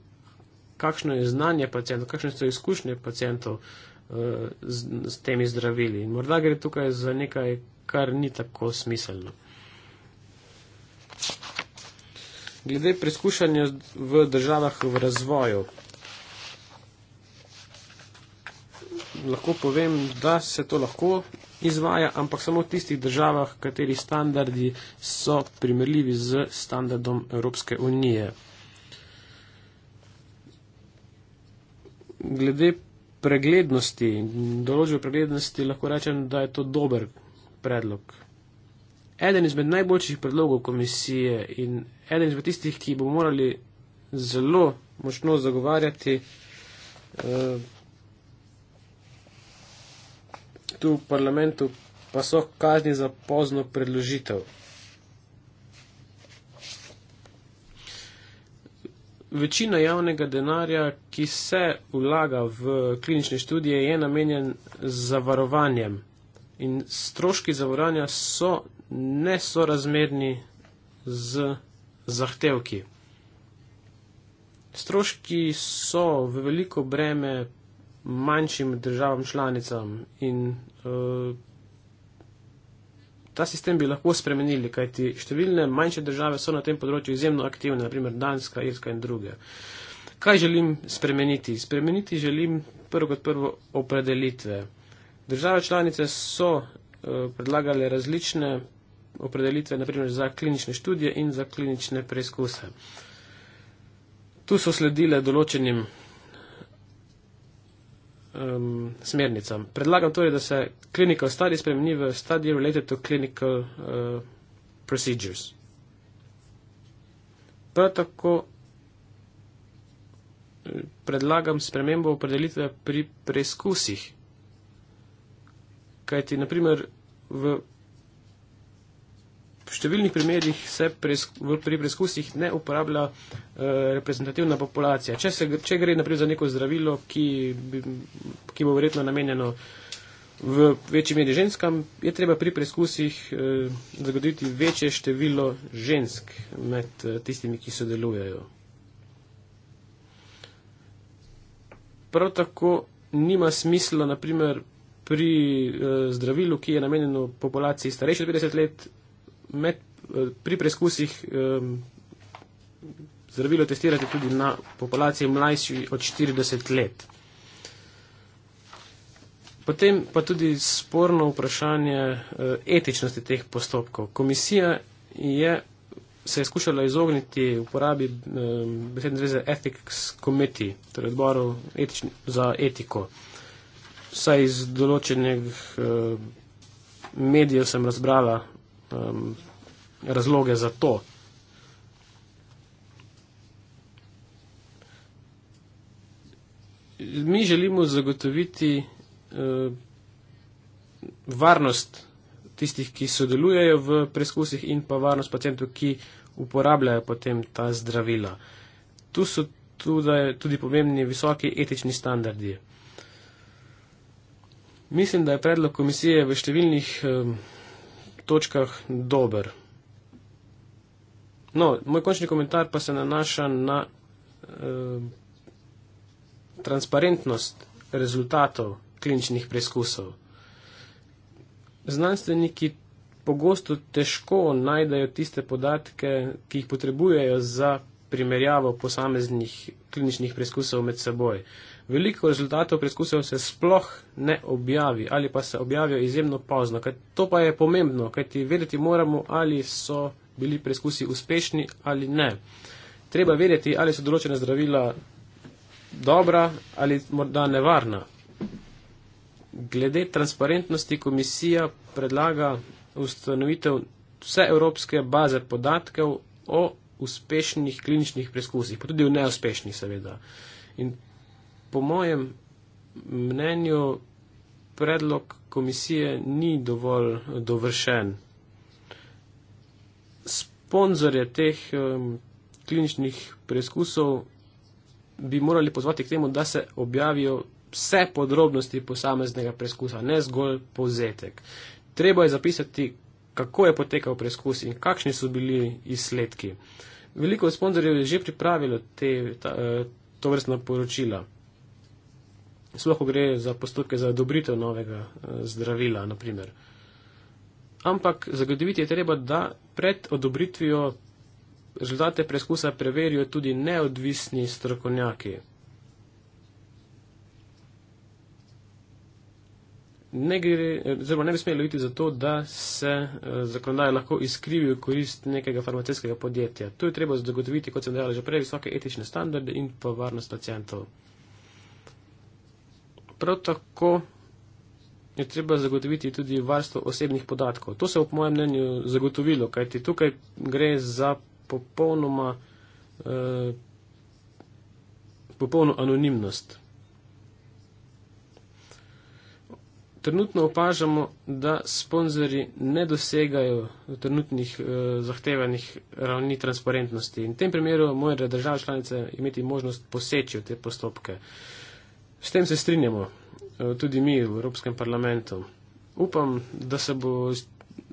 kakšno je znanje pacijentov, kakšne so izkušnje pacijentov eh, z, z temi zdravili. In morda gre tukaj za nekaj, kar ni tako smiselno. Glede preizkušanja v državah v razvoju, lahko povem, da se to lahko izvaja, ampak samo v tistih državah, kateri standardi so primerljivi z standardom Evropske unije. Glede preglednosti, določbe preglednosti, lahko rečem, da je to dober predlog. Eden izmed najboljših predlogov komisije in eden izmed tistih, ki bo morali zelo močno zagovarjati, eh, tu v parlamentu, pa so kazni za pozno predložitev. Večina javnega denarja, ki se vlaga v klinične študije, je namenjen zavarovanjem. In stroški zavarovanja so nesorazmerni z zahtevki. Stroški so v veliko breme manjšim državam članicam in uh, ta sistem bi lahko spremenili, kajti številne manjše države so na tem področju izjemno aktivne, naprimer Danska, Irska in druge. Kaj želim spremeniti? Spremeniti želim prvo kot prvo opredelitve. Države članice so uh, predlagale različne opredelitve, naprimer za klinične študije in za klinične preizkuse. Tu so sledile določenim um, smernicam. Predlagam torej, da se clinical study spremeni v study related to clinical uh, procedures. Prav tako uh, predlagam spremembo opredelitve pri preizkusih. Kajti, naprimer, v številnih primerjih se pri preizkusih ne uporablja eh, reprezentativna populacija. Če, se, če gre naprej za neko zdravilo, ki, ki bo verjetno namenjeno v večji meri ženskam, je treba pri preizkusih eh, zagotoviti večje število žensk med eh, tistimi, ki sodelujejo. Prav tako nima smisla, naprimer, pri zdravilu, ki je namenjeno populaciji starejših 50 let, med, pri preskusih um, zdravilo testirati tudi na populaciji mlajši od 40 let. Potem pa tudi sporno vprašanje eh, etičnosti teh postopkov. Komisija je, se je skušala izogniti uporabi besedne zveze Ethics Committee, torej odboru etični, za etiko. Saj iz določenih medijev sem razbrala um, razloge za to. Mi želimo zagotoviti uh, varnost tistih, ki sodelujejo v preskusih in pa varnost pacijentov, ki uporabljajo potem ta zdravila. Tu so tudi, tudi pomembni visoki etični standardi. Mislim, da je predlog komisije v številnih um, točkah dober. No, moj končni komentar pa se nanaša na eh, transparentnost rezultatov kliničnih preizkusov. Znanstveniki pogosto težko najdejo tiste podatke, ki jih potrebujejo za primerjavo posameznih kliničnih preizkusov med seboj veliko rezultatov preizkusov se sploh ne objavi ali pa se objavijo izjemno pozno. To pa je pomembno, kajti vedeti moramo, ali so bili preizkusi uspešni ali ne. Treba vedeti, ali so določene zdravila dobra ali morda nevarna. Glede transparentnosti komisija predlaga ustanovitev vse evropske baze podatkov o uspešnih kliničnih preizkusih, pa tudi o neuspešnih seveda. In po mojem mnenju predlog komisije ni dovolj dovršen. Sponzorje teh um, kliničnih preizkusov bi morali pozvati k temu, da se objavijo vse podrobnosti posameznega preizkusa, ne zgolj povzetek. Treba je zapisati, kako je potekal preizkus in kakšni so bili izsledki. Veliko sponzorjev je že pripravilo te, ta, eh, to vrstna poročila sploh gre za postopke za odobritev novega eh, zdravila, naprimer. Ampak zagotoviti je treba, da pred odobritvijo rezultate preskusa preverijo tudi neodvisni strokovnjaki. Ne, gre, ne bi smelo iti za to, da se eh, zakonodaja lahko izkrivi v korist nekega farmacijskega podjetja. Tu je treba zagotoviti, kot sem dejala že prej, visoke etične standarde in pa varnost pacijentov prav tako je treba zagotoviti tudi varstvo osebnih podatkov. To se je v mojem mnenju zagotovilo, kajti tukaj gre za popolnoma, eh, popolno anonimnost. Trenutno opažamo, da sponzori ne dosegajo trenutnih eh, zahtevanih ravni transparentnosti. In v tem primeru morajo države članice imeti možnost poseči v te postopke. Eh, S tem se strinjamo, e, tudi mi v Evropskem parlamentu. Upam, da se bo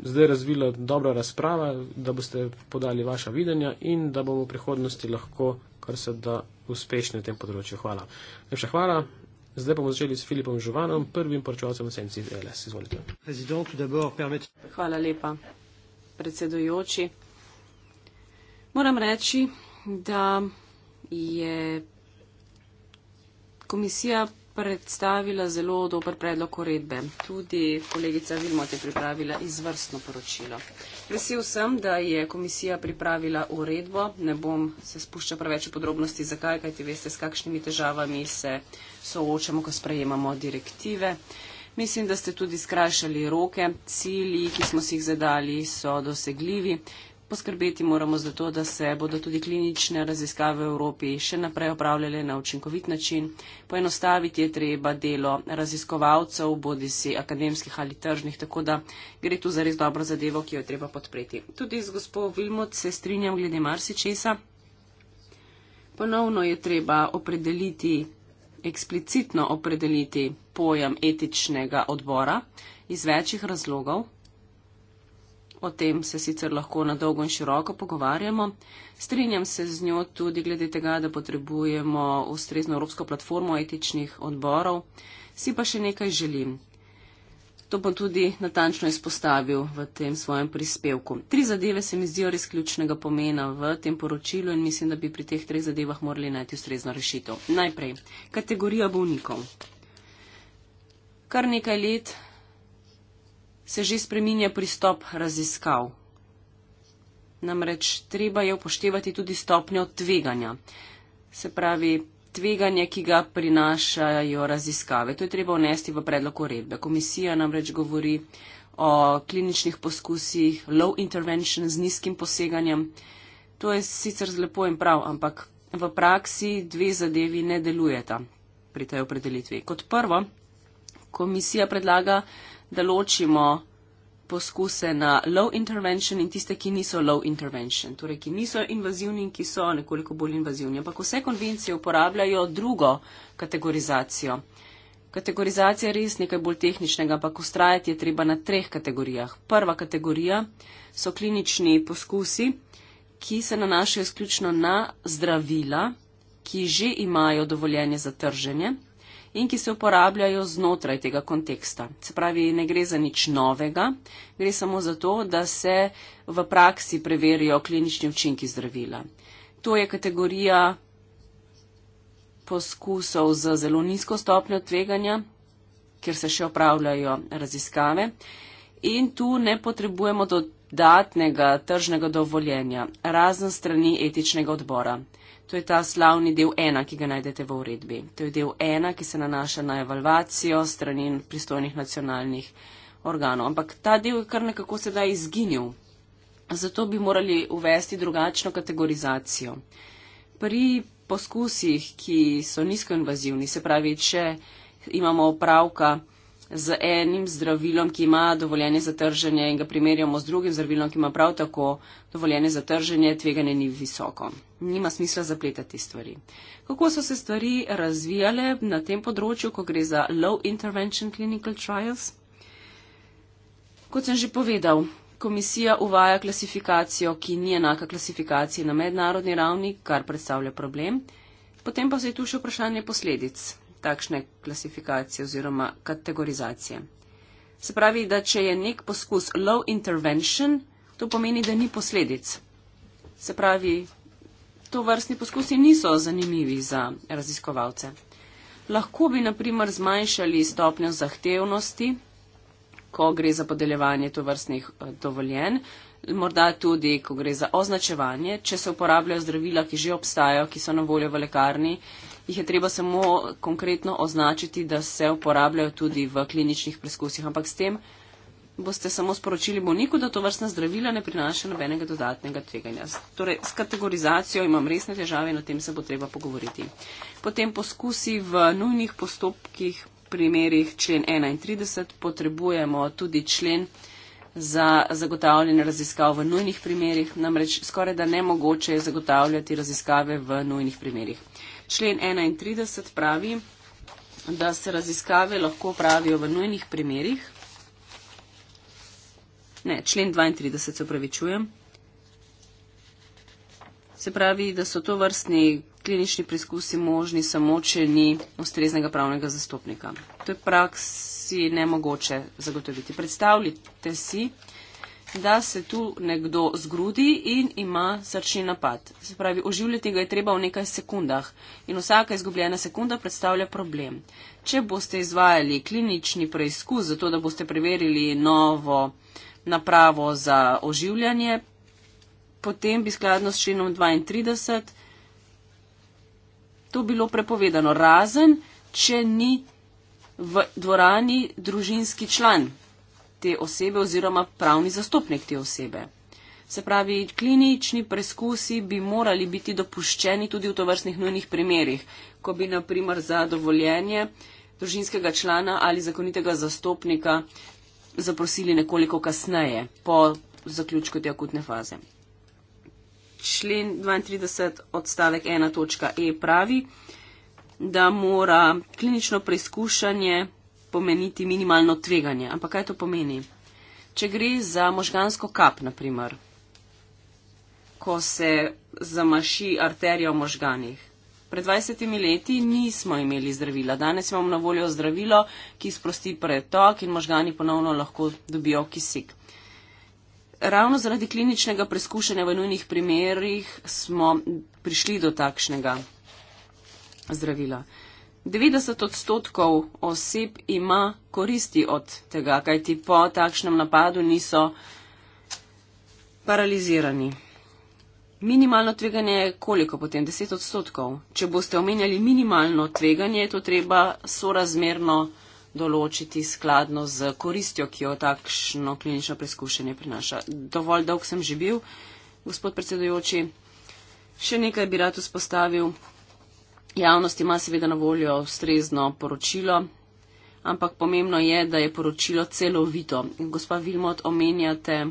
zdaj razvila dobra razprava, da boste podali vaša videnja in da bomo v prihodnosti lahko kar se da uspešni na tem področju. Hvala. Lepša hvala. Zdaj bomo začeli s Filipom Žuvanom, prvim poročevalcem v senci LS. Izvolite. Hvala lepa, predsedujoči. Moram reči, da je komisija predstavila zelo dober predlog uredbe. Tudi kolegica Vilmot je pripravila izvrstno poročilo. Vesel sem, da je komisija pripravila uredbo. Ne bom se spuščal preveč v podrobnosti, zakaj, kajti veste, s kakšnimi težavami se soočamo, ko sprejemamo direktive. Mislim, da ste tudi skrajšali roke. Cilji, ki smo si jih zadali, so dosegljivi. Poskrbeti moramo za to, da se bodo tudi klinične raziskave v Evropi še naprej opravljale na učinkovit način. Poenostaviti je treba delo raziskovalcev, bodi si akademskih ali tržnih, tako da gre tu za res dobro zadevo, ki jo treba podpreti. Tudi z gospod Vilmot se strinjam glede marsičesa. Ponovno je treba opredeliti, eksplicitno opredeliti pojem etičnega odbora iz večjih razlogov o tem se sicer lahko na dolgo in široko pogovarjamo. Strinjam se z njo tudi glede tega, da potrebujemo ustrezno evropsko platformo etičnih odborov. Si pa še nekaj želim. To bom tudi natančno izpostavil v tem svojem prispevku. Tri zadeve se mi zdijo res ključnega pomena v tem poročilu in mislim, da bi pri teh treh zadevah morali najti ustrezno rešitev. Najprej, kategorija bolnikov. Kar nekaj let se že spreminja pristop raziskav. Namreč treba je upoštevati tudi stopnjo tveganja, se pravi tveganje, ki ga prinašajo raziskave. To je treba unesti v predlog uredbe. Komisija namreč govori o kliničnih poskusih, low intervention z nizkim poseganjem. To je sicer zlepo in prav, ampak v praksi dve zadevi ne delujeta pri tej opredelitvi. Kot prvo, komisija predlaga, da ločimo poskuse na low intervention in tiste, ki niso low intervention, torej ki niso invazivni in ki so nekoliko bolj invazivni. Ampak vse konvencije uporabljajo drugo kategorizacijo. Kategorizacija je res nekaj bolj tehničnega, ampak ustrajati je treba na treh kategorijah. Prva kategorija so klinični poskusi, ki se nanašajo izključno na zdravila, ki že imajo dovoljenje za trženje in ki se uporabljajo znotraj tega konteksta. Se pravi, ne gre za nič novega, gre samo za to, da se v praksi preverijo klinični učinki zdravila. To je kategorija poskusov z zelo nizko stopnjo tveganja, kjer se še opravljajo raziskave in tu ne potrebujemo dodatnega tržnega dovoljenja, razen strani etičnega odbora. To je ta slavni del ena, ki ga najdete v uredbi. To je del ena, ki se nanaša na evalvacijo strani pristojnih nacionalnih organov. Ampak ta del je kar nekako sedaj izginil. Zato bi morali uvesti drugačno kategorizacijo. Pri poskusih, ki so nizkoinvazivni, se pravi, če imamo opravka, z enim zdravilom, ki ima dovoljenje za trženje in ga primerjamo z drugim zdravilom, ki ima prav tako dovoljenje za trženje, tveganje ni visoko. Nima smisla zapletati stvari. Kako so se stvari razvijale na tem področju, ko gre za low intervention clinical trials? Kot sem že povedal, komisija uvaja klasifikacijo, ki ni enaka klasifikaciji na mednarodni ravni, kar predstavlja problem. Potem pa se je tu še vprašanje posledic takšne klasifikacije oziroma kategorizacije. Se pravi, da če je nek poskus low intervention, to pomeni, da ni posledic. Se pravi, to vrstni poskusi niso zanimivi za raziskovalce. Lahko bi, naprimer, zmanjšali stopnjo zahtevnosti, ko gre za podeljevanje to vrstnih eh, dovoljen, morda tudi, ko gre za označevanje, če se uporabljajo zdravila, ki že obstajajo, ki so na voljo v lekarni, jih je treba samo konkretno označiti, da se uporabljajo tudi v kliničnih preskusih. Ampak s tem boste samo sporočili bolniku, da to vrstna zdravila ne prinaša nobenega dodatnega tveganja. Torej, s kategorizacijo imam resne težave in o tem se bo treba pogovoriti. Potem poskusi v nujnih postopkih, primerih člen 31, potrebujemo tudi člen za zagotavljanje raziskav v nujnih primerih, namreč skoraj da nemogoče je zagotavljati raziskave v nujnih primerih. Člen 31 pravi, da se raziskave lahko pravijo v nujnih primerih. Ne, člen 32 se upravičujem. Se pravi, da so to vrstni klinični preizkusi možni samo, če ni ustreznega pravnega zastopnika. To je praksi nemogoče zagotoviti. Predstavljite si, da se tu nekdo zgrudi in ima srčni napad. Se pravi, oživljati ga je treba v nekaj sekundah in vsaka izgubljena sekunda predstavlja problem. Če boste izvajali klinični preizkus, zato da boste preverili novo napravo za oživljanje, potem bi skladno s členom 32 to bilo prepovedano, razen če ni v dvorani družinski član te osebe oziroma pravni zastopnik te osebe. Se pravi, klinični preskusi bi morali biti dopuščeni tudi v tovrstnih nujnih primerih, ko bi naprimer za dovoljenje družinskega člana ali zakonitega zastopnika zaprosili nekoliko kasneje, po zaključku te akutne faze. Člen 32 odstavek 1.e pravi, da mora klinično preizkušanje pomeniti minimalno tveganje. Ampak kaj to pomeni? Če gre za možgansko kap, naprimer, ko se zamaši arterija v možganih. Pred 20 leti nismo imeli zdravila. Danes imamo na voljo zdravilo, ki sprosti pretok in možgani ponovno lahko dobijo kisik. Ravno zaradi kliničnega preskušanja v nujnih primerjih smo prišli do takšnega zdravila. 90 odstotkov oseb ima koristi od tega, kaj ti po takšnem napadu niso paralizirani. Minimalno tveganje je koliko potem? 10 odstotkov. Če boste omenjali minimalno tveganje, je to treba sorazmerno določiti skladno z koristjo, ki jo takšno klinično preizkušenje prinaša. Dovolj dolg sem že bil, gospod predsedujoči. Še nekaj bi rad vzpostavil. Javnost ima seveda na voljo ustrezno poročilo, ampak pomembno je, da je poročilo celovito. Gospa Vilmot, omenjate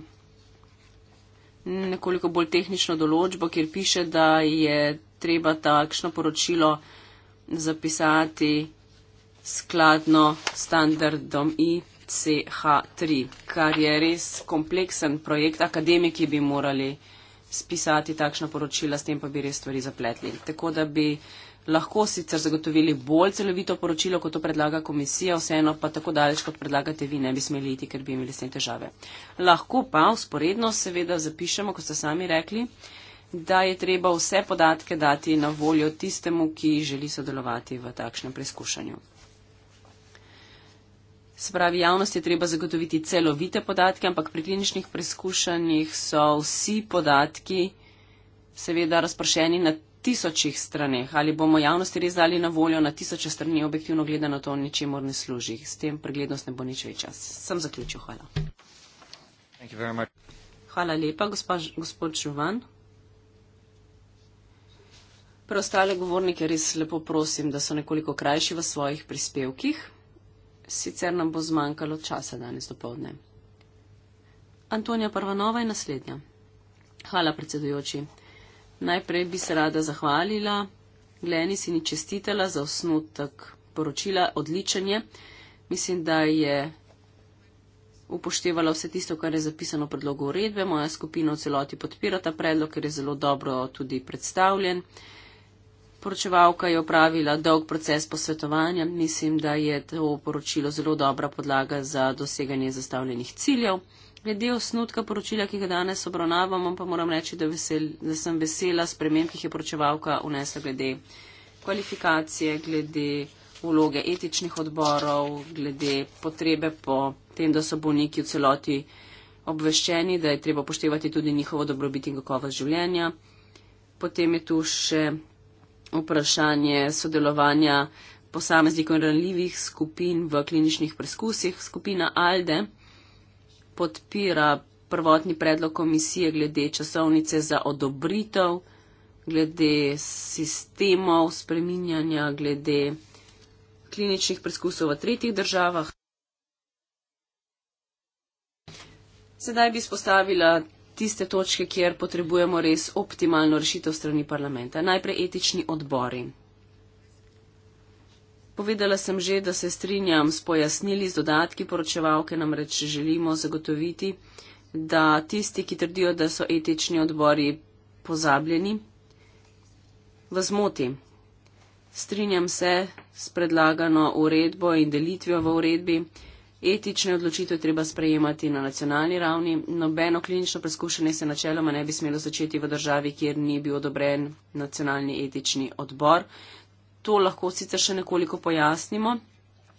nekoliko bolj tehnično določbo, kjer piše, da je treba takšno poročilo zapisati skladno standardom ICH3, kar je res kompleksen projekt. Akademiki bi morali spisati takšno poročilo, s tem pa bi res stvari zapletli. Tako da bi lahko sicer zagotovili bolj celovito poročilo, kot to predlaga komisija, vseeno pa tako daleč, kot predlagate vi, ne bi smeli iti, ker bi imeli s tem težave. Lahko pa usporedno seveda zapišemo, kot ste sami rekli, da je treba vse podatke dati na voljo tistemu, ki želi sodelovati v takšnem preizkušanju. Se pravi, javnosti je treba zagotoviti celovite podatke, ampak pri kliničnih preizkušanjih so vsi podatki seveda razpršeni na tisočih straneh, ali bomo javnosti res dali na voljo na tisoče strani, objektivno gledano to ničemu ne služi. S tem preglednost ne bo nič večja. Sem zaključil. Hvala. Hvala lepa, gospa, gospod Žuvan. Preostale govornike res lepo prosim, da so nekoliko krajši v svojih prispevkih, sicer nam bo zmanjkalo časa danes do povdne. Antonija Parvanova je naslednja. Hvala, predsedujoči. Najprej bi se rada zahvalila Gleni in ji čestitela za osnutek poročila odličenje. Mislim, da je upoštevala vse tisto, kar je zapisano v predlogu uredbe. Moja skupina v celoti podpira ta predlog, ker je zelo dobro tudi predstavljen. Poročevalka je opravila dolg proces posvetovanja. Mislim, da je to poročilo zelo dobra podlaga za doseganje zastavljenih ciljev glede osnutka poročila, ki ga danes obravnavamo, pa moram reči, da, vesel, da sem vesela sprememb, ki jih je poročevalka unesla glede kvalifikacije, glede vloge etičnih odborov, glede potrebe po tem, da so bolniki v celoti obveščeni, da je treba poštevati tudi njihovo dobrobit in kakovost življenja. Potem je tu še vprašanje sodelovanja posameznikov in ranljivih skupin v kliničnih preskusih, skupina ALDE podpira prvotni predlog komisije glede časovnice za odobritev, glede sistemov spreminjanja, glede kliničnih preskusov v tretjih državah. Sedaj bi spostavila tiste točke, kjer potrebujemo res optimalno rešitev strani parlamenta. Najprej etični odbori. Povedala sem že, da se strinjam s pojasnili, z dodatki poročevalke namreč želimo zagotoviti, da tisti, ki trdijo, da so etični odbori pozabljeni, v zmoti. Strinjam se s predlagano uredbo in delitvijo v uredbi. Etične odločitve treba sprejemati na nacionalni ravni. Nobeno klinično preskušanje se načeloma ne bi smelo začeti v državi, kjer ni bil odobren nacionalni etični odbor to lahko sicer še nekoliko pojasnimo,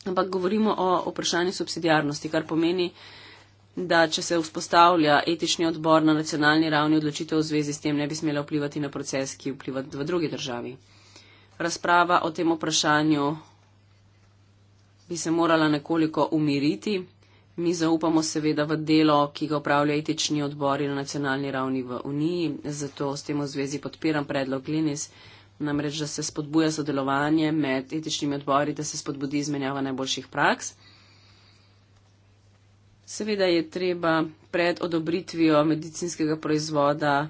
ampak govorimo o vprašanju subsidijarnosti, kar pomeni, da če se vzpostavlja etični odbor na nacionalni ravni, odločitev v zvezi s tem ne bi smela vplivati na proces, ki vpliva v drugi državi. Razprava o tem vprašanju bi se morala nekoliko umiriti. Mi zaupamo seveda v delo, ki ga upravlja etični odbor na nacionalni ravni v Uniji, zato s tem v zvezi podpiram predlog Glinis namreč da se spodbuja sodelovanje med etičnimi odbori, da se spodbudi izmenjava najboljših praks. Seveda je treba pred odobritvijo medicinskega proizvoda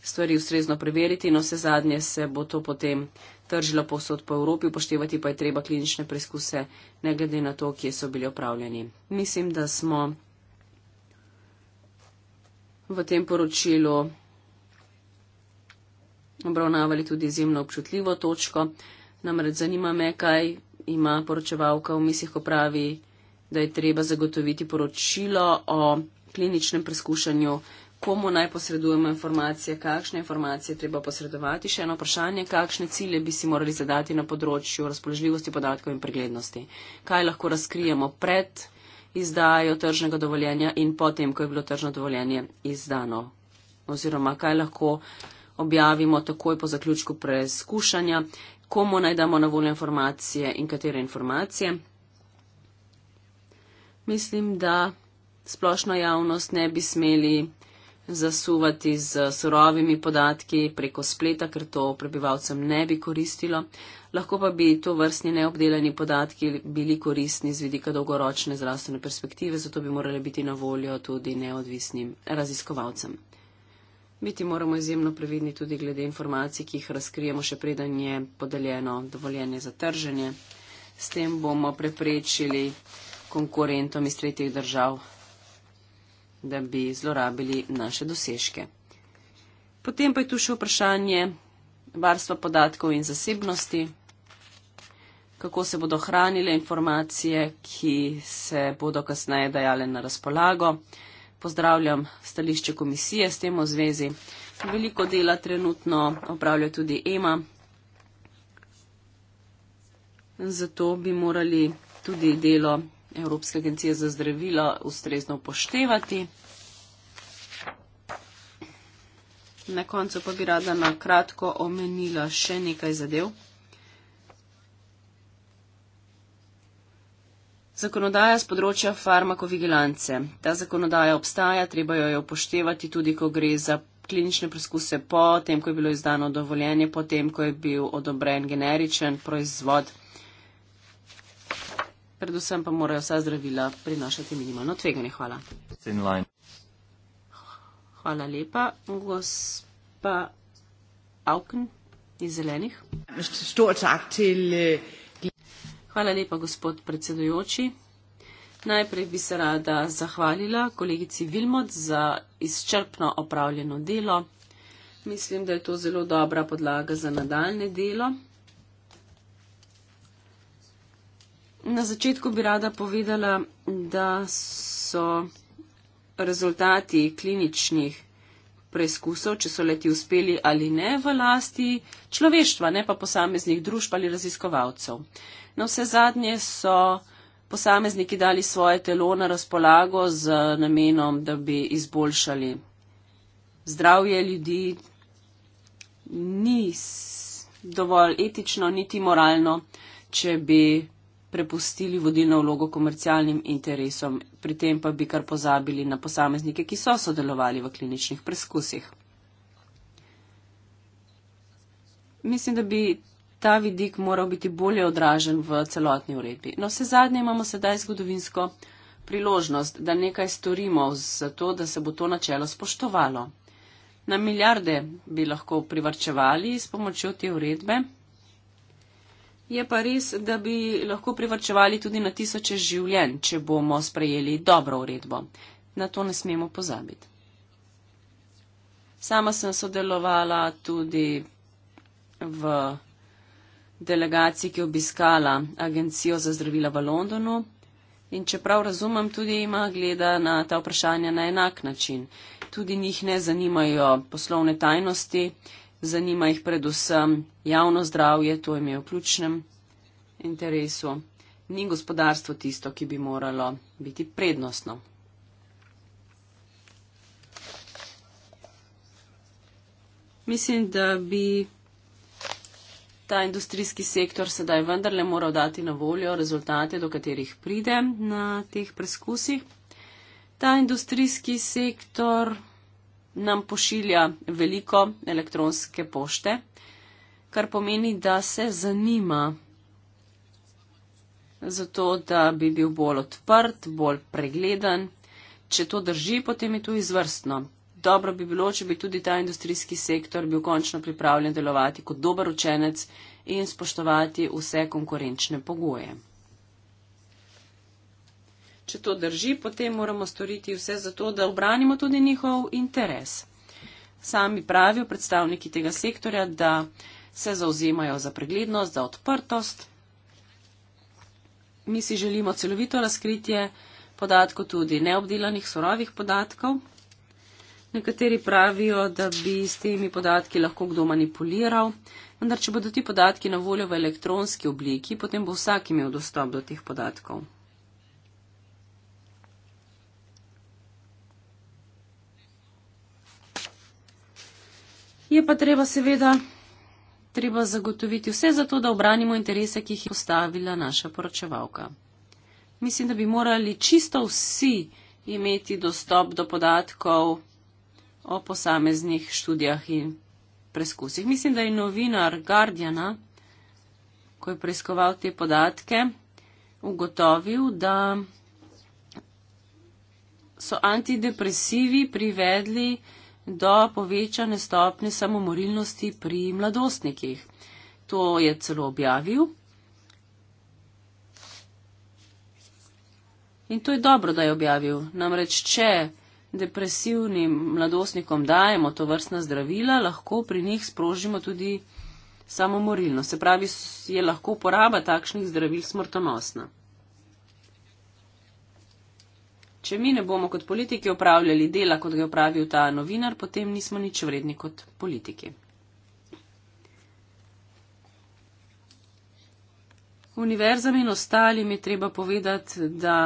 stvari ustrezno preveriti in no, vse zadnje se bo to potem tržilo posod po Evropi, upoštevati pa je treba klinične preizkuse, ne glede na to, kje so bili opravljeni. Mislim, da smo v tem poročilu obravnavali tudi izjemno občutljivo točko. Namreč zanima me, kaj ima poročevalka v mislih, ko pravi, da je treba zagotoviti poročilo o kliničnem preskušanju, komu naj posredujemo informacije, kakšne informacije treba posredovati. Še eno vprašanje, kakšne cilje bi si morali zadati na področju razpoložljivosti podatkov in preglednosti. Kaj lahko razkrijemo pred izdajo tržnega dovoljenja in potem, ko je bilo tržno dovoljenje izdano. Oziroma, kaj lahko objavimo takoj po zaključku preizkušanja, komu naj damo na voljo informacije in katere informacije. Mislim, da splošno javnost ne bi smeli zasuvati z surovimi podatki preko spleta, ker to prebivalcem ne bi koristilo. Lahko pa bi to vrstni neobdelani podatki bili koristni z vidika dolgoročne zdravstvene perspektive, zato bi morali biti na voljo tudi neodvisnim raziskovalcem. Biti moramo izjemno previdni tudi glede informacij, ki jih razkrijemo še preden je podeljeno dovoljenje za trženje. S tem bomo preprečili konkurentom iz tretjih držav, da bi zlorabili naše dosežke. Potem pa je tu še vprašanje varstva podatkov in zasebnosti, kako se bodo hranile informacije, ki se bodo kasneje dajale na razpolago pozdravljam stališče komisije s tem v zvezi. Veliko dela trenutno opravlja tudi EMA. Zato bi morali tudi delo Evropske agencije za zdravilo ustrezno upoštevati. Na koncu pa bi rada na kratko omenila še nekaj zadev. Zakonodaja z področja farmakovigilance. Ta zakonodaja obstaja, treba jo je upoštevati tudi, ko gre za klinične preskuse po tem, ko je bilo izdano dovoljenje, po tem, ko je bil odobren generičen proizvod. Predvsem pa morajo vsa zdravila prinašati minimalno tveganje. Hvala. Hvala lepa. Gospa Auken iz zelenih. Stor tak til uh... Hvala lepa, gospod predsedujoči. Najprej bi se rada zahvalila kolegici Vilmot za izčrpno opravljeno delo. Mislim, da je to zelo dobra podlaga za nadaljne delo. Na začetku bi rada povedala, da so rezultati kliničnih preizkusov, če so leti uspeli ali ne v lasti človeštva, ne pa posameznih družb ali raziskovalcev. Na no, vse zadnje so posamezniki dali svoje telo na razpolago z namenom, da bi izboljšali zdravje ljudi. Ni dovolj etično, niti moralno, če bi prepustili vodilno vlogo komercialnim interesom, pri tem pa bi kar pozabili na posameznike, ki so sodelovali v kliničnih preskusih. Mislim, da bi ta vidik moral biti bolje odražen v celotni uredbi. No, vse zadnje imamo sedaj zgodovinsko priložnost, da nekaj storimo za to, da se bo to načelo spoštovalo. Na milijarde bi lahko privrčevali s pomočjo te uredbe. Je pa res, da bi lahko privrčevali tudi na tisoče življenj, če bomo sprejeli dobro uredbo. Na to ne smemo pozabiti. Sama sem sodelovala tudi v delegaciji, ki je obiskala Agencijo za zdravila v Londonu. In čeprav razumem, tudi ima gleda na ta vprašanja na enak način. Tudi njih ne zanimajo poslovne tajnosti zanima jih predvsem javno zdravje, to jim je v ključnem interesu. Ni gospodarstvo tisto, ki bi moralo biti prednostno. Mislim, da bi ta industrijski sektor sedaj vendarle moral dati na voljo rezultate, do katerih pride na teh preskusih. Ta industrijski sektor nam pošilja veliko elektronske pošte, kar pomeni, da se zanima za to, da bi bil bolj odprt, bolj pregleden. Če to drži, potem je to izvrstno. Dobro bi bilo, če bi tudi ta industrijski sektor bil končno pripravljen delovati kot dober učenec in spoštovati vse konkurenčne pogoje če to drži, potem moramo storiti vse za to, da obranimo tudi njihov interes. Sami pravijo predstavniki tega sektorja, da se zauzemajo za preglednost, za odprtost. Mi si želimo celovito razkritje podatkov, tudi neobdelanih surovih podatkov. Nekateri pravijo, da bi s temi podatki lahko kdo manipuliral, vendar če bodo ti podatki na voljo v elektronski obliki, potem bo vsak imel dostop do teh podatkov. Je pa treba seveda treba zagotoviti vse za to, da obranimo interese, ki jih je postavila naša poročevalka. Mislim, da bi morali čisto vsi imeti dostop do podatkov o posameznih študijah in preskusih. Mislim, da je novinar Guardiana, ko je preiskoval te podatke, ugotovil, da so antidepresivi privedli do povečane stopne samomorilnosti pri mladostnikih. To je celo objavil. In to je dobro, da je objavil. Namreč, če depresivnim mladostnikom dajemo to vrstna zdravila, lahko pri njih sprožimo tudi samomorilnost. Se pravi, je lahko poraba takšnih zdravil smrtonosna. Če mi ne bomo kot politiki upravljali dela, kot ga je upravil ta novinar, potem nismo nič vredni kot politiki. Univerzam in ostalim je treba povedati, da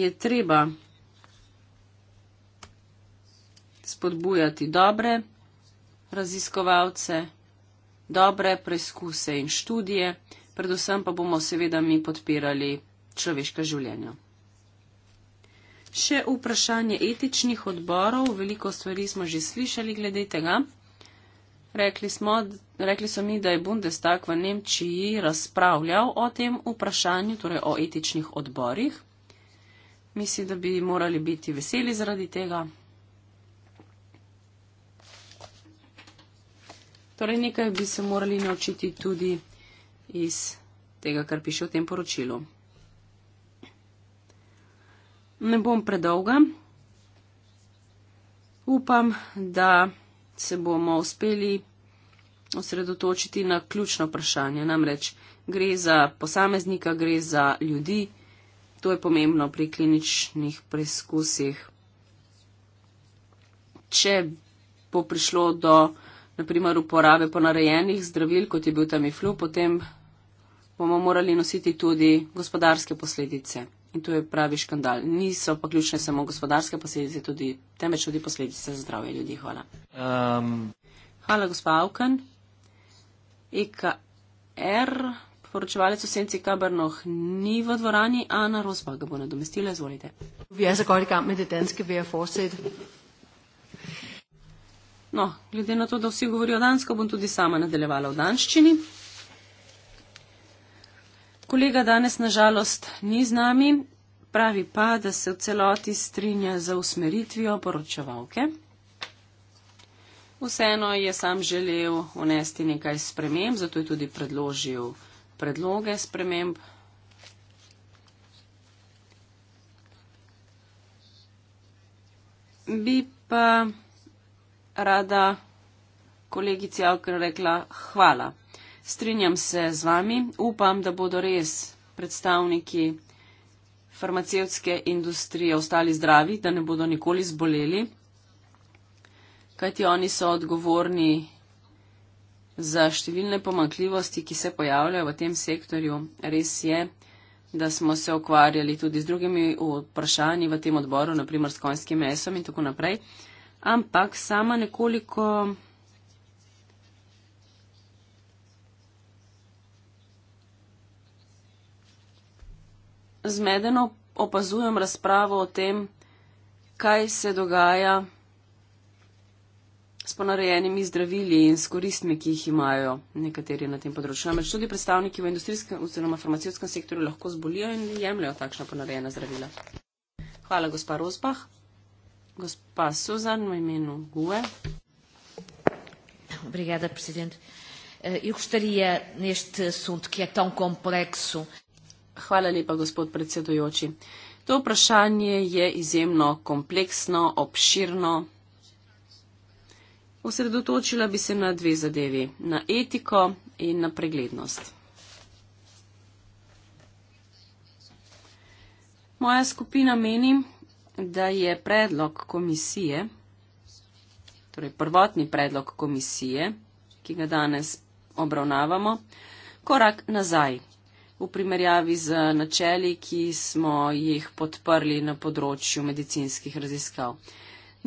je treba spodbujati dobre raziskovalce, dobre preizkuse in študije predvsem pa bomo seveda mi podpirali človeška življenja. Še vprašanje etičnih odborov, veliko stvari smo že slišali glede tega. Rekli, smo, rekli so mi, da je Bundestag v Nemčiji razpravljal o tem vprašanju, torej o etičnih odborih. Mislim, da bi morali biti veseli zaradi tega. Torej nekaj bi se morali naučiti tudi iz tega, kar piše v tem poročilu. Ne bom predolga. Upam, da se bomo uspeli osredotočiti na ključno vprašanje. Namreč gre za posameznika, gre za ljudi. To je pomembno pri kliničnih preizkusih. Če bo prišlo do, naprimer, uporabe ponarejenih zdravil, kot je bil tamiflu, potem bomo morali nositi tudi gospodarske posledice. In to je pravi škandal. Niso pa ključne samo gospodarske posledice, tudi, temveč tudi posledice za zdravje ljudi. Hvala. Um. Hvala, gospa Avkan. EKR, poročevalec v senci Kabernoh, ni v dvorani. Ana Rosbach ga bo nadomestila. Izvolite. Vi ste zagovarjali kam med danske veje fosed. No, glede na to, da vsi govorijo dansko, bom tudi sama nadaljevala v danščini kolega danes nažalost ni z nami, pravi pa, da se v celoti strinja za usmeritvijo poročevalke. Vseeno je sam želel unesti nekaj sprememb, zato je tudi predložil predloge sprememb. Bi pa rada kolegici Alkar rekla hvala. Strinjam se z vami, upam, da bodo res predstavniki farmacevtske industrije ostali zdravi, da ne bodo nikoli zboleli, kajti oni so odgovorni za številne pomankljivosti, ki se pojavljajo v tem sektorju. Res je, da smo se ukvarjali tudi z drugimi vprašanji v tem odboru, naprimer s konjskim mesom in tako naprej, ampak sama nekoliko zmedeno opazujem razpravo o tem, kaj se dogaja s ponarejenimi zdravili in s koristmi, ki jih imajo nekateri na tem področju. Namreč tudi predstavniki v industrijskem oziroma farmacijskem sektorju lahko zbolijo in jemljajo takšna ponarejena zdravila. Hvala, gospa Rozbah. Gospa Suzan, v imenu GUE. Obrigada, predsednik. Eh, eu gostaria, neste assunto que é tão complexo, Hvala lepa, gospod predsedujoči. To vprašanje je izjemno kompleksno, obširno. Osredotočila bi se na dve zadevi, na etiko in na preglednost. Moja skupina meni, da je predlog komisije, torej prvotni predlog komisije, ki ga danes obravnavamo, korak nazaj v primerjavi z načeli, ki smo jih podprli na področju medicinskih raziskav.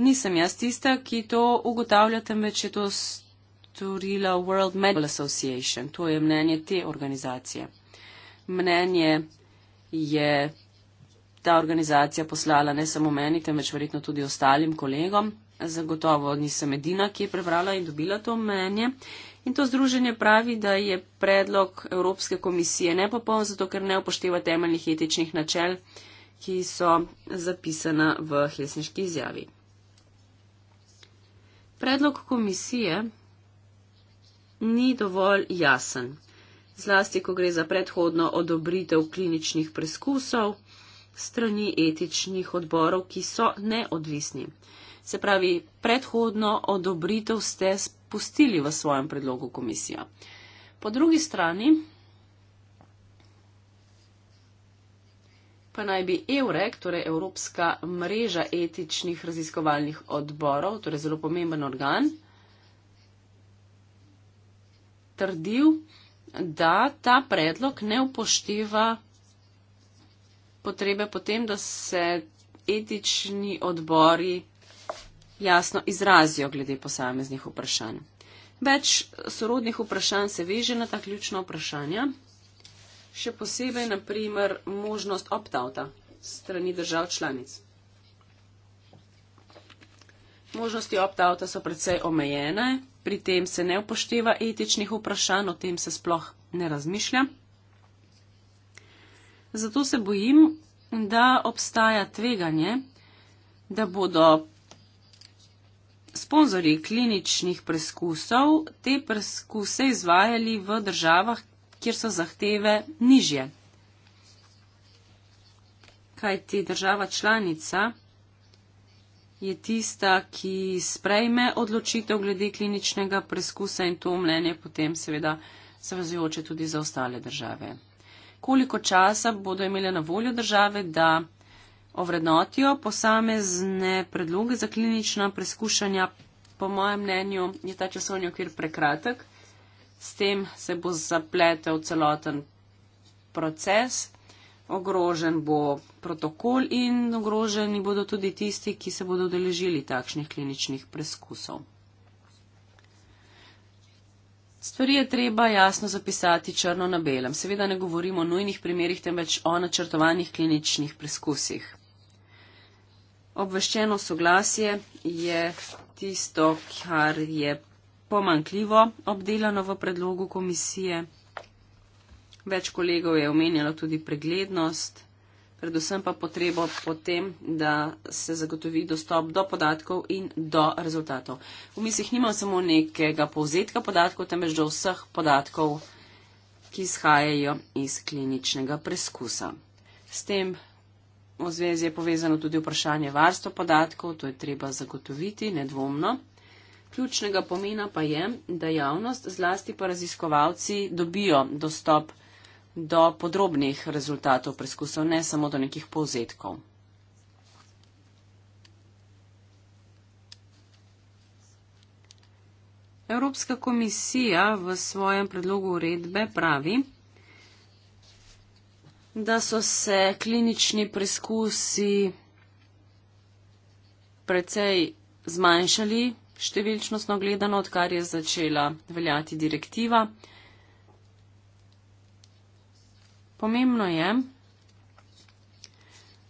Nisem jaz tista, ki to ugotavlja, temveč je to storila World Medical Association. To je mnenje te organizacije. Mnenje je ta organizacija poslala ne samo meni, temveč verjetno tudi ostalim kolegom. Zagotovo nisem edina, ki je prebrala in dobila to mnenje. In to združenje pravi, da je predlog Evropske komisije nepopoln, zato ker ne upošteva temeljnih etičnih načel, ki so zapisana v hlesniški izjavi. Predlog komisije ni dovolj jasen, zlasti ko gre za predhodno odobritev kliničnih preskusov strani etičnih odborov, ki so neodvisni se pravi predhodno odobritev ste spustili v svojem predlogu komisija. Po drugi strani pa naj bi EUREK, torej Evropska mreža etičnih raziskovalnih odborov, torej zelo pomemben organ, trdil, da ta predlog ne upošteva potrebe potem, da se etični odbori jasno izrazijo glede posameznih vprašanj. Več sorodnih vprašanj se veže na ta ključna vprašanja, še posebej naprimer možnost opt-outa strani držav članic. Možnosti opt-outa so predvsej omejene, pri tem se ne upošteva etičnih vprašanj, o tem se sploh ne razmišlja. Zato se bojim, da obstaja tveganje, da bodo sponzorji kliničnih preskusov te preskuse izvajali v državah, kjer so zahteve nižje. Kaj ti država članica je tista, ki sprejme odločitev glede kliničnega preskusa in to mnenje potem seveda zavezujoče tudi za ostale države. Koliko časa bodo imele na voljo države, da ovrednotijo posamezne predloge za klinična preskušanja. Po mojem mnenju je ta časovni okvir prekratek, s tem se bo zapletel celoten proces, ogrožen bo protokol in ogroženi bodo tudi tisti, ki se bodo deležili takšnih kliničnih preskusov. Stvari je treba jasno zapisati črno na belem. Seveda ne govorimo o nujnih primerjih, temveč o načrtovanih kliničnih preskusih. Obveščeno soglasje je tisto, kar je pomankljivo obdelano v predlogu komisije. Več kolegov je omenjalo tudi preglednost, predvsem pa potrebo potem, da se zagotovi dostop do podatkov in do rezultatov. V mislih nimam samo nekega povzetka podatkov, temveč do vseh podatkov, ki izhajajo iz kliničnega preskusa. S tem v zvezi je povezano tudi vprašanje varstva podatkov, to je treba zagotoviti nedvomno. Ključnega pomena pa je, da javnost, zlasti pa raziskovalci, dobijo dostop do podrobnih rezultatov preskusov, ne samo do nekih povzetkov. Evropska komisija v svojem predlogu uredbe pravi, da so se klinični preizkusi precej zmanjšali številčnostno gledano, odkar je začela veljati direktiva. Pomembno je,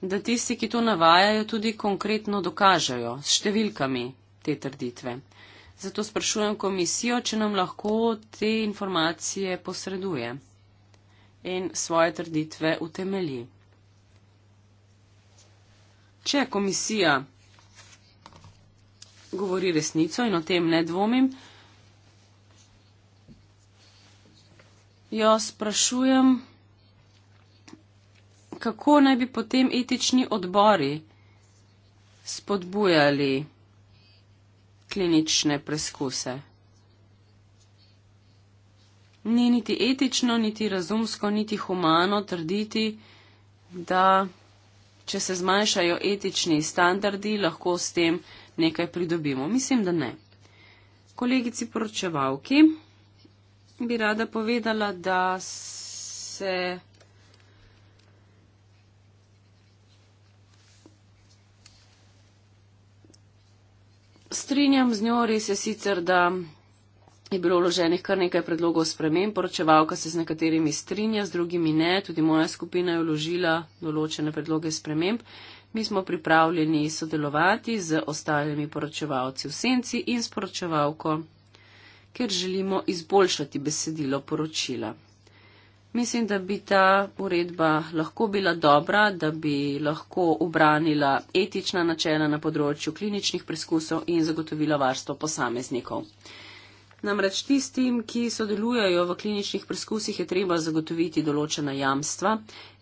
da tisti, ki to navajajo, tudi konkretno dokažajo s številkami te trditve. Zato sprašujem komisijo, če nam lahko te informacije posreduje in svoje trditve utemeli. Če komisija govori resnico in o tem ne dvomim, jo sprašujem, kako naj bi potem etični odbori spodbujali klinične preskuse ni niti etično, niti razumsko, niti humano trditi, da če se zmanjšajo etični standardi, lahko s tem nekaj pridobimo. Mislim, da ne. Kolegici poročevalki bi rada povedala, da se. Strinjam z njo, res je sicer, da je bilo vloženih kar nekaj predlogov spremen, poročevalka se z nekaterimi strinja, z drugimi ne, tudi moja skupina je vložila določene predloge sprememb. Mi smo pripravljeni sodelovati z ostalimi poročevalci v senci in s poročevalko, ker želimo izboljšati besedilo poročila. Mislim, da bi ta uredba lahko bila dobra, da bi lahko obranila etična načela na področju kliničnih preskusov in zagotovila varstvo posameznikov. Namreč tistim, ki sodelujajo v kliničnih preskusih, je treba zagotoviti določena jamstva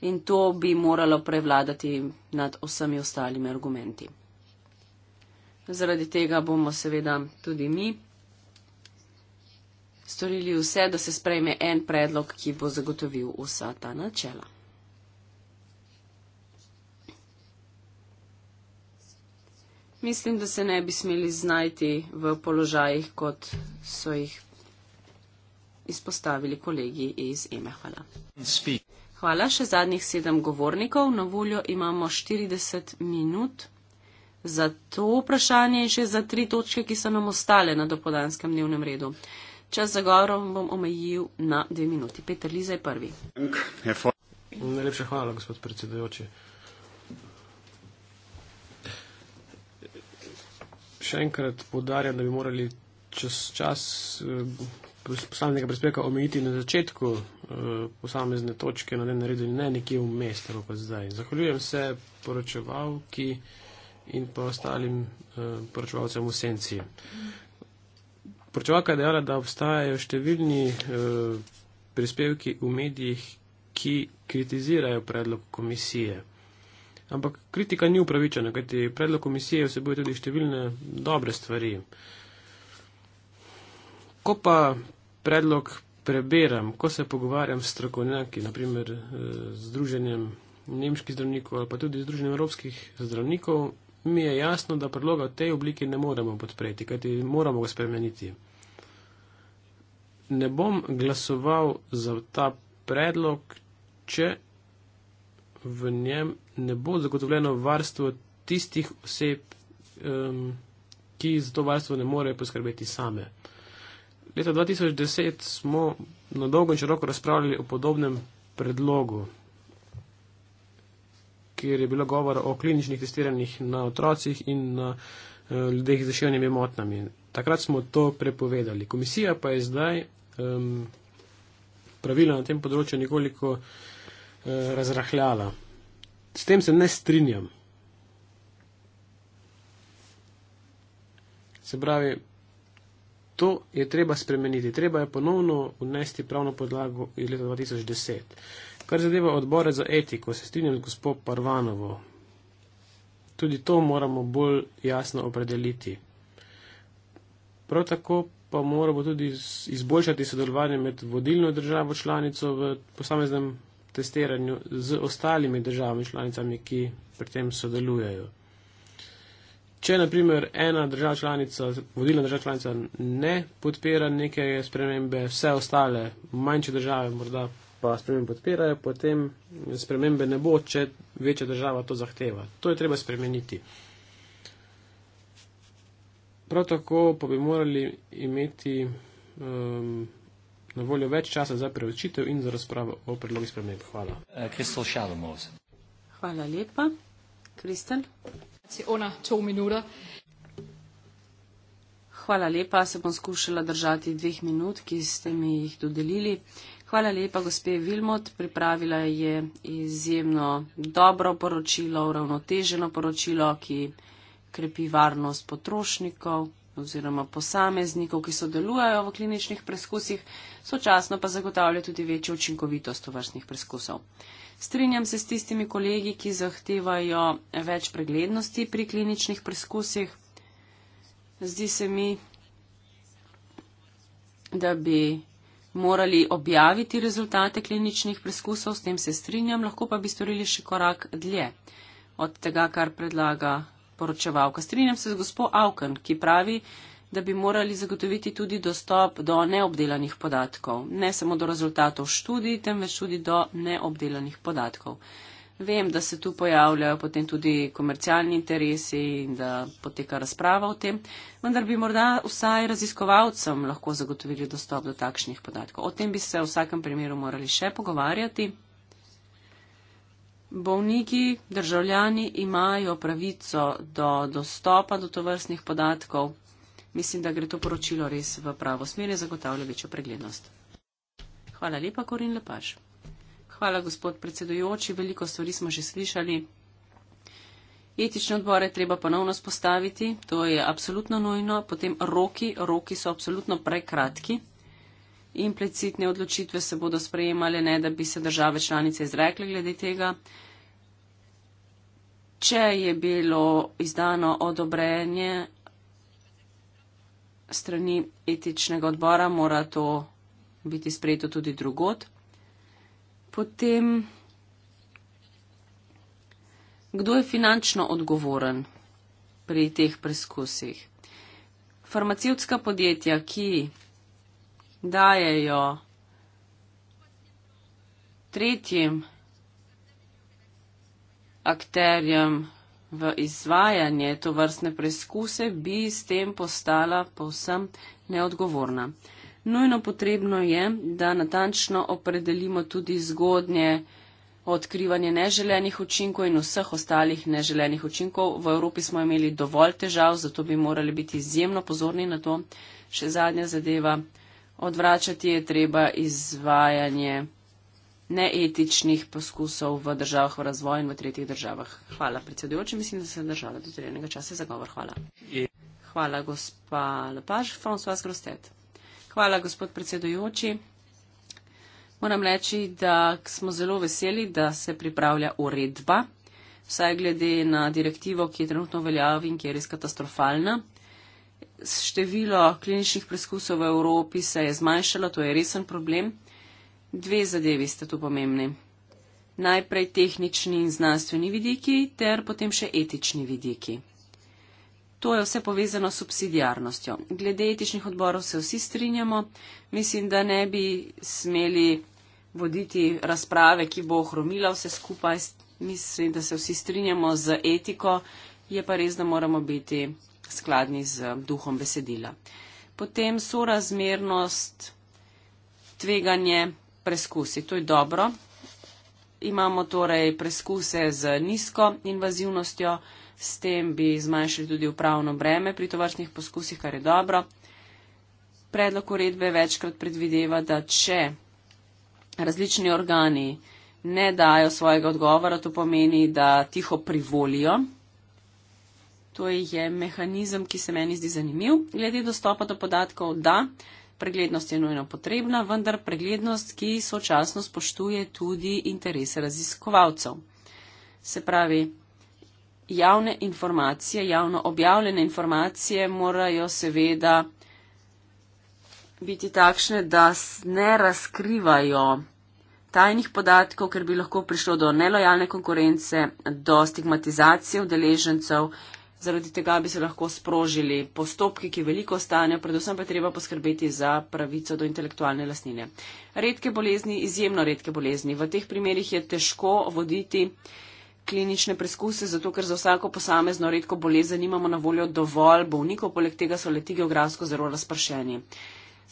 in to bi moralo prevladati nad vsemi ostalimi argumenti. Zaradi tega bomo seveda tudi mi storili vse, da se sprejme en predlog, ki bo zagotovil vsa ta načela. mislim, da se ne bi smeli znajti v položajih, kot so jih izpostavili kolegi iz Emehala. Hvala še zadnjih sedem govornikov. Na voljo imamo 40 minut za to vprašanje in še za tri točke, ki so nam ostale na dopodanskem dnevnem redu. Čas za govorom bom omejil na dve minuti. Peter Liza je prvi. Najlepša hvala, gospod predsedujoči. še enkrat podarjam, da bi morali čez čas eh, posameznega prispevka omejiti na začetku eh, posamezne točke na dnevnem redu in ne nekje v mestu, kot pa zdaj. Zahvaljujem se poročevalki in pa ostalim eh, poročevalcem v senci. Poročevalka je dejala, da obstajajo številni prispevki v medijih, ki kritizirajo predlog komisije. Ampak kritika ni upravičena, kajti predlog komisije vsebuje tudi številne dobre stvari. Ko pa predlog preberem, ko se pogovarjam s strokovnjaki, naprimer eh, z Združenjem nemških zdravnikov ali pa tudi z Združenjem evropskih zdravnikov, mi je jasno, da predloga v tej obliki ne moremo podpreti, kajti moramo ga spremeniti. Ne bom glasoval za ta predlog, če v njem ne bo zagotovljeno varstvo tistih oseb, um, ki za to varstvo ne morejo poskrbeti same. Leta 2010 smo na dolgo in široko razpravljali o podobnem predlogu, kjer je bilo govora o kliničnih testiranjih na otrocih in na uh, ljudeh z zaševnimi motnami. Takrat smo to prepovedali. Komisija pa je zdaj um, pravila na tem področju nekoliko uh, razrahljala. S tem se ne strinjam. Se pravi, to je treba spremeniti. Treba je ponovno unesti pravno podlago iz leta 2010. Kar zadeva odbore za etiko, se strinjam z gospod Parvanovo. Tudi to moramo bolj jasno opredeliti. Prav tako pa moramo tudi izboljšati sodelovanje med vodilno državo članico v posameznem testiranju z ostalimi državami članicami, ki pri tem sodelujejo. Če naprimer ena država članica, vodilna država članica ne podpira neke spremembe, vse ostale manjše države morda pa spremembe podpirajo, potem spremembe ne bo, če večja država to zahteva. To je treba spremeniti. Prav tako pa bi morali imeti um, na voljo več časa za preučitev in za razpravo o predlogih sprememb. Hvala. Eh, Kristel Šalomov. Hvala lepa. Kristel. Hvala lepa, se bom skušala držati dveh minut, ki ste mi jih dodelili. Hvala lepa, gospe Vilmot, pripravila je izjemno dobro poročilo, uravnoteženo poročilo, ki krepi varnost potrošnikov oziroma posameznikov, ki sodelujejo v kliničnih preskusih, sočasno pa zagotavlja tudi večjo učinkovitost vrstnih preskusov. Strinjam se s tistimi kolegi, ki zahtevajo več preglednosti pri kliničnih preskusih. Zdi se mi, da bi morali objaviti rezultate kliničnih preskusov, s tem se strinjam, lahko pa bi storili še korak dlje od tega, kar predlaga poročevalka. Strinjam se z gospod Avken, ki pravi, da bi morali zagotoviti tudi dostop do neobdelanih podatkov, ne samo do rezultatov študij, temveč tudi do neobdelanih podatkov. Vem, da se tu pojavljajo potem tudi komercialni interesi in da poteka razprava o tem, vendar bi morda vsaj raziskovalcem lahko zagotovili dostop do takšnih podatkov. O tem bi se v vsakem primeru morali še pogovarjati. Bovniki, državljani imajo pravico do dostopa do tovrstnih podatkov. Mislim, da gre to poročilo res v pravo smer in zagotavlja večjo preglednost. Hvala lepa, Korin Lepaš. Hvala, gospod predsedujoči. Veliko stvari smo že slišali. Etične odbore treba ponovno spostaviti, to je absolutno nujno. Potem roki, roki so absolutno prekratki implicitne odločitve se bodo sprejemale, ne da bi se države članice izrekle glede tega. Če je bilo izdano odobrenje strani etičnega odbora, mora to biti sprejeto tudi drugot. Potem, kdo je finančno odgovoren pri teh preskusih? Farmacijska podjetja, ki dajejo tretjim akterjem v izvajanje to vrstne preizkuse, bi s tem postala povsem neodgovorna. Nujno potrebno je, da natančno opredelimo tudi zgodnje odkrivanje neželenih učinkov in vseh ostalih neželenih učinkov. V Evropi smo imeli dovolj težav, zato bi morali biti izjemno pozorni na to. Še zadnja zadeva odvračati je treba izvajanje neetičnih poskusov v državah v razvoju in v tretjih državah. Hvala, predsedujoči, mislim, da se je držala do trenega časa za govor. Hvala. Hvala, gospa Lepaž, François Grostet. Hvala, gospod predsedujoči. Moram reči, da smo zelo veseli, da se pripravlja uredba, vsaj glede na direktivo, ki je trenutno veljavi in ki je res katastrofalna število kliničnih preskusov v Evropi se je zmanjšalo, to je resen problem. Dve zadevi ste tu pomembni. Najprej tehnični in znanstveni vidiki, ter potem še etični vidiki. To je vse povezano s subsidijarnostjo. Glede etičnih odborov se vsi strinjamo. Mislim, da ne bi smeli voditi razprave, ki bo ohromila vse skupaj. Mislim, da se vsi strinjamo z etiko. Je pa res, da moramo biti skladni z duhom besedila. Potem sorazmernost, tveganje, preskusi. To je dobro. Imamo torej preskuse z nizko invazivnostjo, s tem bi zmanjšali tudi upravno breme pri tovrstnih poskusih, kar je dobro. Predlog uredbe večkrat predvideva, da če različni organi ne dajo svojega odgovora, to pomeni, da tiho privolijo To je mehanizem, ki se meni zdi zanimiv. Glede dostopa do podatkov, da, preglednost je nujno potrebna, vendar preglednost, ki sočasno spoštuje tudi interese raziskovalcev. Se pravi, javne informacije, javno objavljene informacije morajo seveda biti takšne, da ne razkrivajo tajnih podatkov, ker bi lahko prišlo do nelojalne konkurence, do stigmatizacije udeležencev Zaradi tega bi se lahko sprožili postopki, ki veliko stanejo, predvsem pa je treba poskrbeti za pravico do intelektualne lastnine. Redke bolezni, izjemno redke bolezni. V teh primerjih je težko voditi klinične preskuse, zato ker za vsako posamezno redko bolezen imamo na voljo dovolj bolnikov, poleg tega so leti geografsko zelo razpršeni.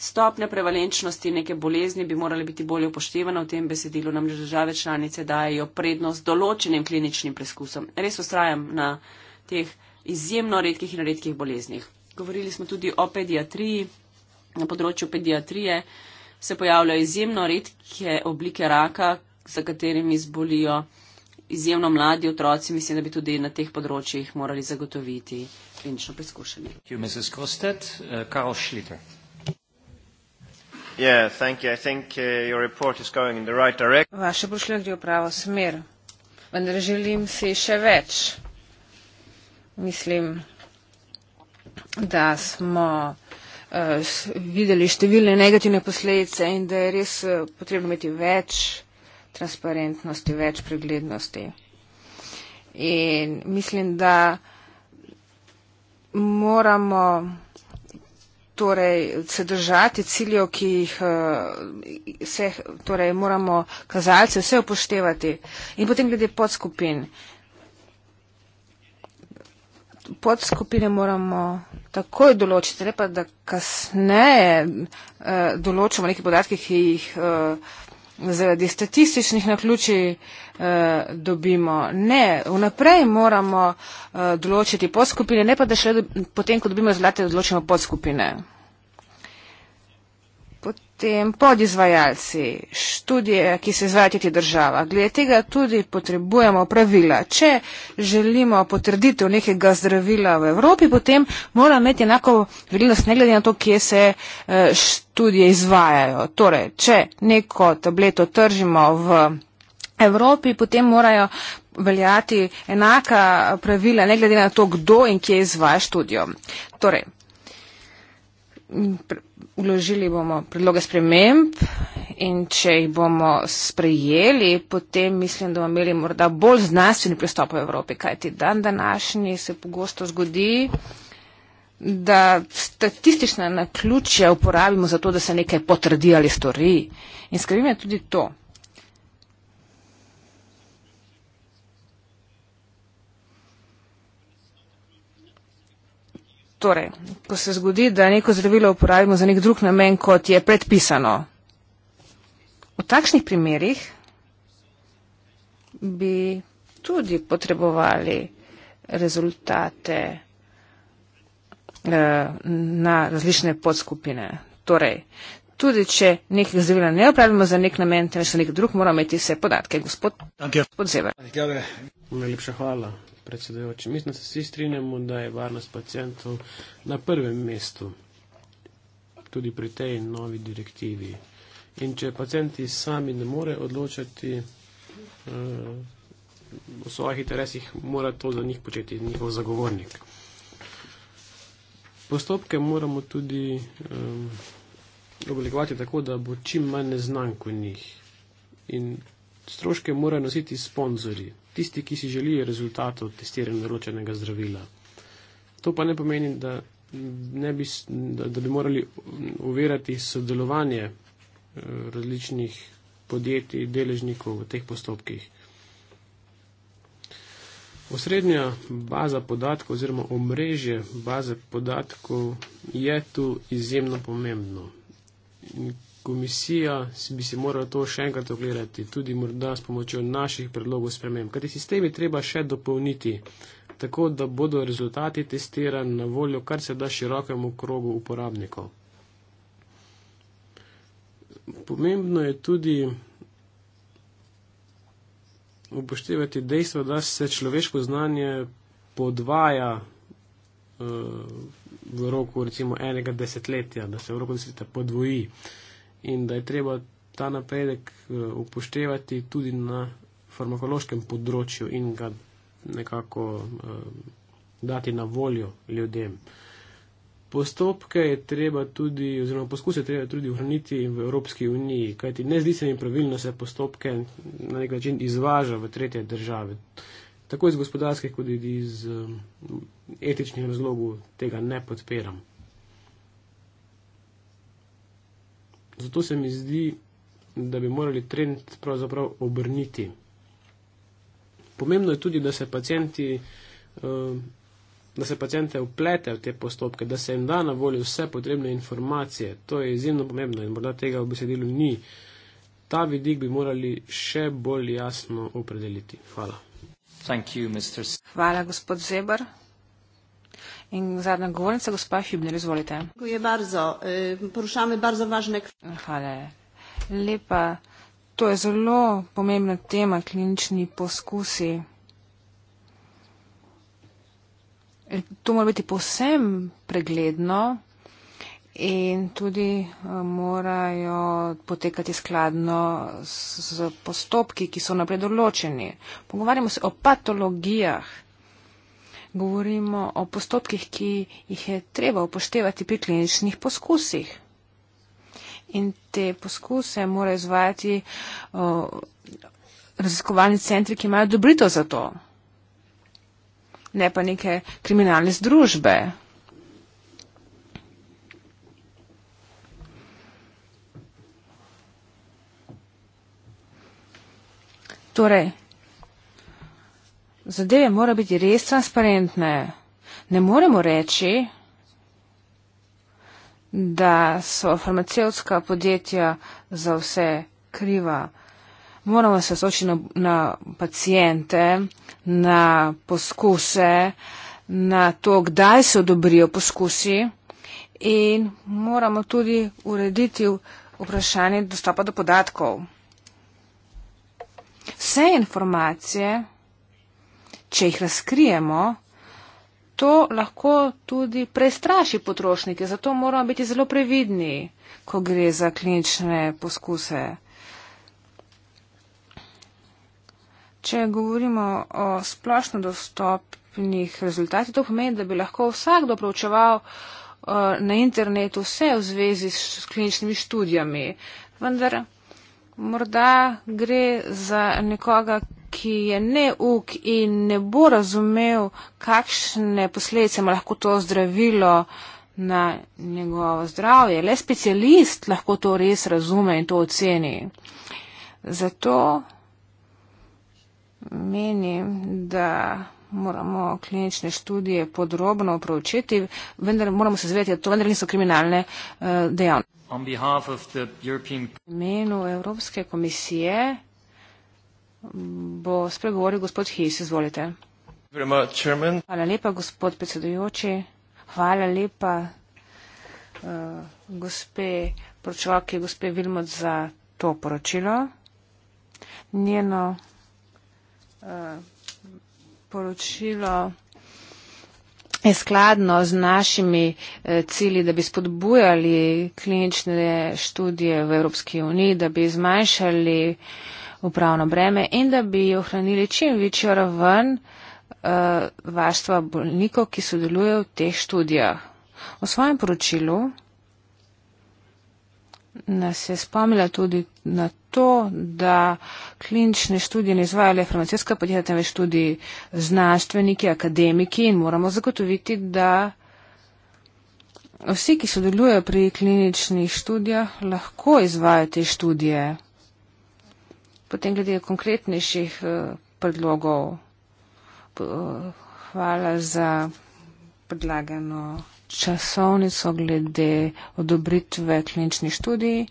Stopne prevalenčnosti neke bolezni bi morali biti bolje upoštevane, v tem besedilu namreč države članice dajo prednost določenim kliničnim preskusom. Res ustrajam na teh izjemno redkih in redkih boleznih. Govorili smo tudi o pediatriji. Na področju pediatrije se pojavljajo izjemno redke oblike raka, za katerimi zbolijo izjemno mladi otroci. Mislim, da bi tudi na teh področjih morali zagotoviti klinično preizkušanje. Uh, uh, Vaše pošlje gre v pravo smer, vendar želim si še več mislim, da smo uh, videli številne negativne posledice in da je res uh, potrebno imeti več transparentnosti, več preglednosti. In mislim, da moramo torej, se držati ciljev, ki jih vse, eh, torej, moramo kazalce vse upoštevati. In potem glede podskupin podskupine moramo takoj določiti, ne pa da kasneje uh, eh, določimo neke podatke, ki jih uh, zaradi statističnih naključij uh, dobimo. Ne, vnaprej moramo uh, določiti podskupine, ne pa da še potem, ko dobimo rezultate, določimo podskupine potem podizvajalci študije, ki se izvaja tudi država. Glede tega tudi potrebujemo pravila. Če želimo potrditev nekega zdravila v Evropi, potem mora imeti enako verilnost, ne glede na to, kje se eh, študije izvajajo. Torej, če neko tableto tržimo v Evropi, potem morajo veljati enaka pravila, ne glede na to, kdo in kje izvaja študijo. Torej, Uložili bomo predloge sprememb in če jih bomo sprejeli, potem mislim, da bomo imeli morda bolj znanstveni pristop v Evropi, kajti dan današnji se pogosto zgodi, da statistična naključja uporabimo za to, da se nekaj potrdi ali stori. In skrbi me tudi to, Torej, ko se zgodi, da neko zdravilo uporabimo za nek drug namen, kot je predpisano. V takšnih primerih bi tudi potrebovali rezultate eh, na različne podskupine. Torej, tudi če nekih zdravila ne upravimo za nek namen, temveč za nek drug, moramo imeti vse podatke. Gospod Podzeva. Najlepša hvala predsedujoči. Mislim, da se vsi strinjamo, da je varnost pacijentov na prvem mestu, tudi pri tej novi direktivi. In če pacijenti sami ne more odločati uh, eh, o svojih interesih, mora to za njih početi njihov zagovornik. Postopke moramo tudi um, oblikovati tako, da bo čim manj neznank v njih. In stroške morajo nositi sponzorji tisti, ki si želijo rezultatov testiranja določenega zdravila. To pa ne pomeni, da, ne bi, da, da bi morali uverati sodelovanje eh, različnih podjetij, deležnikov v teh postopkih. Osrednja baza podatkov oziroma omrežje baze podatkov je tu izjemno pomembno komisija bi si morala to še enkrat ogledati, tudi morda s pomočjo naših predlogov sprememb. Kajti sistemi treba še dopolniti, tako da bodo rezultati testirani na voljo kar se da širokemu krogu uporabnikov. Pomembno je tudi upoštevati dejstvo, da se človeško znanje podvaja uh, v roku recimo enega desetletja, da se v roku desetletja podvoji. Uh, in da je treba ta napredek eh, upoštevati tudi na farmakološkem področju in ga nekako uh, dati na voljo ljudem. Postopke je treba tudi, oziroma poskuse je treba tudi ohraniti v Evropski uniji, kajti ne zdi se mi pravilno se postopke na nek način izvaža v tretje države. Tako iz gospodarskih, kot tudi iz um, etičnih razlogov tega ne podpiram. Zato se mi zdi, da bi morali trend pravzaprav obrniti. Pomembno je tudi, da se, pacienti, eh, da se pacijente vplete v te postopke, da se jim da na voljo vse potrebne informacije. To je izjemno pomembno in morda tega v besedilu ni. Ta vidik bi morali še bolj jasno opredeliti. Hvala. Hvala, gospod Zebr. In zadnja govornica, gospa Hübner, izvolite. Dziękuję bardzo. Poruszamy bardzo ważne kwestie. Lepa, to je zelo pomembna tema, klinični poskusi. E, to mora biti povsem pregledno in tudi e, morajo potekati skladno z postopki, ki so naprej določeni. Pogovarjamo se o patologijah govorimo o postopkih, ki jih je treba upoštevati pri kliničnih poskusih. In te poskuse morajo izvajati raziskovalni centri, ki imajo dobrito za to, ne pa neke kriminalne združbe. Torej, zadeve mora biti res transparentne. Ne moremo reči, da so farmacevtska podjetja za vse kriva. Moramo se soči na, na pacijente, na poskuse, na to, kdaj se odobrijo poskusi in moramo tudi urediti vprašanje dostopa do podatkov. Vse informacije, če jih razkrijemo, to lahko tudi prestraši potrošnike. Zato moramo biti zelo previdni, ko gre za klinične poskuse. Če govorimo o splošno dostopnih rezultatih, to pomeni, da bi lahko vsakdo pravčeval eh, na internetu vse v zvezi s kliničnimi študijami. Vendar morda gre za nekoga, ki je neuk in ne bo razumev, kakšne posledice ima lahko to zdravilo na njegovo zdravje. Le specialist lahko to res razume in to oceni. Zato menim, da moramo klinične študije podrobno proučiti, vendar moramo se zavedati, da to vendar niso kriminalne uh, dejavnosti. V European... imenu Evropske komisije bo spregovoril gospod Hiss. Izvolite. Much, hvala lepa, gospod predsedujoči. Hvala lepa uh, gospe poročevalki, gospe Vilmot za to poročilo. Njeno uh, poročilo je skladno z našimi eh, cilji, da bi spodbujali klinične študije v Evropski uniji, da bi zmanjšali uh, upravno breme in da bi ohranili čim večjo raven uh, varstva bolnikov, ki sodelujejo v teh študijah. V svojem poročilu nas je spomnila tudi na to, da klinične študije ne izvajo le farmacijska podjetja, temveč tudi znanstveniki, akademiki in moramo zagotoviti, da vsi, ki sodelujejo pri kliničnih študijah, lahko izvajo te študije. Potem glede konkretnejših eh, predlogov. Eh, hvala za predlagano časovnico glede odobritve kliničnih študij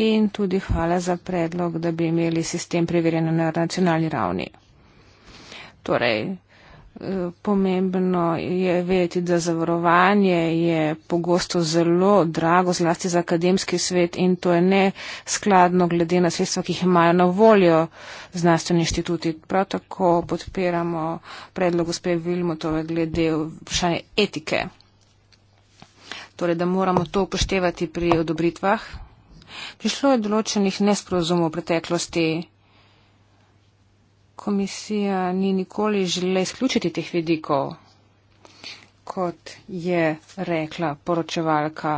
in tudi hvala za predlog, da bi imeli sistem preverjen na nacionalni ravni. Torej, Pomembno je vedeti, da zavarovanje je pogosto zelo drago, zlasti za akademski svet in to je ne skladno glede na sredstva, ki jih imajo na voljo znanstveni inštituti. Prav tako podpiramo predlog gospe Vilmotove glede vprašanja etike. Torej, da moramo to upoštevati pri odobritvah. Prišlo je določenih nesporozumov v preteklosti komisija ni nikoli želela izključiti teh vidikov, kot je rekla poročevalka.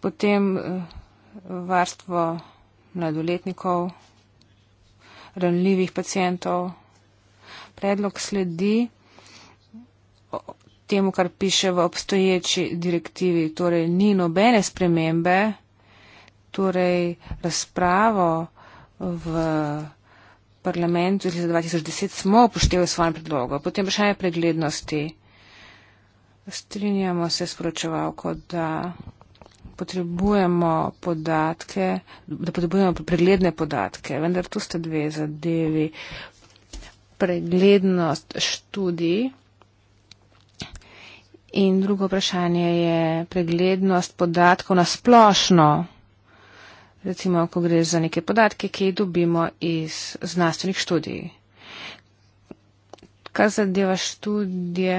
Potem eh, varstvo mladoletnikov, ranljivih pacijentov. Predlog sledi temu, kar piše v obstoječi direktivi. Torej, ni nobene spremembe torej razpravo v parlamentu iz leta 2010 smo upoštevali svojem predlogu. Potem vprašanje preglednosti. Strinjamo se s poročevalko, da potrebujemo podatke, da potrebujemo pregledne podatke, vendar tu sta dve zadevi. Preglednost študij in drugo vprašanje je preglednost podatkov na splošno recimo, ko gre za neke podatke, ki jih dobimo iz znanstvenih študij. Kar zadeva študije,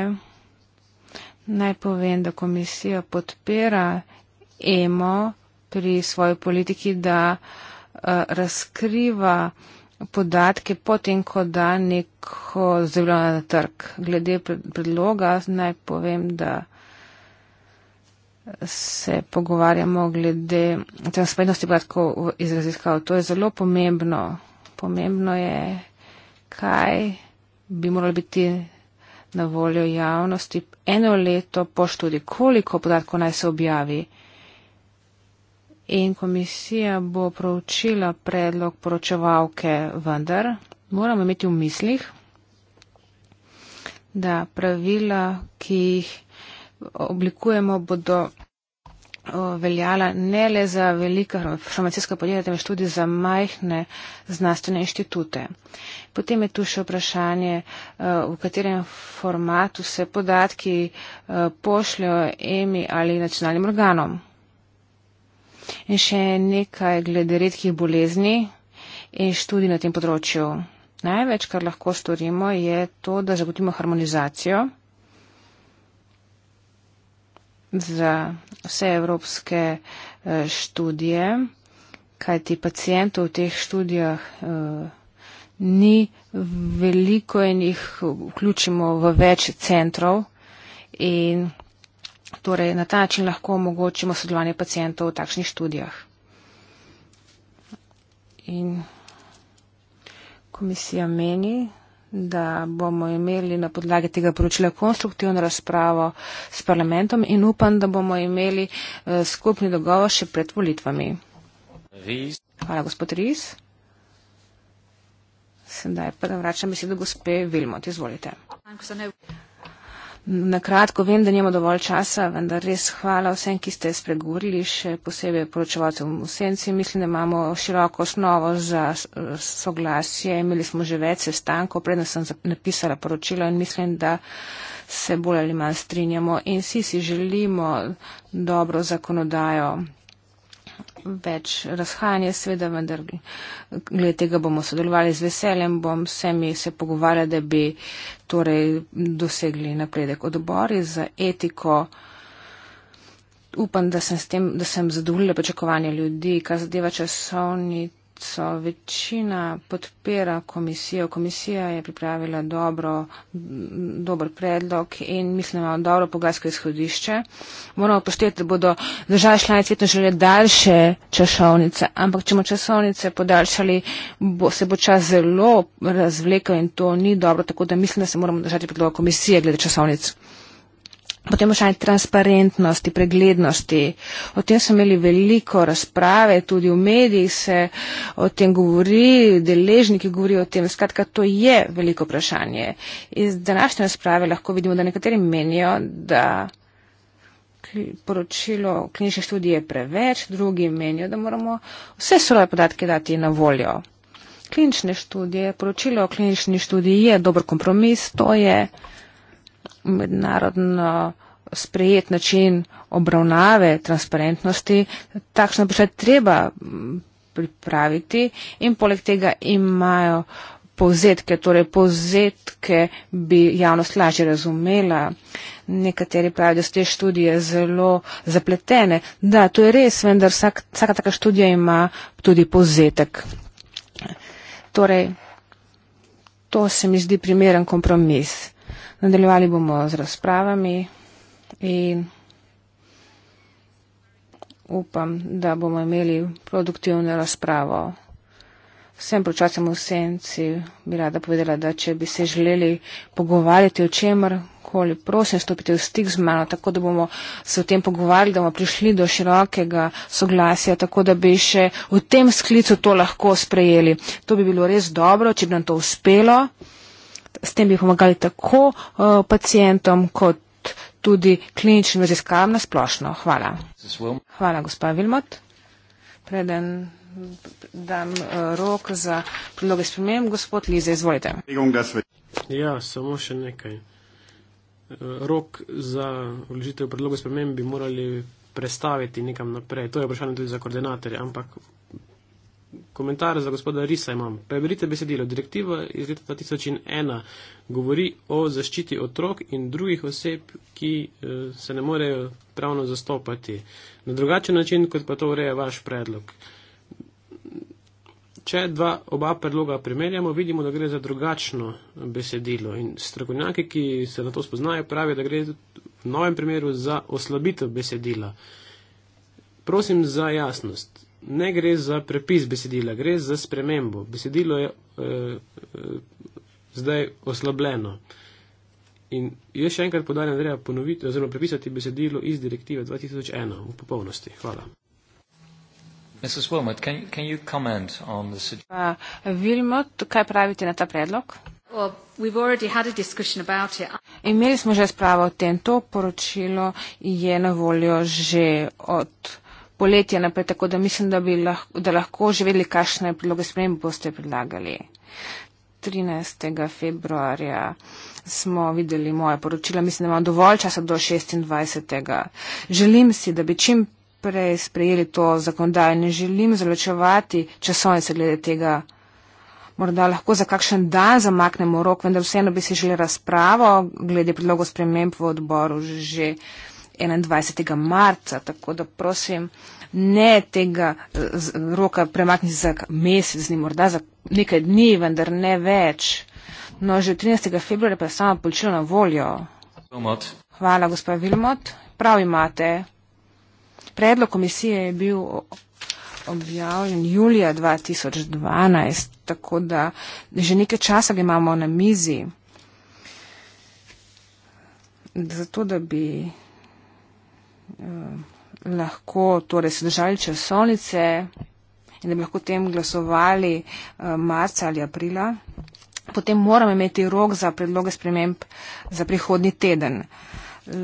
naj povem, da komisija podpira EMO pri svoji politiki, da uh, razkriva podatke potem, ko da neko zdravljeno na trg. Glede predloga naj povem, da se pogovarjamo glede transparentnosti podatkov iz raziskav. To je zelo pomembno. Pomembno je, kaj bi moralo biti na voljo javnosti eno leto po študiji, koliko podatkov naj se objavi. In komisija bo proučila predlog poročevalke, vendar moramo imeti v mislih, da pravila, ki jih oblikujemo, bodo veljala ne le za velika farmacijska podjetja, temveč tudi za majhne znanstvene inštitute. Potem je tu še vprašanje, v katerem formatu se podatki pošljajo EMI ali nacionalnim organom. In še nekaj glede redkih bolezni in študij na tem področju. Največ, kar lahko storimo, je to, da zagotovimo harmonizacijo za vse evropske eh, študije, kajti pacijentov v teh študijah eh, ni veliko in jih vključimo v več centrov. In torej na ta način lahko omogočimo sodelovanje pacijentov v takšnih študijah. In komisija meni, da bomo imeli na podlagi tega poročila konstruktivno razpravo s parlamentom in upam, da bomo imeli eh, skupni dogovor še pred volitvami. Riz. Hvala, gospod Riz. Sedaj pa vračam besedo gospe Vilmot. Izvolite. Thanks, Na kratko vem, da nima dovolj časa, vendar res hvala vsem, ki ste spregovorili, še posebej poročevalcem v senci. Mislim, da imamo široko osnovo za soglasje. Imeli smo že več sestankov, predem sem napisala poročilo in mislim, da se bolj ali manj strinjamo in vsi si želimo dobro zakonodajo več razhajanje, seveda, vendar glede tega bomo sodelovali z veseljem, bom vsemi se pogovarjala, da bi torej dosegli napredek odbori za etiko. Upam, da sem, tem, da sem zadovoljila pričakovanja ljudi, kar zadeva časovni so večina podpira komisijo. Komisija je pripravila dobro, dober predlog in mislim, da ima dobro pogajsko izhodišče. Moramo upoštevati, da bodo države članice vedno želeli daljše časovnice, ampak če bomo časovnice podaljšali, bo, se bo čas zelo razvlekel in to ni dobro, tako da mislim, da se moramo držati predloga komisije glede časovnic. Potem vprašanje transparentnosti, preglednosti. O tem smo imeli veliko razprave, tudi v medijih se o tem govori, deležniki govorijo o tem. Skratka, to je veliko vprašanje. Iz današnje razprave lahko vidimo, da nekateri menijo, da poročilo klinične študije je preveč, drugi menijo, da moramo vse svoje podatke dati na voljo. Klinične študije, poročilo o klinični študiji je dober kompromis, to je mednarodno sprejet način obravnave transparentnosti, takšno pa še treba pripraviti in poleg tega imajo povzetke, torej povzetke bi javnost lažje razumela. Nekateri pravijo, da so te študije zelo zapletene. Da, to je res, vendar vsak, vsaka taka študija ima tudi povzetek. Torej, to se mi zdi primeren kompromis. Nadaljevali bomo z razpravami in upam, da bomo imeli produktivno razpravo. Vsem počasem v senci bi rada povedala, da če bi se želeli pogovarjati o čemer, koli prosim, stopite v stik z mano, tako da bomo se o tem pogovarjali, da bomo prišli do širokega soglasja, tako da bi še v tem sklicu to lahko sprejeli. To bi bilo res dobro, če bi nam to uspelo. S tem bi pomagali tako uh, eh, pacijentom, kot tudi kliničnim raziskavam na splošno. Hvala. Hvala, gospa Vilmot. Preden dam uh, rok za predloge spremem, gospod Lize, izvolite. Ja, samo še nekaj. Eh, rok za vložitev predloga spremem bi morali prestaviti nekam naprej. To je vprašanje tudi za koordinatorje, ampak komentar za gospoda Risa imam. Preberite besedilo. Direktiva iz leta 2001 govori o zaščiti otrok in drugih oseb, ki eh, se ne morejo pravno zastopati. Na drugačen način, kot pa to ureja vaš predlog. Če dva oba predloga primerjamo, vidimo, da gre za drugačno besedilo. In strokovnjaki, ki se na to spoznajo, pravijo, da gre v novem primeru za oslabitev besedila. Prosim za jasnost ne gre za prepis besedila, gre za spremembo. Besedilo je eh, eh zdaj oslabljeno. In jaz še enkrat podarjam, da treba ponoviti oziroma prepisati besedilo iz direktive 2001 v popolnosti. Hvala. Mrs. Wilmot, can, can you comment on the situation? Uh, Wilmot, kaj pravite na ta predlog? Imeli smo že spravo o tem. To poročilo je na voljo že od poletje naprej, tako da mislim, da, lahko, da lahko živeli, kakšne predloge sprejem boste predlagali. 13. februarja smo videli moje poročila, mislim, da imam dovolj časa do 26. Želim si, da bi čim prej sprejeli to zakonodajo in želim zaločevati časovnice glede tega. Morda lahko za kakšen dan zamaknemo rok, vendar vseeno bi si želeli razpravo glede predlogov sprememb v odboru že. 21. marca, tako da prosim, ne tega eh, roka premakniti za mesec, ni morda za nekaj dni, vendar ne več. No, že 13. februarja pa je samo poličilo na voljo. Vilmot. Hvala, gospod Vilmot. Prav imate. Predlog komisije je bil objavljen julija 2012, tako da že nekaj časa ga imamo na mizi. Zato, da bi Eh, lahko torej sedržali časovnice in da bi lahko tem glasovali eh, marca ali aprila, potem moramo imeti rok za predloge sprememb za prihodni teden.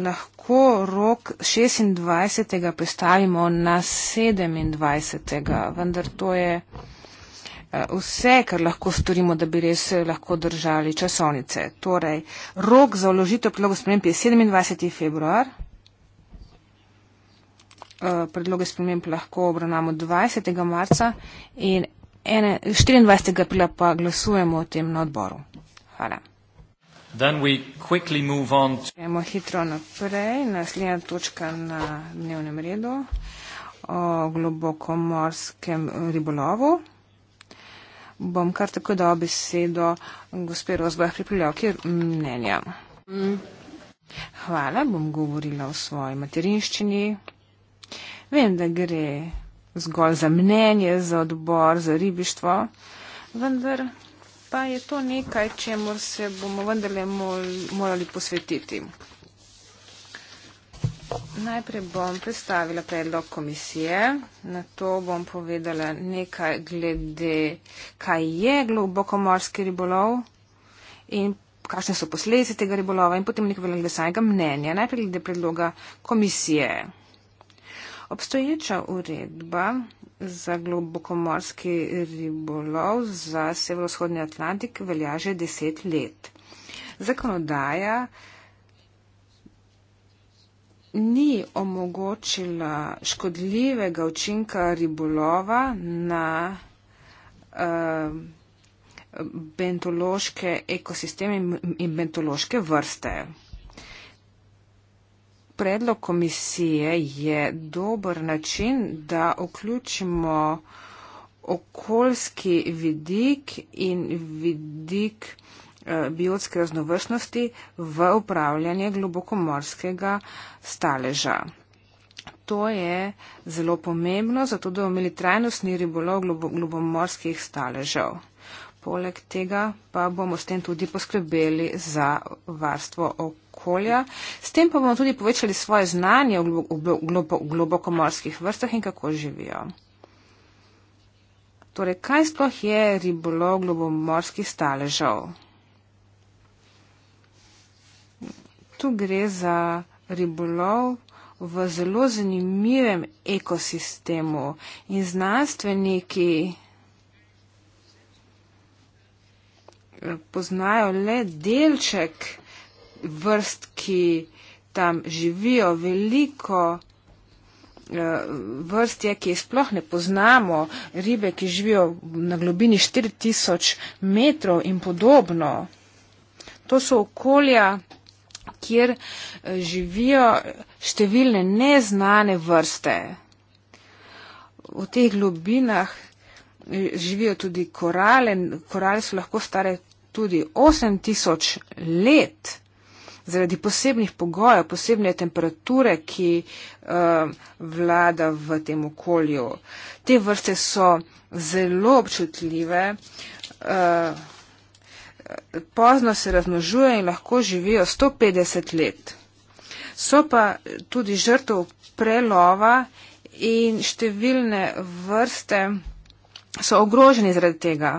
Lahko rok 26. predstavimo na 27. vendar to je eh, vse, kar lahko storimo, da bi res lahko držali časovnice. Torej, rok za vložitev predloga sprememb je 27. februar Eh, predloge sprememb lahko obravnamo 20. marca in ene, 24. aprila pa glasujemo o tem na odboru. Hvala. Gremo hitro naprej. Naslednja točka na dnevnem redu o globokomorskem ribolovu. Bom kar tako dal besedo gospe Rozboja pripravljavke mnenja. Mm. Hvala, bom govorila o svoji materinščini. Vem, da gre zgolj za mnenje, za odbor, za ribištvo, vendar pa je to nekaj, čemu se bomo vendarle morali posvetiti. Najprej bom predstavila predlog komisije, na to bom povedala nekaj glede, kaj je globokomorski ribolov in kakšne so posledice tega ribolova in potem nekaj glede samega mnenja. Najprej glede predloga komisije. Obstoječa uredba za globokomorski ribolov za severovzhodni Atlantik velja že deset let. Zakonodaja ni omogočila škodljivega učinka ribolova na uh, bentološke ekosisteme in bentološke vrste predlog komisije je dober način, da vključimo okoljski vidik in vidik eh, biotske raznovrstnosti v upravljanje globokomorskega staleža. To je zelo pomembno, zato da bomo imeli trajnostni ribolov globomorskih staležev. Poleg tega pa bomo s tem tudi poskrbeli za varstvo okolja okolja. S tem pa bomo tudi povečali svoje znanje v globokomorskih vrstah in kako živijo. Torej, kaj sploh je ribolov globomorskih staležev? Tu gre za ribolov v zelo zanimivem ekosistemu in znanstveniki eh, poznajo le delček vrst, ki tam živijo, veliko eh, vrst je, ki jih sploh ne poznamo, ribe, ki živijo na globini 4000 metrov in podobno. To so okolja, kjer eh, živijo številne neznane vrste. V teh globinah eh, živijo tudi korale. Korale so lahko stare tudi 8000 let zaradi posebnih pogojev, posebne temperature, ki eh, vlada v tem okolju. Te vrste so zelo občutljive, eh, pozno se raznožuje in lahko živijo 150 let. So pa tudi žrtov prelova in številne vrste so ogroženi zaradi tega.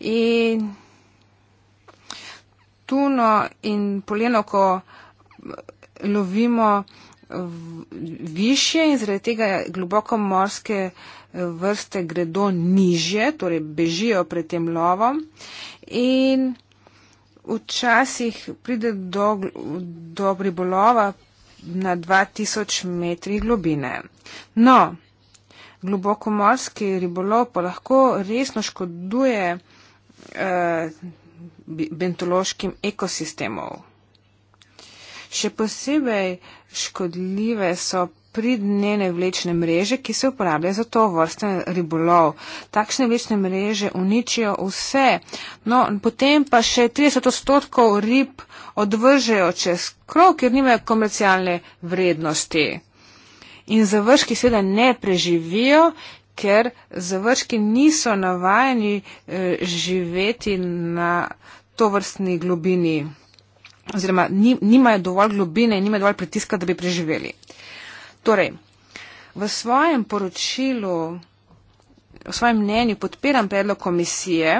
In tuno in polenovko lovimo više in zaradi tega globoko morske eh, vrste gredo nižje, torej bežijo pred tem lovom in včasih pride do, do ribolova na 2000 metri globine. No, globokomorski ribolov pa lahko resno škoduje eh, bentološkim ekosistemov. Še posebej škodljive so pridnene vlečne mreže, ki se uporabljajo za to vrste ribolov. Takšne vlečne mreže uničijo vse. No, potem pa še 30 odstotkov rib odvržejo čez krov, ker nimajo komercialne vrednosti. In završki seveda ne preživijo, ker završki niso navajeni eh, živeti na to vrstni globini oziroma nimajo dovolj globine in nimajo dovolj pritiska, da bi preživeli. Torej, v svojem poročilu, v svojem mnenju podpiram predlog komisije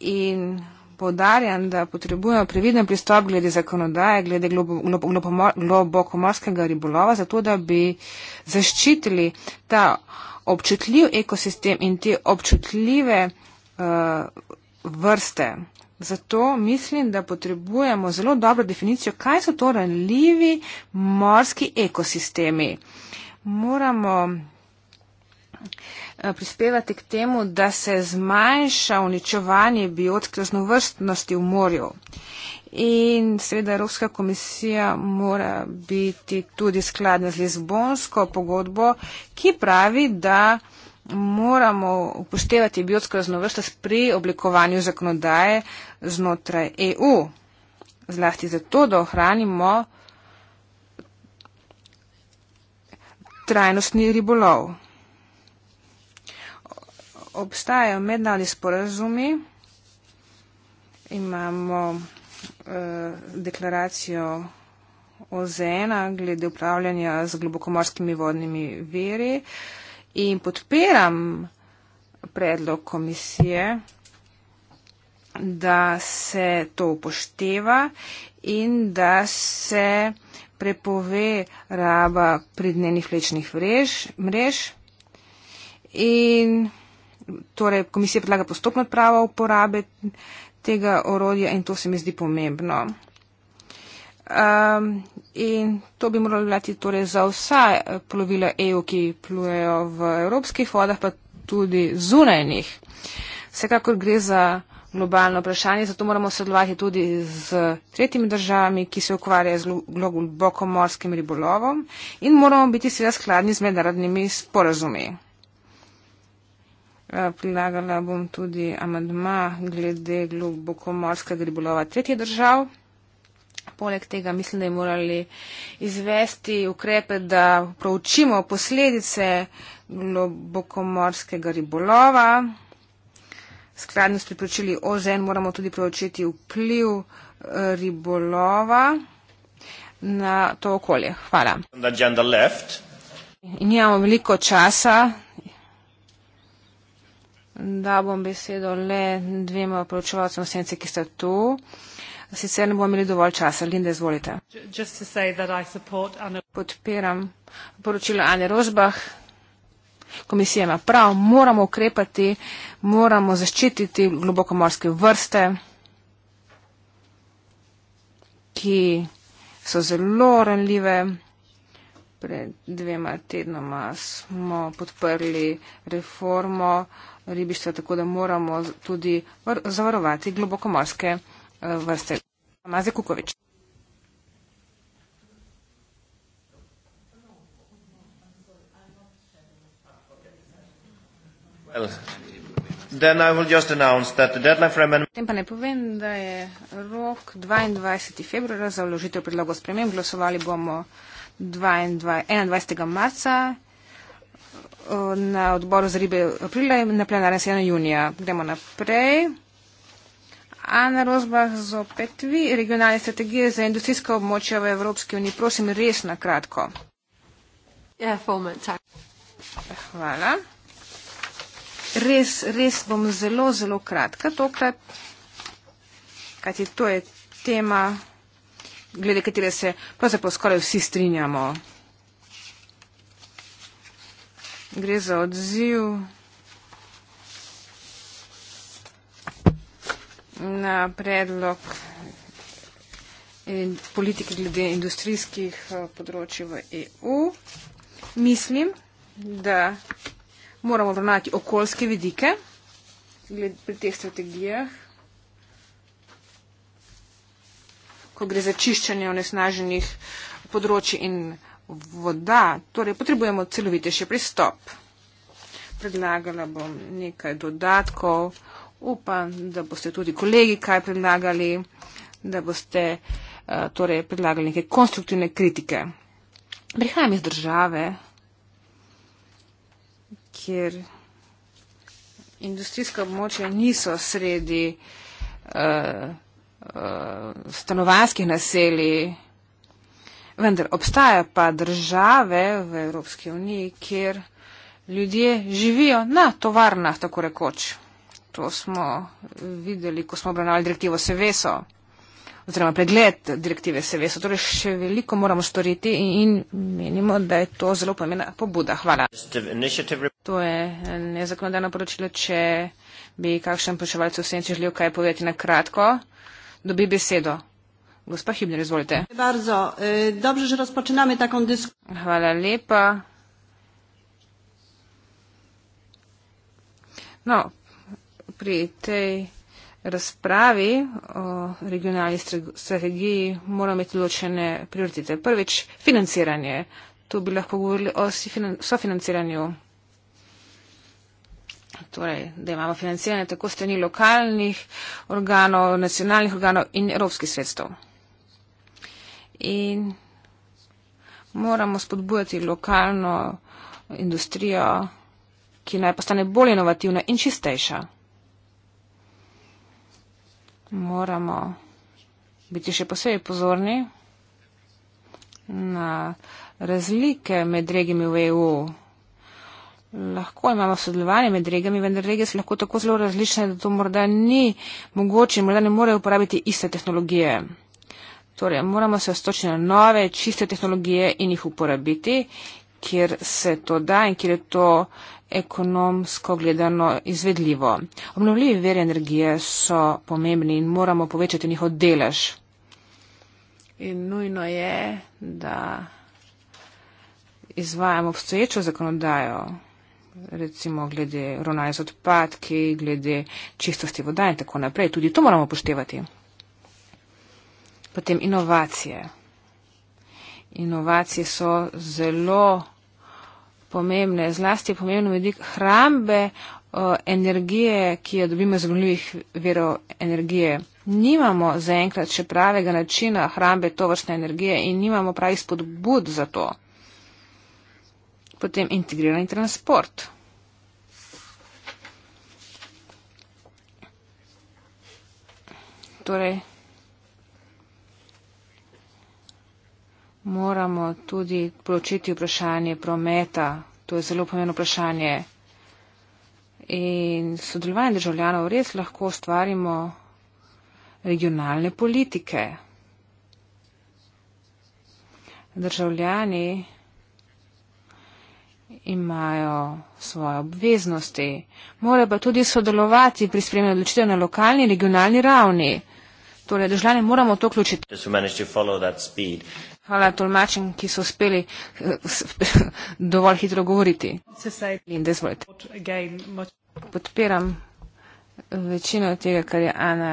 in podarjam, da potrebujemo previden pristop glede zakonodaje, glede globokomorskega globo, globo, globo ribolova, zato da bi zaščitili ta občutljiv ekosistem in te občutljive uh, vrste. Zato mislim, da potrebujemo zelo dobro definicijo, kaj so to ranljivi morski ekosistemi. Moramo eh, prispevati k temu, da se zmanjša uničevanje biotske raznovrstnosti v morju. In seveda Evropska komisija mora biti tudi skladna z Lizbonsko pogodbo, ki pravi, da moramo upoštevati biotsko raznovrstnost pri oblikovanju zakonodaje znotraj EU. Zlasti zato, da ohranimo trajnostni ribolov. Obstajajo mednarodni sporazumi. Imamo Eh, deklaracijo OZN-a glede upravljanja z globokomorskimi vodnimi veri in podpiram predlog komisije, da se to upošteva in da se prepove raba pridnenih lečnih mrež, mrež in torej komisija predlaga postopno odpravo uporabe tega orodja in to se mi zdi pomembno. Um, in to bi moralo veljati torej za vsa eh, plovila EU, ki plujejo v evropskih vodah, pa tudi zunajnih. Vsekakor gre za globalno vprašanje, zato moramo sodelovati tudi z tretjimi državami, ki se ukvarjajo z globokomorskim ribolovom in moramo biti seveda skladni z mednarodnimi sporazumi. Eh, Prilagala bom tudi amadma glede globokomorskega ribolova tretjih držav. Poleg tega mislim, da je morali izvesti ukrepe, da proučimo posledice globokomorskega ribolova. Skladno s priporočili OZN moramo tudi proučiti vpliv eh, ribolova na to okolje. Hvala. Imamo veliko časa, da bom besedo le dvema poročevalcem senci, ki ste tu. Sicer ne bomo imeli dovolj časa. Linda, izvolite. Podpiram poročilo Ane Rožbah. Komisija ima prav, moramo ukrepati, moramo zaščititi globokomorske vrste, ki so zelo ranljive. Pred dvema tednoma smo podprli reformo uh, ribištva, tako da moramo tudi zavarovati globokomorske eh, vrste. Maze Kukovič. Potem pa ne povem, da je rok 22. februara za vložitev predlogov spremem. Glasovali bomo 22, 21. marca na odboru za ribe aprila in na plenarnem sejenu junija. Gremo naprej. Ana Rozbah, zopet vi, regionalne strategije za industrijska območja v Evropski uniji. Prosim, res na kratko. Ja, Hvala. Res, res bom zelo, zelo kratka tokrat, kajti to je tema, glede katere se pravzaprav skoraj vsi strinjamo gre za odziv na predlog in politike glede industrijskih eh, področji v EU. Mislim, da moramo obravnavati okoljske vidike pri teh strategijah, ko gre za čiščenje onesnaženih področji in področji voda, torej potrebujemo celovitejši pristop. Predlagala bom nekaj dodatkov, upam, da boste tudi kolegi kaj predlagali, da boste eh, torej, predlagali neke konstruktivne kritike. Prihajam iz države, kjer industrijska območja niso sredi uh, eh, uh, eh, stanovanskih naselij. Vendar obstajajo pa države v Evropski uniji, kjer ljudje živijo na tovarnah, tako rekoč. To smo videli, ko smo obravnavali direktivo Seveso, oziroma pregled direktive Seveso. Torej še veliko moramo storiti in menimo, da je to zelo pomembna pobuda. Hvala. To je nezakonodajno poročilo, če bi kakšen poševalcu vsem, če želijo kaj povedati na kratko, dobi besedo. Gospa Himner, izvolite. Bardzo. Dobrze, že rozpoczynamy taką dyskusję. Hvala lepa. No, pri tej razpravi o regionalni strategiji moramo imeti določene prioritete. Prvič, financiranje. Tu bi lahko govorili o sofinanciranju. Torej, da imamo financiranje tako strani lokalnih organov, nacionalnih organov in evropskih sredstev in moramo spodbujati lokalno industrijo, ki naj postane bolj inovativna in čistejša. Moramo biti še posebej pozorni na razlike med regijami v EU. Lahko imamo sodelovanje med regijami, vendar regije so lahko tako zelo različne, da to morda ni mogoče, morda ne morejo uporabiti iste tehnologije. Torej, moramo se ostočiti na nove, čiste tehnologije in jih uporabiti, kjer se to da in kjer je to ekonomsko gledano izvedljivo. Obnovljivi veri energije so pomembni in moramo povečati njihov delež. In nujno je, da izvajamo obstoječo zakonodajo, recimo glede ravnanja z odpadki, glede čistosti voda in tako naprej. Tudi to moramo poštevati potem inovacije. Inovacije so zelo pomembne, zlasti pomembno vidik hrambe uh, energije, ki jo dobimo iz obnovljivih verov energije. Nimamo zaenkrat še pravega načina hrambe tovrstne energije in nimamo pravih spodbud za to. Potem integrirani transport. Torej, moramo tudi pločiti vprašanje prometa. To je zelo pomembno vprašanje. In sodelovanje državljanov res lahko ustvarimo regionalne politike. Državljani imajo svoje obveznosti, morajo pa tudi sodelovati pri spremljanju odločitev na lokalni in regionalni ravni. Torej, državljane moramo to vključiti. Hvala tolmačem, ki so uspeli eh, dovolj hitro govoriti. Podpiram eh, večino tega, kar je Ana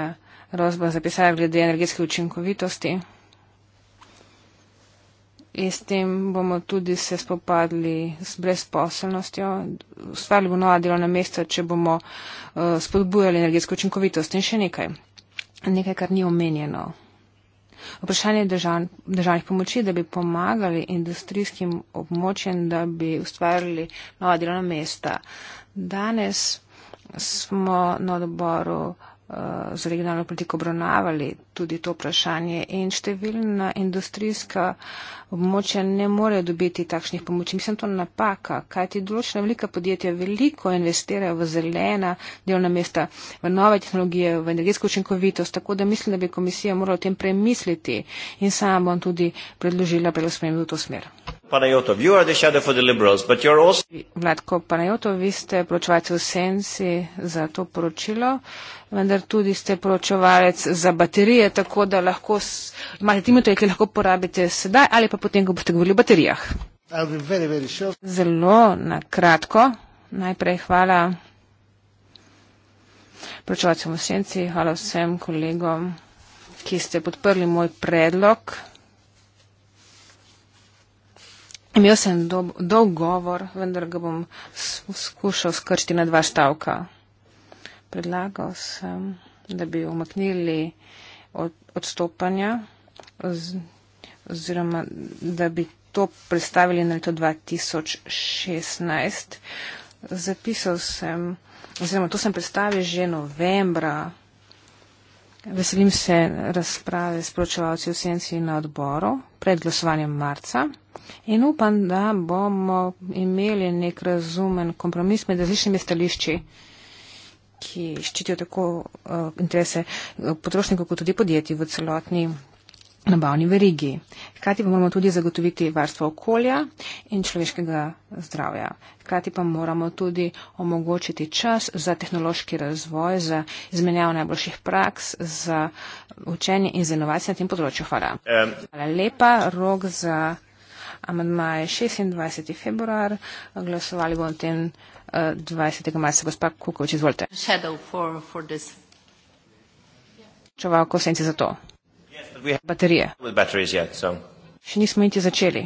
Rozba zapisala glede energetske učinkovitosti. In s tem bomo tudi se spopadli s brezposelnostjo, ustvarili bomo nova delovna mesta, če bomo uh, spodbujali energetsko učinkovitost in še nekaj. Nekaj, kar ni omenjeno. Vprašanje držav, državnih pomoči, da bi pomagali industrijskim območjem, da bi ustvarili nova delovna mesta. Danes smo na odboru z regionalno politiko obravnavali tudi to vprašanje in številna industrijska območja ne morejo dobiti takšnih pomoči. Mislim, to napaka, kajti določena velika podjetja veliko investirajo v zelena delovna mesta, v nove tehnologije, v energetsko učinkovitost, tako da mislim, da bi komisija morala o tem premisliti in sama bom tudi predložila prelo spremembe v to smer. Panajotov, you are the shadow for the liberals, but you are also. Vladko Panajotov, vi ste poročevalec v senci za to poročilo, vendar tudi ste poročevalec za baterije, tako da lahko imate tim, ki lahko porabite sedaj ali pa potem, ko boste govorili o baterijah. Very, very Zelo na kratko. Najprej hvala poročevalcem v senci, hvala vsem kolegom, ki ste podprli moj predlog. Imel sem dolg govor, vendar ga bom skušal skršiti na dva stavka. Predlagal sem, da bi omaknili od, odstopanja oz, oziroma da bi to predstavili na leto 2016. Zapisal sem, oziroma to sem predstavil že novembra Veselim se razprave s pročevalci v senci na odboru pred glasovanjem marca in upam, da bomo imeli nek razumen kompromis med različnimi stališči, ki ščitijo tako uh, interese eh, potrošnikov, kot tudi podjetij v celotni nabavni verigi. Hkrati pa moramo tudi zagotoviti varstvo okolja in človeškega zdravja. Hkrati pa moramo tudi omogočiti čas za tehnološki razvoj, za izmenjavo najboljših praks, za učenje in za inovacije na tem področju. Hvala. Um. Hvala lepa. Rok za amandmaje 26. februar. Glasovali bomo o tem 20. Eh, marca. Gospa Kukovič, izvolite. Čovalko, senci za to baterije. Še nismo niti začeli.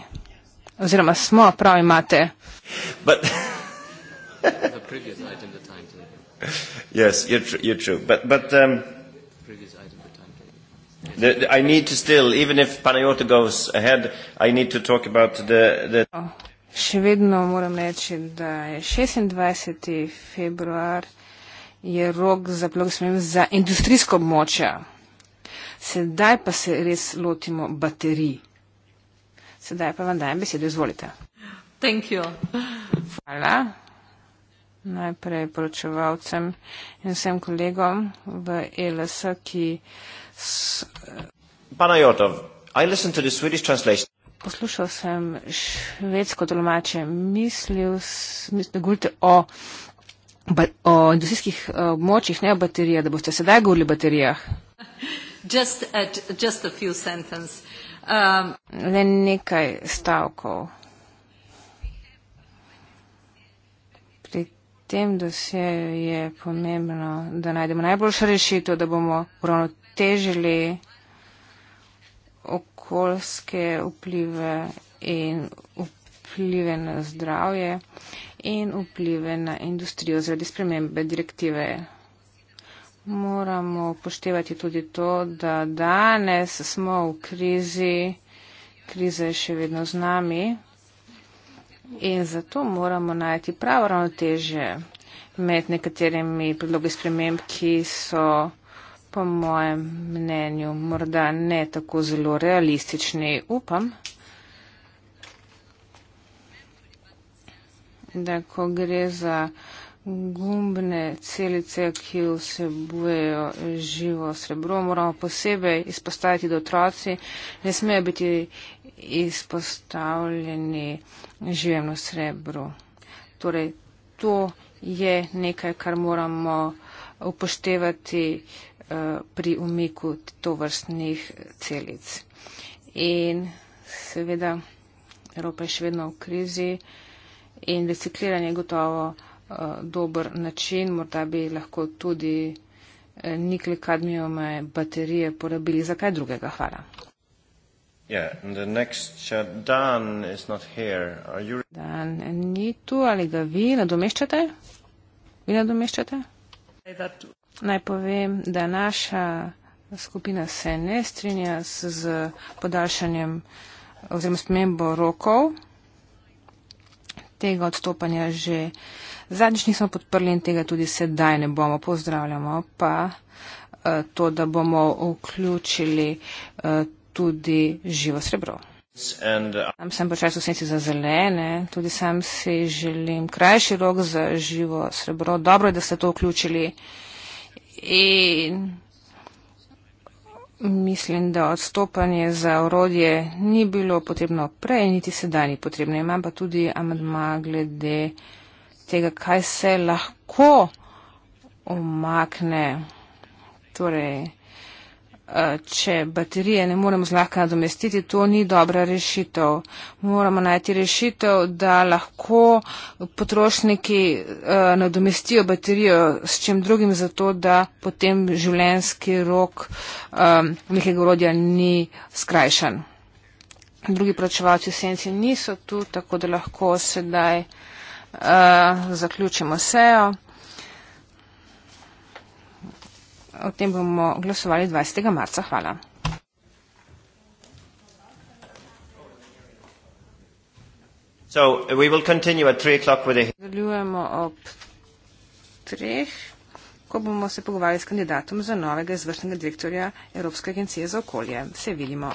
Oziroma smo, prav imate. yes, you're true. But, but, um, The, the, I need to still, even if Panayota goes ahead, I need to talk about the... the oh, še vedno moram reči, da je 26. februar je rok za blog za industrijsko območje. Sedaj pa se res lotimo baterij. Sedaj pa vam dajem besedo, izvolite. Hvala najprej poročevalcem in vsem kolegom v ELS, ki. S... Panajotov, I listened to the Swedish translation. Poslušal sem švedsko tolmače, mislil sem, da govorite o, o industrijskih eh, območjih, ne o baterijah, da boste sedaj govorili o baterijah. Just, uh, just a few sentences. Um, Le nekaj stavkov. Pri tem dosjeju je pomembno, da najdemo najboljšo rešitev, da bomo uravnotežili okoljske vplive in vplive na zdravje in vplive na industrijo zaradi spremembe direktive moramo upoštevati tudi to, da danes smo v krizi, kriza je še vedno z nami in zato moramo najti pravo ravnoteže med nekaterimi predlogi sprememb, ki so po mojem mnenju morda ne tako zelo realistični. Upam, da ko gre za gumbne celice, ki vsebujejo živo srebro, moramo posebej izpostaviti, da otroci ne smejo biti izpostavljeni živemu srebru. Torej, to je nekaj, kar moramo upoštevati eh, pri umiku to vrstnih celic. In seveda, Evropa je še vedno v krizi in recikliranje gotovo. Eh, dober način, morda bi lahko tudi eh, nikli kadmijome baterije porabili za kaj drugega. Hvala. Yeah, ja, you... Dan ni tu, ali ga vi nadomeščate? Vi nadomeščate? Naj povem, da naša skupina se ne strinja z, z podaljšanjem oziroma spremembo rokov tega odstopanja že uh, Zadnjič nismo podprli in tega tudi sedaj ne bomo. Pozdravljamo pa eh, to, da bomo vključili eh, tudi živo srebro. Uh, sam sem pa čas vsem si za zelene, tudi sam si želim krajši rok za živo srebro. Dobro je, da ste to vključili in mislim, da odstopanje za orodje ni bilo potrebno prej, niti sedaj ni potrebno. Imam pa tudi amadma glede tega, kaj se lahko omakne. Torej, eh, če baterije ne moremo zlahka nadomestiti, to ni dobra rešitev. Moramo najti rešitev, da lahko potrošniki eh, nadomestijo baterijo s čem drugim, zato da potem življenski rok eh, nekega urodja ni skrajšan. Drugi pročevalci senci niso tu, tako da lahko sedaj. Eh, zaključimo sejo. O tem bomo glasovali 20. marca. Hvala. So, we will continue at 3 o'clock with the... Zdaljujemo ob treh, ko bomo se pogovarjali s kandidatom za novega izvršnega direktorja Evropske agencije za okolje. Se vidimo.